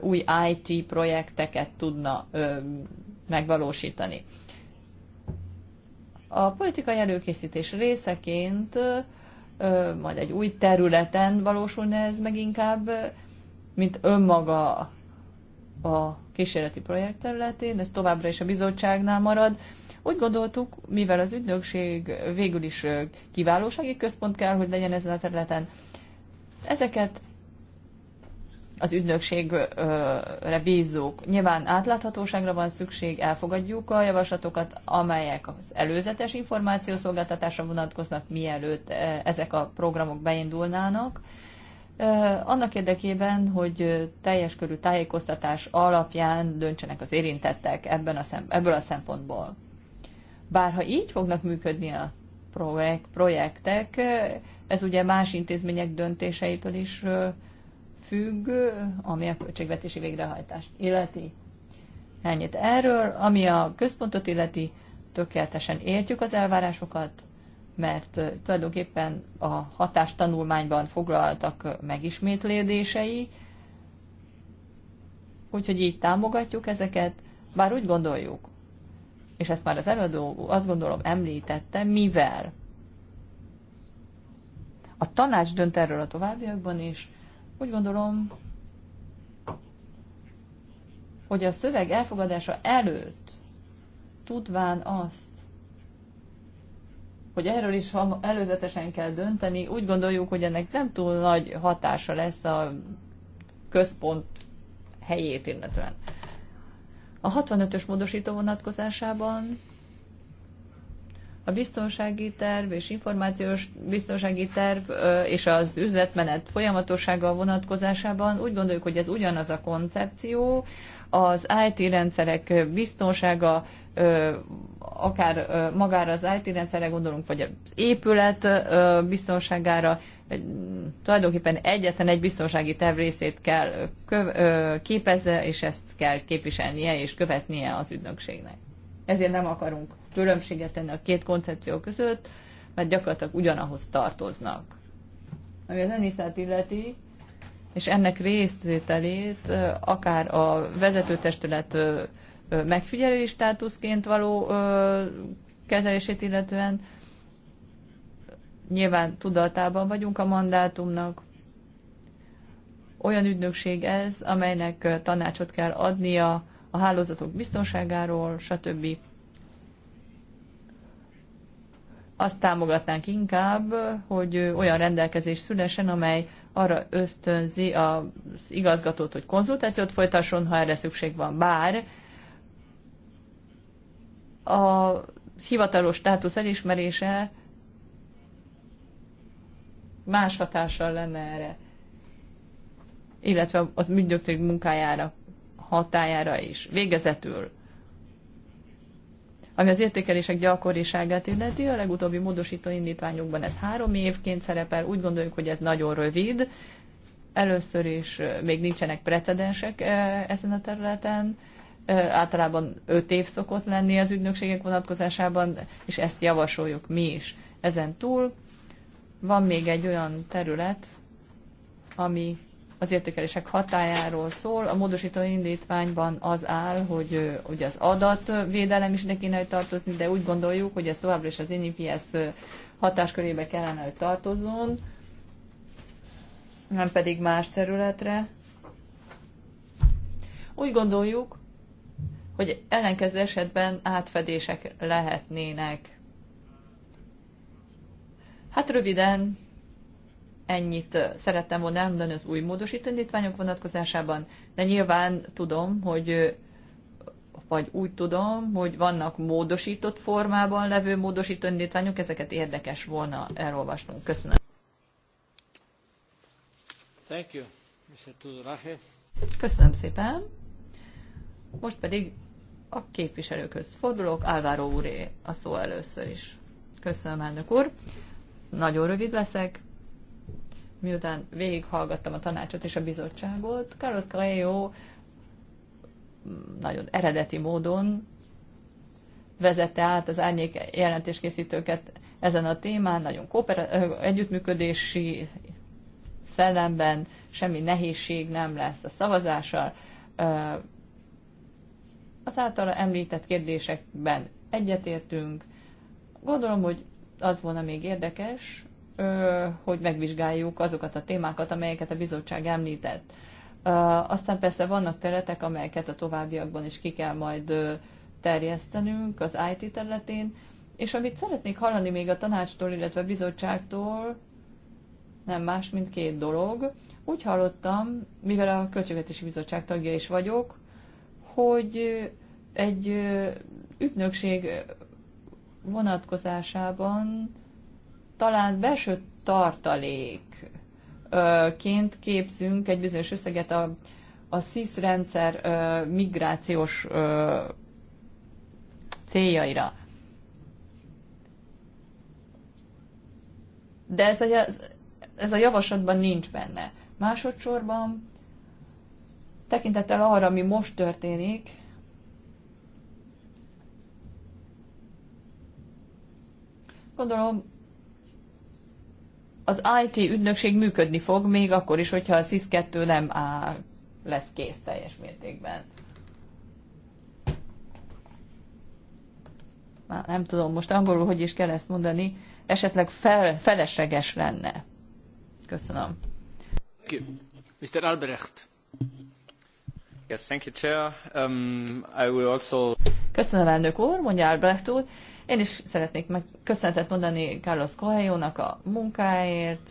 új IT projekteket tudna megvalósítani. A politikai előkészítés részeként majd egy új területen valósulna ez meg inkább, mint önmaga a kísérleti projekt területén, ez továbbra is a bizottságnál marad, úgy gondoltuk, mivel az ügynökség végül is kiválósági központ kell, hogy legyen ezen a területen, ezeket az ügynökségre bízók Nyilván átláthatóságra van szükség, elfogadjuk a javaslatokat, amelyek az előzetes információszolgáltatásra vonatkoznak, mielőtt ezek a programok beindulnának. Annak érdekében, hogy teljes körű tájékoztatás alapján döntsenek az érintettek ebben a szem, ebből a szempontból. Bár ha így fognak működni a projekt, projektek, ez ugye más intézmények döntéseitől is függ, ami a költségvetési végrehajtást illeti. Ennyit erről, ami a központot illeti, tökéletesen értjük az elvárásokat, mert tulajdonképpen a hatástanulmányban foglaltak megismétlődései, úgyhogy így támogatjuk ezeket, bár úgy gondoljuk, és ezt már az előadó azt gondolom említette, mivel a tanács dönt erről a továbbiakban, és úgy gondolom, hogy a szöveg elfogadása előtt tudván azt, hogy erről is előzetesen kell dönteni, úgy gondoljuk, hogy ennek nem túl nagy hatása lesz a központ helyét illetően. A 65-ös módosító vonatkozásában a biztonsági terv és információs biztonsági terv és az üzletmenet folyamatossága vonatkozásában úgy gondoljuk, hogy ez ugyanaz a koncepció, az IT rendszerek biztonsága, akár magára az IT rendszerre gondolunk, vagy az épület biztonságára, tulajdonképpen egyetlen egy biztonsági terv részét kell köv, ö, képezze, és ezt kell képviselnie és követnie az ügynökségnek. Ezért nem akarunk különbséget tenni a két koncepció között, mert gyakorlatilag ugyanahhoz tartoznak. Ami az Eniszát illeti, és ennek résztvételét akár a vezetőtestület megfigyelői státuszként való kezelését illetően, nyilván tudatában vagyunk a mandátumnak. Olyan ügynökség ez, amelynek tanácsot kell adnia a hálózatok biztonságáról, stb. Azt támogatnánk inkább, hogy olyan rendelkezés szülesen, amely arra ösztönzi az igazgatót, hogy konzultációt folytasson, ha erre szükség van, bár a hivatalos státusz elismerése más hatással lenne erre, illetve az ügynökség munkájára, hatájára is. Végezetül, ami az értékelések gyakoriságát illeti, a legutóbbi módosító indítványokban ez három évként szerepel, úgy gondoljuk, hogy ez nagyon rövid, először is még nincsenek precedensek ezen a területen, általában öt év szokott lenni az ügynökségek vonatkozásában, és ezt javasoljuk mi is. Ezen túl van még egy olyan terület, ami az értékelések hatájáról szól. A módosító indítványban az áll, hogy ugye az adatvédelem is ide kéne tartozni, de úgy gondoljuk, hogy ez továbbra is az NIPS hatáskörébe kellene, hogy tartozzon, nem pedig más területre. Úgy gondoljuk, hogy ellenkező esetben átfedések lehetnének Hát röviden ennyit szerettem volna elmondani az új módosítanítványok vonatkozásában, de nyilván tudom, hogy vagy úgy tudom, hogy vannak módosított formában levő módosítanítványok, ezeket érdekes volna elolvasnunk. Köszönöm. Thank you, Mr. Tudorache. Köszönöm szépen. Most pedig a képviselőkhöz fordulok. Álváró úré a szó először is. Köszönöm, elnök úr. Nagyon rövid leszek. Miután végighallgattam a tanácsot és a bizottságot, Carlos Coelho nagyon eredeti módon vezette át az árnyék jelentéskészítőket ezen a témán, nagyon kooper- együttműködési szellemben, semmi nehézség nem lesz a szavazással. Az általa említett kérdésekben egyetértünk. Gondolom, hogy az volna még érdekes, hogy megvizsgáljuk azokat a témákat, amelyeket a bizottság említett. Aztán persze vannak területek, amelyeket a továbbiakban is ki kell majd terjesztenünk az IT területén, és amit szeretnék hallani még a tanácstól, illetve a bizottságtól, nem más, mint két dolog. Úgy hallottam, mivel a Költségvetési Bizottság tagja is vagyok, hogy egy ügynökség vonatkozásában talán belső tartalékként képzünk egy bizonyos összeget a, a SZISZ rendszer migrációs céljaira. De ez a, ez a javaslatban nincs benne. Másodszorban tekintettel arra, ami most történik, gondolom, az IT ügynökség működni fog, még akkor is, hogyha a SIS-2 nem áll, lesz kész teljes mértékben. Már nem tudom most angolul, hogy is kell ezt mondani, esetleg fel, felesleges lenne. Köszönöm. Thank you. Mr. Albrecht. Yes, thank you, Chair. Um, I will also... Köszönöm, elnök úr, mondja Albrecht úr. Én is szeretnék meg köszönetet mondani Carlos coelho a munkáért,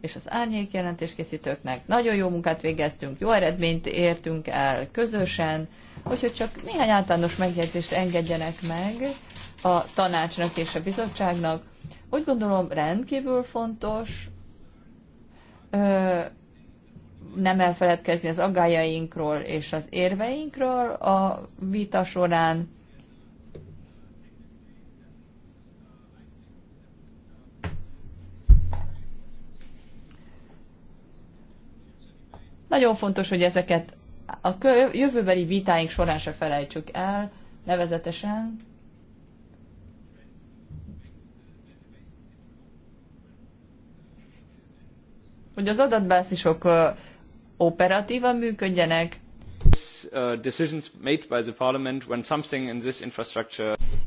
és az árnyék készítőknek Nagyon jó munkát végeztünk, jó eredményt értünk el közösen, úgyhogy csak néhány általános megjegyzést engedjenek meg a tanácsnak és a bizottságnak. Úgy gondolom rendkívül fontos ö, nem elfeledkezni az aggájainkról és az érveinkről a vita során Nagyon fontos, hogy ezeket a jövőbeli vitáink során se felejtsük el, nevezetesen hogy az adatbázisok operatívan működjenek, uh,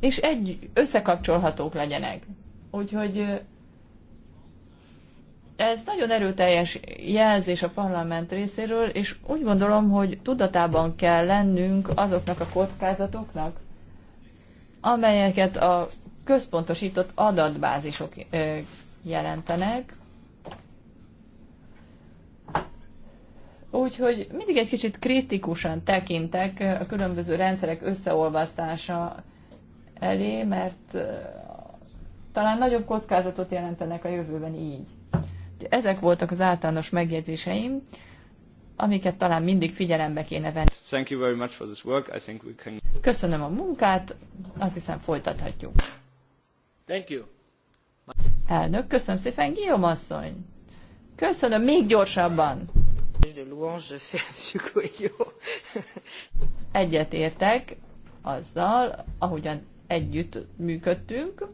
és egy összekapcsolhatók legyenek. Úgyhogy ez nagyon erőteljes jelzés a parlament részéről, és úgy gondolom, hogy tudatában kell lennünk azoknak a kockázatoknak, amelyeket a központosított adatbázisok jelentenek. Úgyhogy mindig egy kicsit kritikusan tekintek a különböző rendszerek összeolvasztása elé, mert talán nagyobb kockázatot jelentenek a jövőben így. Ezek voltak az általános megjegyzéseim, amiket talán mindig figyelembe kéne venni. can... Köszönöm a munkát, azt hiszem folytathatjuk. Thank you. Elnök, köszönöm szépen, Guillaume asszony. Köszönöm, még gyorsabban. Egyet értek azzal, ahogyan együtt működtünk.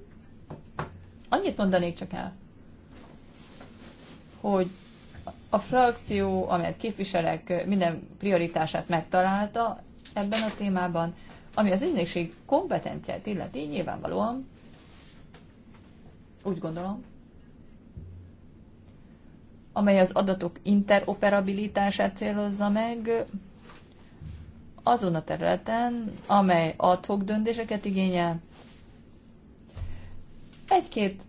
Annyit mondanék csak el hogy a frakció, amelyet képviselek, minden prioritását megtalálta ebben a témában, ami az ügynökség kompetenciát illeti, nyilvánvalóan úgy gondolom, amely az adatok interoperabilitását célozza meg azon a területen, amely adhok döntéseket igényel. Egy-két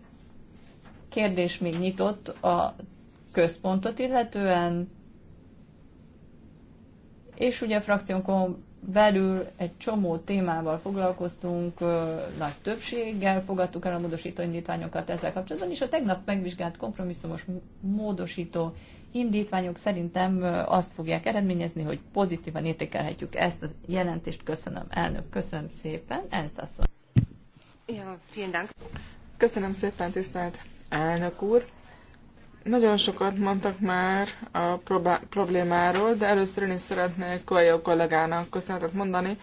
kérdés még nyitott a központot illetően, és ugye a frakciónkon belül egy csomó témával foglalkoztunk, nagy többséggel fogadtuk el a módosító indítványokat ezzel kapcsolatban, és a tegnap megvizsgált kompromisszumos módosító indítványok szerintem azt fogják eredményezni, hogy pozitívan értékelhetjük ezt a jelentést. Köszönöm, elnök, köszönöm szépen, ezt azt Ja, vielen Dank. Köszönöm szépen, tisztelt elnök úr. Nagyon sokat mondtak már a problémáról, de először én is szeretnék Koelyó kollégának köszönetet mondani.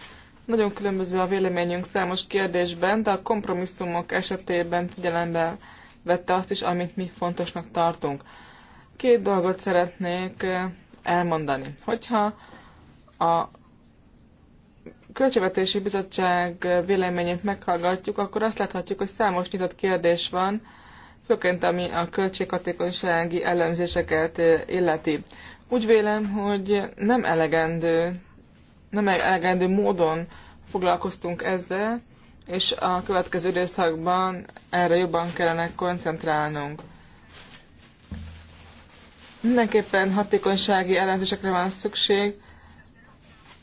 Nagyon különböző a véleményünk számos kérdésben, de a kompromisszumok esetében figyelembe vette azt is, amit mi fontosnak tartunk. Két dolgot szeretnék eh, elmondani. Hogyha a Költségvetési Bizottság eh, véleményét meghallgatjuk, akkor azt láthatjuk, hogy számos nyitott kérdés van, főként ami a költséghatékonysági ellenzéseket illeti. Úgy vélem, hogy nem elegendő, nem elegendő módon foglalkoztunk ezzel, és a következő időszakban erre jobban kellene koncentrálnunk. Mindenképpen hatékonysági ellenzésekre van szükség,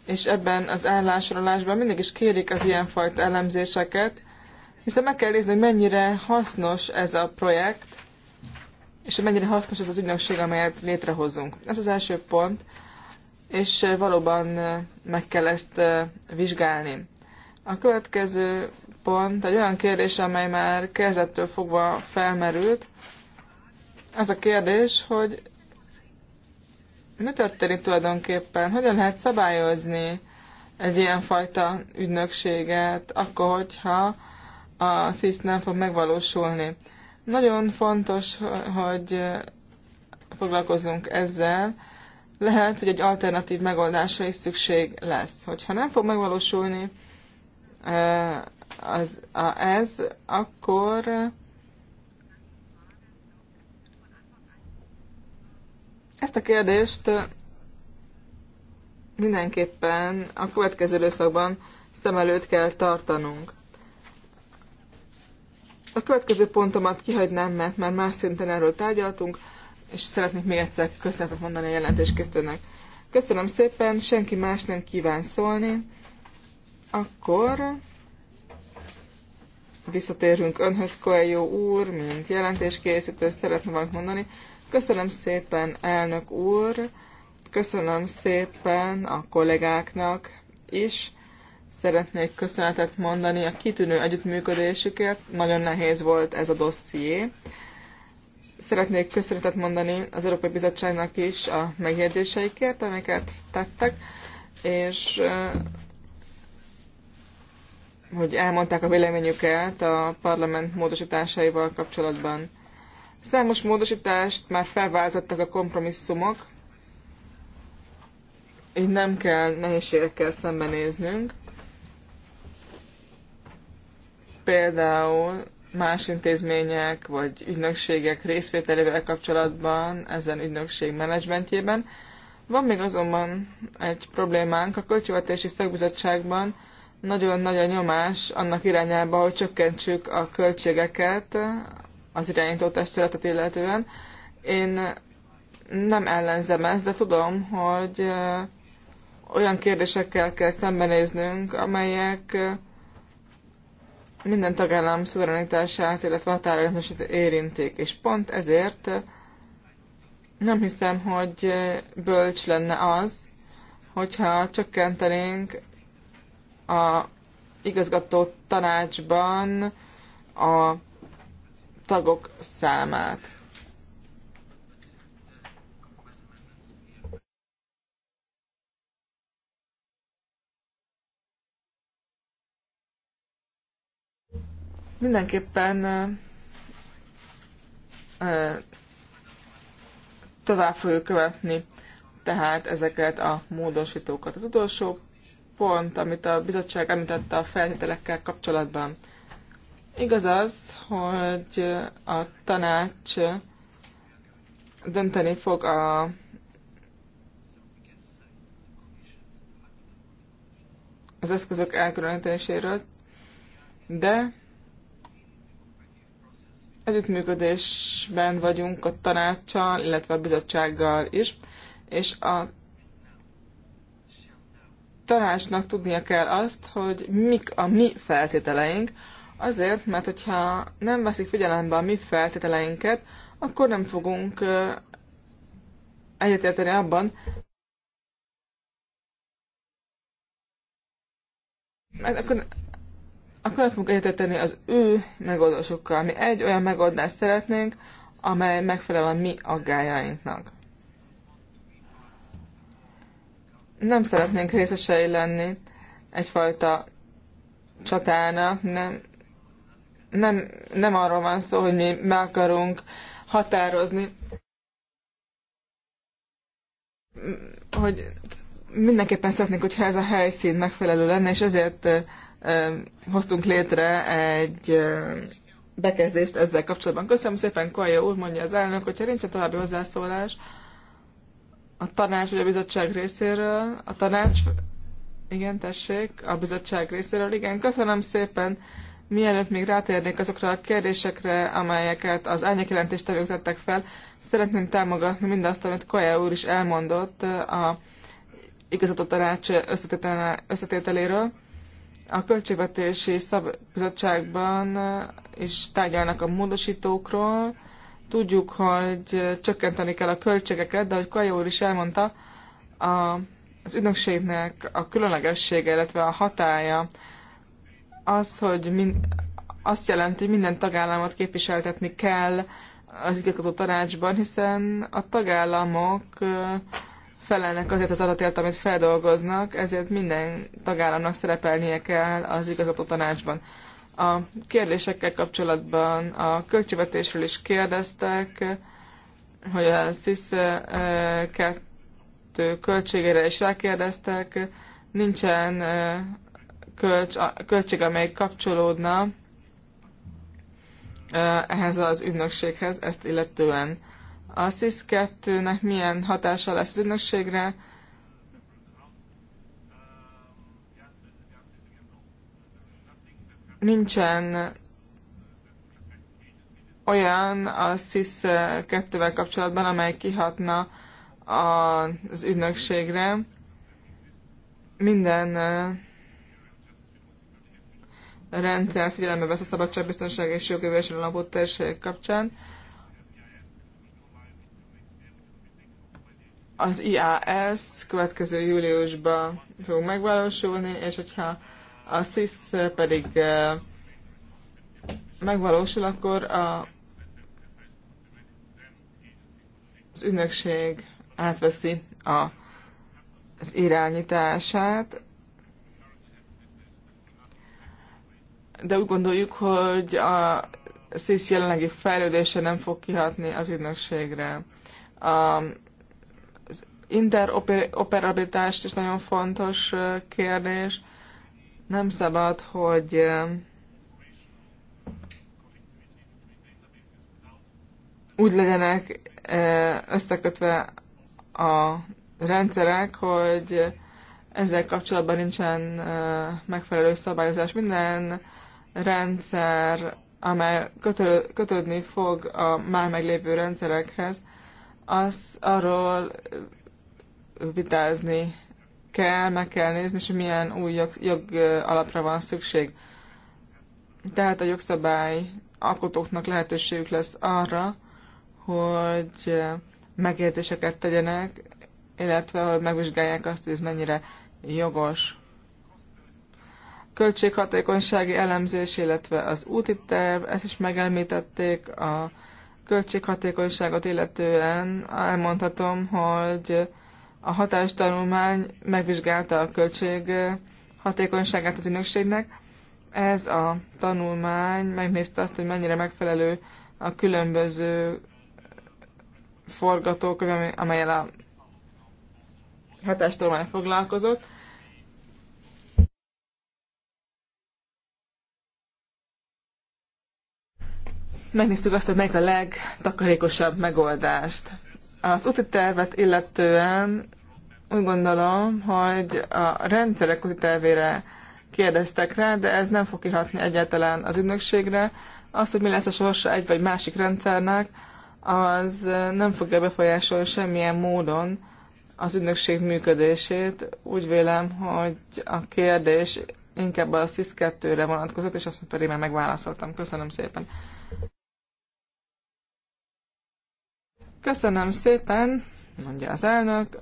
és ebben az állásolásban mindig is kérik az ilyenfajta elemzéseket, hiszen meg kell nézni, hogy mennyire hasznos ez a projekt, és mennyire hasznos ez az ügynökség, amelyet létrehozunk. Ez az első pont, és valóban meg kell ezt vizsgálni. A következő pont egy olyan kérdés, amely már kezdettől fogva felmerült. Az a kérdés, hogy mi történik tulajdonképpen? Hogyan lehet szabályozni egy ilyenfajta ügynökséget, akkor, hogyha a SZISZ nem fog megvalósulni. Nagyon fontos, hogy foglalkozzunk ezzel. Lehet, hogy egy alternatív megoldásra is szükség lesz. Hogyha nem fog megvalósulni az, a, ez, akkor ezt a kérdést mindenképpen a következő időszakban szem előtt kell tartanunk. A következő pontomat kihagynám, mert már más szinten erről tárgyaltunk, és szeretnék még egyszer köszönetet mondani a jelentéskészítőnek. Köszönöm szépen, senki más nem kíván szólni. Akkor visszatérünk önhöz, Koeljó úr, mint jelentéskészítő, szeretne valamit mondani. Köszönöm szépen, elnök úr, köszönöm szépen a kollégáknak is, szeretnék köszönetet mondani a kitűnő együttműködésükért. Nagyon nehéz volt ez a dosszié. Szeretnék köszönetet mondani az Európai Bizottságnak is a megjegyzéseikért, amiket tettek, és hogy elmondták a véleményüket a parlament módosításaival kapcsolatban. Számos módosítást már felváltottak a kompromisszumok, így nem kell nehézségekkel szembenéznünk például más intézmények vagy ügynökségek részvételével kapcsolatban ezen ügynökség menedzsmentjében. Van még azonban egy problémánk, a Költségvetési Szakbizottságban nagyon nagy a nyomás annak irányába, hogy csökkentsük a költségeket az irányító testületet illetően. Én nem ellenzem ezt, de tudom, hogy olyan kérdésekkel kell szembenéznünk, amelyek minden tagállam szuverenitását, illetve határozását érinték és pont ezért nem hiszem, hogy bölcs lenne az, hogyha csökkentenénk a igazgató tanácsban a tagok számát. Mindenképpen tovább fogjuk követni tehát ezeket a módosítókat. Az utolsó pont, amit a bizottság említette a feltételekkel kapcsolatban. Igaz az, hogy a tanács dönteni fog a az eszközök elkülönítéséről, de Együttműködésben vagyunk a tanácssal, illetve a bizottsággal is, és a tanácsnak tudnia kell azt, hogy mik a mi feltételeink, azért, mert hogyha nem veszik figyelembe a mi feltételeinket, akkor nem fogunk egyetérteni abban, mert akkor akkor fogunk egyetetteni az ő megoldásokkal. Mi egy olyan megoldást szeretnénk, amely megfelel a mi aggájainknak. Nem szeretnénk részesei lenni egyfajta csatának, nem, nem, nem arról van szó, hogy mi meg akarunk határozni, hogy mindenképpen szeretnénk, hogyha ez a helyszín megfelelő lenne, és ezért hoztunk létre egy bekezdést ezzel kapcsolatban. Köszönöm szépen, Kaja úr, mondja az elnök, hogyha nincsen további hozzászólás a tanács vagy a bizottság részéről, a tanács, igen, tessék, a bizottság részéről, igen, köszönöm szépen. Mielőtt még rátérnék azokra a kérdésekre, amelyeket az árnyékjelentéstevők tettek fel, szeretném támogatni mindazt, amit Kaja úr is elmondott eh, a igazgató tanács összetételéről a Költségvetési Szabbizottságban is tárgyalnak a módosítókról. Tudjuk, hogy csökkenteni kell a költségeket, de ahogy Kaja úr is elmondta, a, az ügynökségnek a különlegessége, illetve a hatája az, hogy min, azt jelenti, hogy minden tagállamot képviseltetni kell az igazgató tanácsban, hiszen a tagállamok felelnek azért az adatért, amit feldolgoznak, ezért minden tagállamnak szerepelnie kell az igazgató tanácsban. A kérdésekkel kapcsolatban a költségvetésről is kérdeztek, hogy a SZISZ eh, kettő költségére is rákérdeztek, nincsen eh, költs, költség, amely kapcsolódna eh, ehhez az ügynökséghez, ezt illetően a SIS 2 nek milyen hatása lesz az ügynökségre, nincsen olyan a SIS 2-vel kapcsolatban, amely kihatna az ügynökségre. Minden rendszer figyelembe vesz a szabadságbiztonság és jogjövésre alapú térség kapcsán. az IAS következő júliusban fog megvalósulni, és hogyha a SIS pedig eh, megvalósul, akkor a, az ünnökség átveszi a, az irányítását, de úgy gondoljuk, hogy a SIS jelenlegi fejlődése nem fog kihatni az ügynökségre. A interoperabilitást is nagyon fontos kérdés. Nem szabad, hogy úgy legyenek összekötve a rendszerek, hogy ezzel kapcsolatban nincsen megfelelő szabályozás. Minden rendszer, amely kötődni fog a már meglévő rendszerekhez, az arról vitázni kell, meg kell nézni, és milyen új jog, jog alapra van szükség. Tehát a jogszabály alkotóknak lehetőségük lesz arra, hogy megértéseket tegyenek, illetve hogy megvizsgálják azt, hogy ez mennyire jogos. Költséghatékonysági elemzés, illetve az úti terv, ezt is megelmítették a költséghatékonyságot illetően. Elmondhatom, hogy a hatályos tanulmány megvizsgálta a költség hatékonyságát az ügynökségnek. Ez a tanulmány megnézte azt, hogy mennyire megfelelő a különböző forgatókönyv, amelyel a tanulmány foglalkozott. Megnéztük azt, hogy melyik a legtakarékosabb megoldást. Az úti tervet illetően úgy gondolom, hogy a rendszerek úti tervére kérdeztek rá, de ez nem fog kihatni egyáltalán az ügynökségre. Azt, hogy mi lesz a sorsa egy vagy másik rendszernek, az nem fogja befolyásolni semmilyen módon az ügynökség működését. Úgy vélem, hogy a kérdés inkább a SZISZ 2-re vonatkozott, és azt pedig már megválaszoltam. Köszönöm szépen. Köszönöm szépen, mondja az elnök.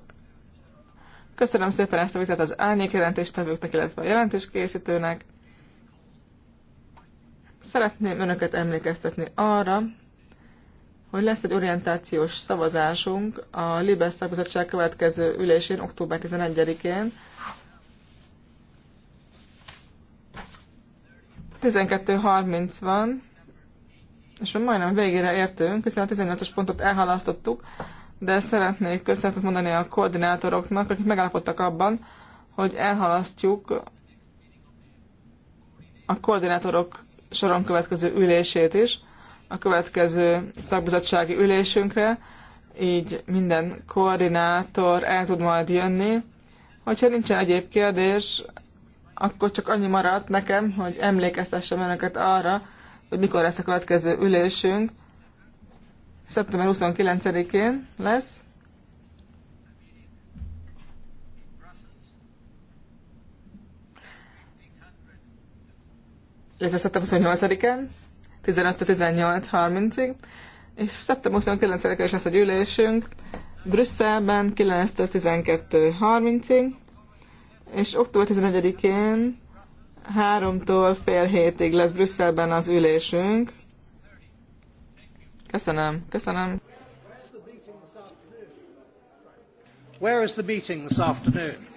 Köszönöm szépen ezt a vitát az árnyék jelentéstevőknek, illetve a jelentéskészítőnek. Szeretném önöket emlékeztetni arra, hogy lesz egy orientációs szavazásunk a Libes szakbizottság következő ülésén, október 11-én. 12.30 van, és majdnem végére értünk, hiszen a 18-as pontot elhalasztottuk, de szeretnék köszönetet mondani a koordinátoroknak, akik megállapodtak abban, hogy elhalasztjuk a koordinátorok soron következő ülését is, a következő szakbizottsági ülésünkre, így minden koordinátor el tud majd jönni. Hogyha nincsen egyéb kérdés, akkor csak annyi maradt nekem, hogy emlékeztessem önöket arra, hogy mikor lesz a következő ülésünk. Szeptember 29-én lesz. illetve szeptember 28-án, 15-18-30-ig, és szeptember 29-én is lesz egy ülésünk, Brüsszelben 9 12 12-30-ig, és október 11-én Háromtól fél hétig lesz Brüsszelben az ülésünk. Köszönöm, köszönöm. Where is the meeting this afternoon?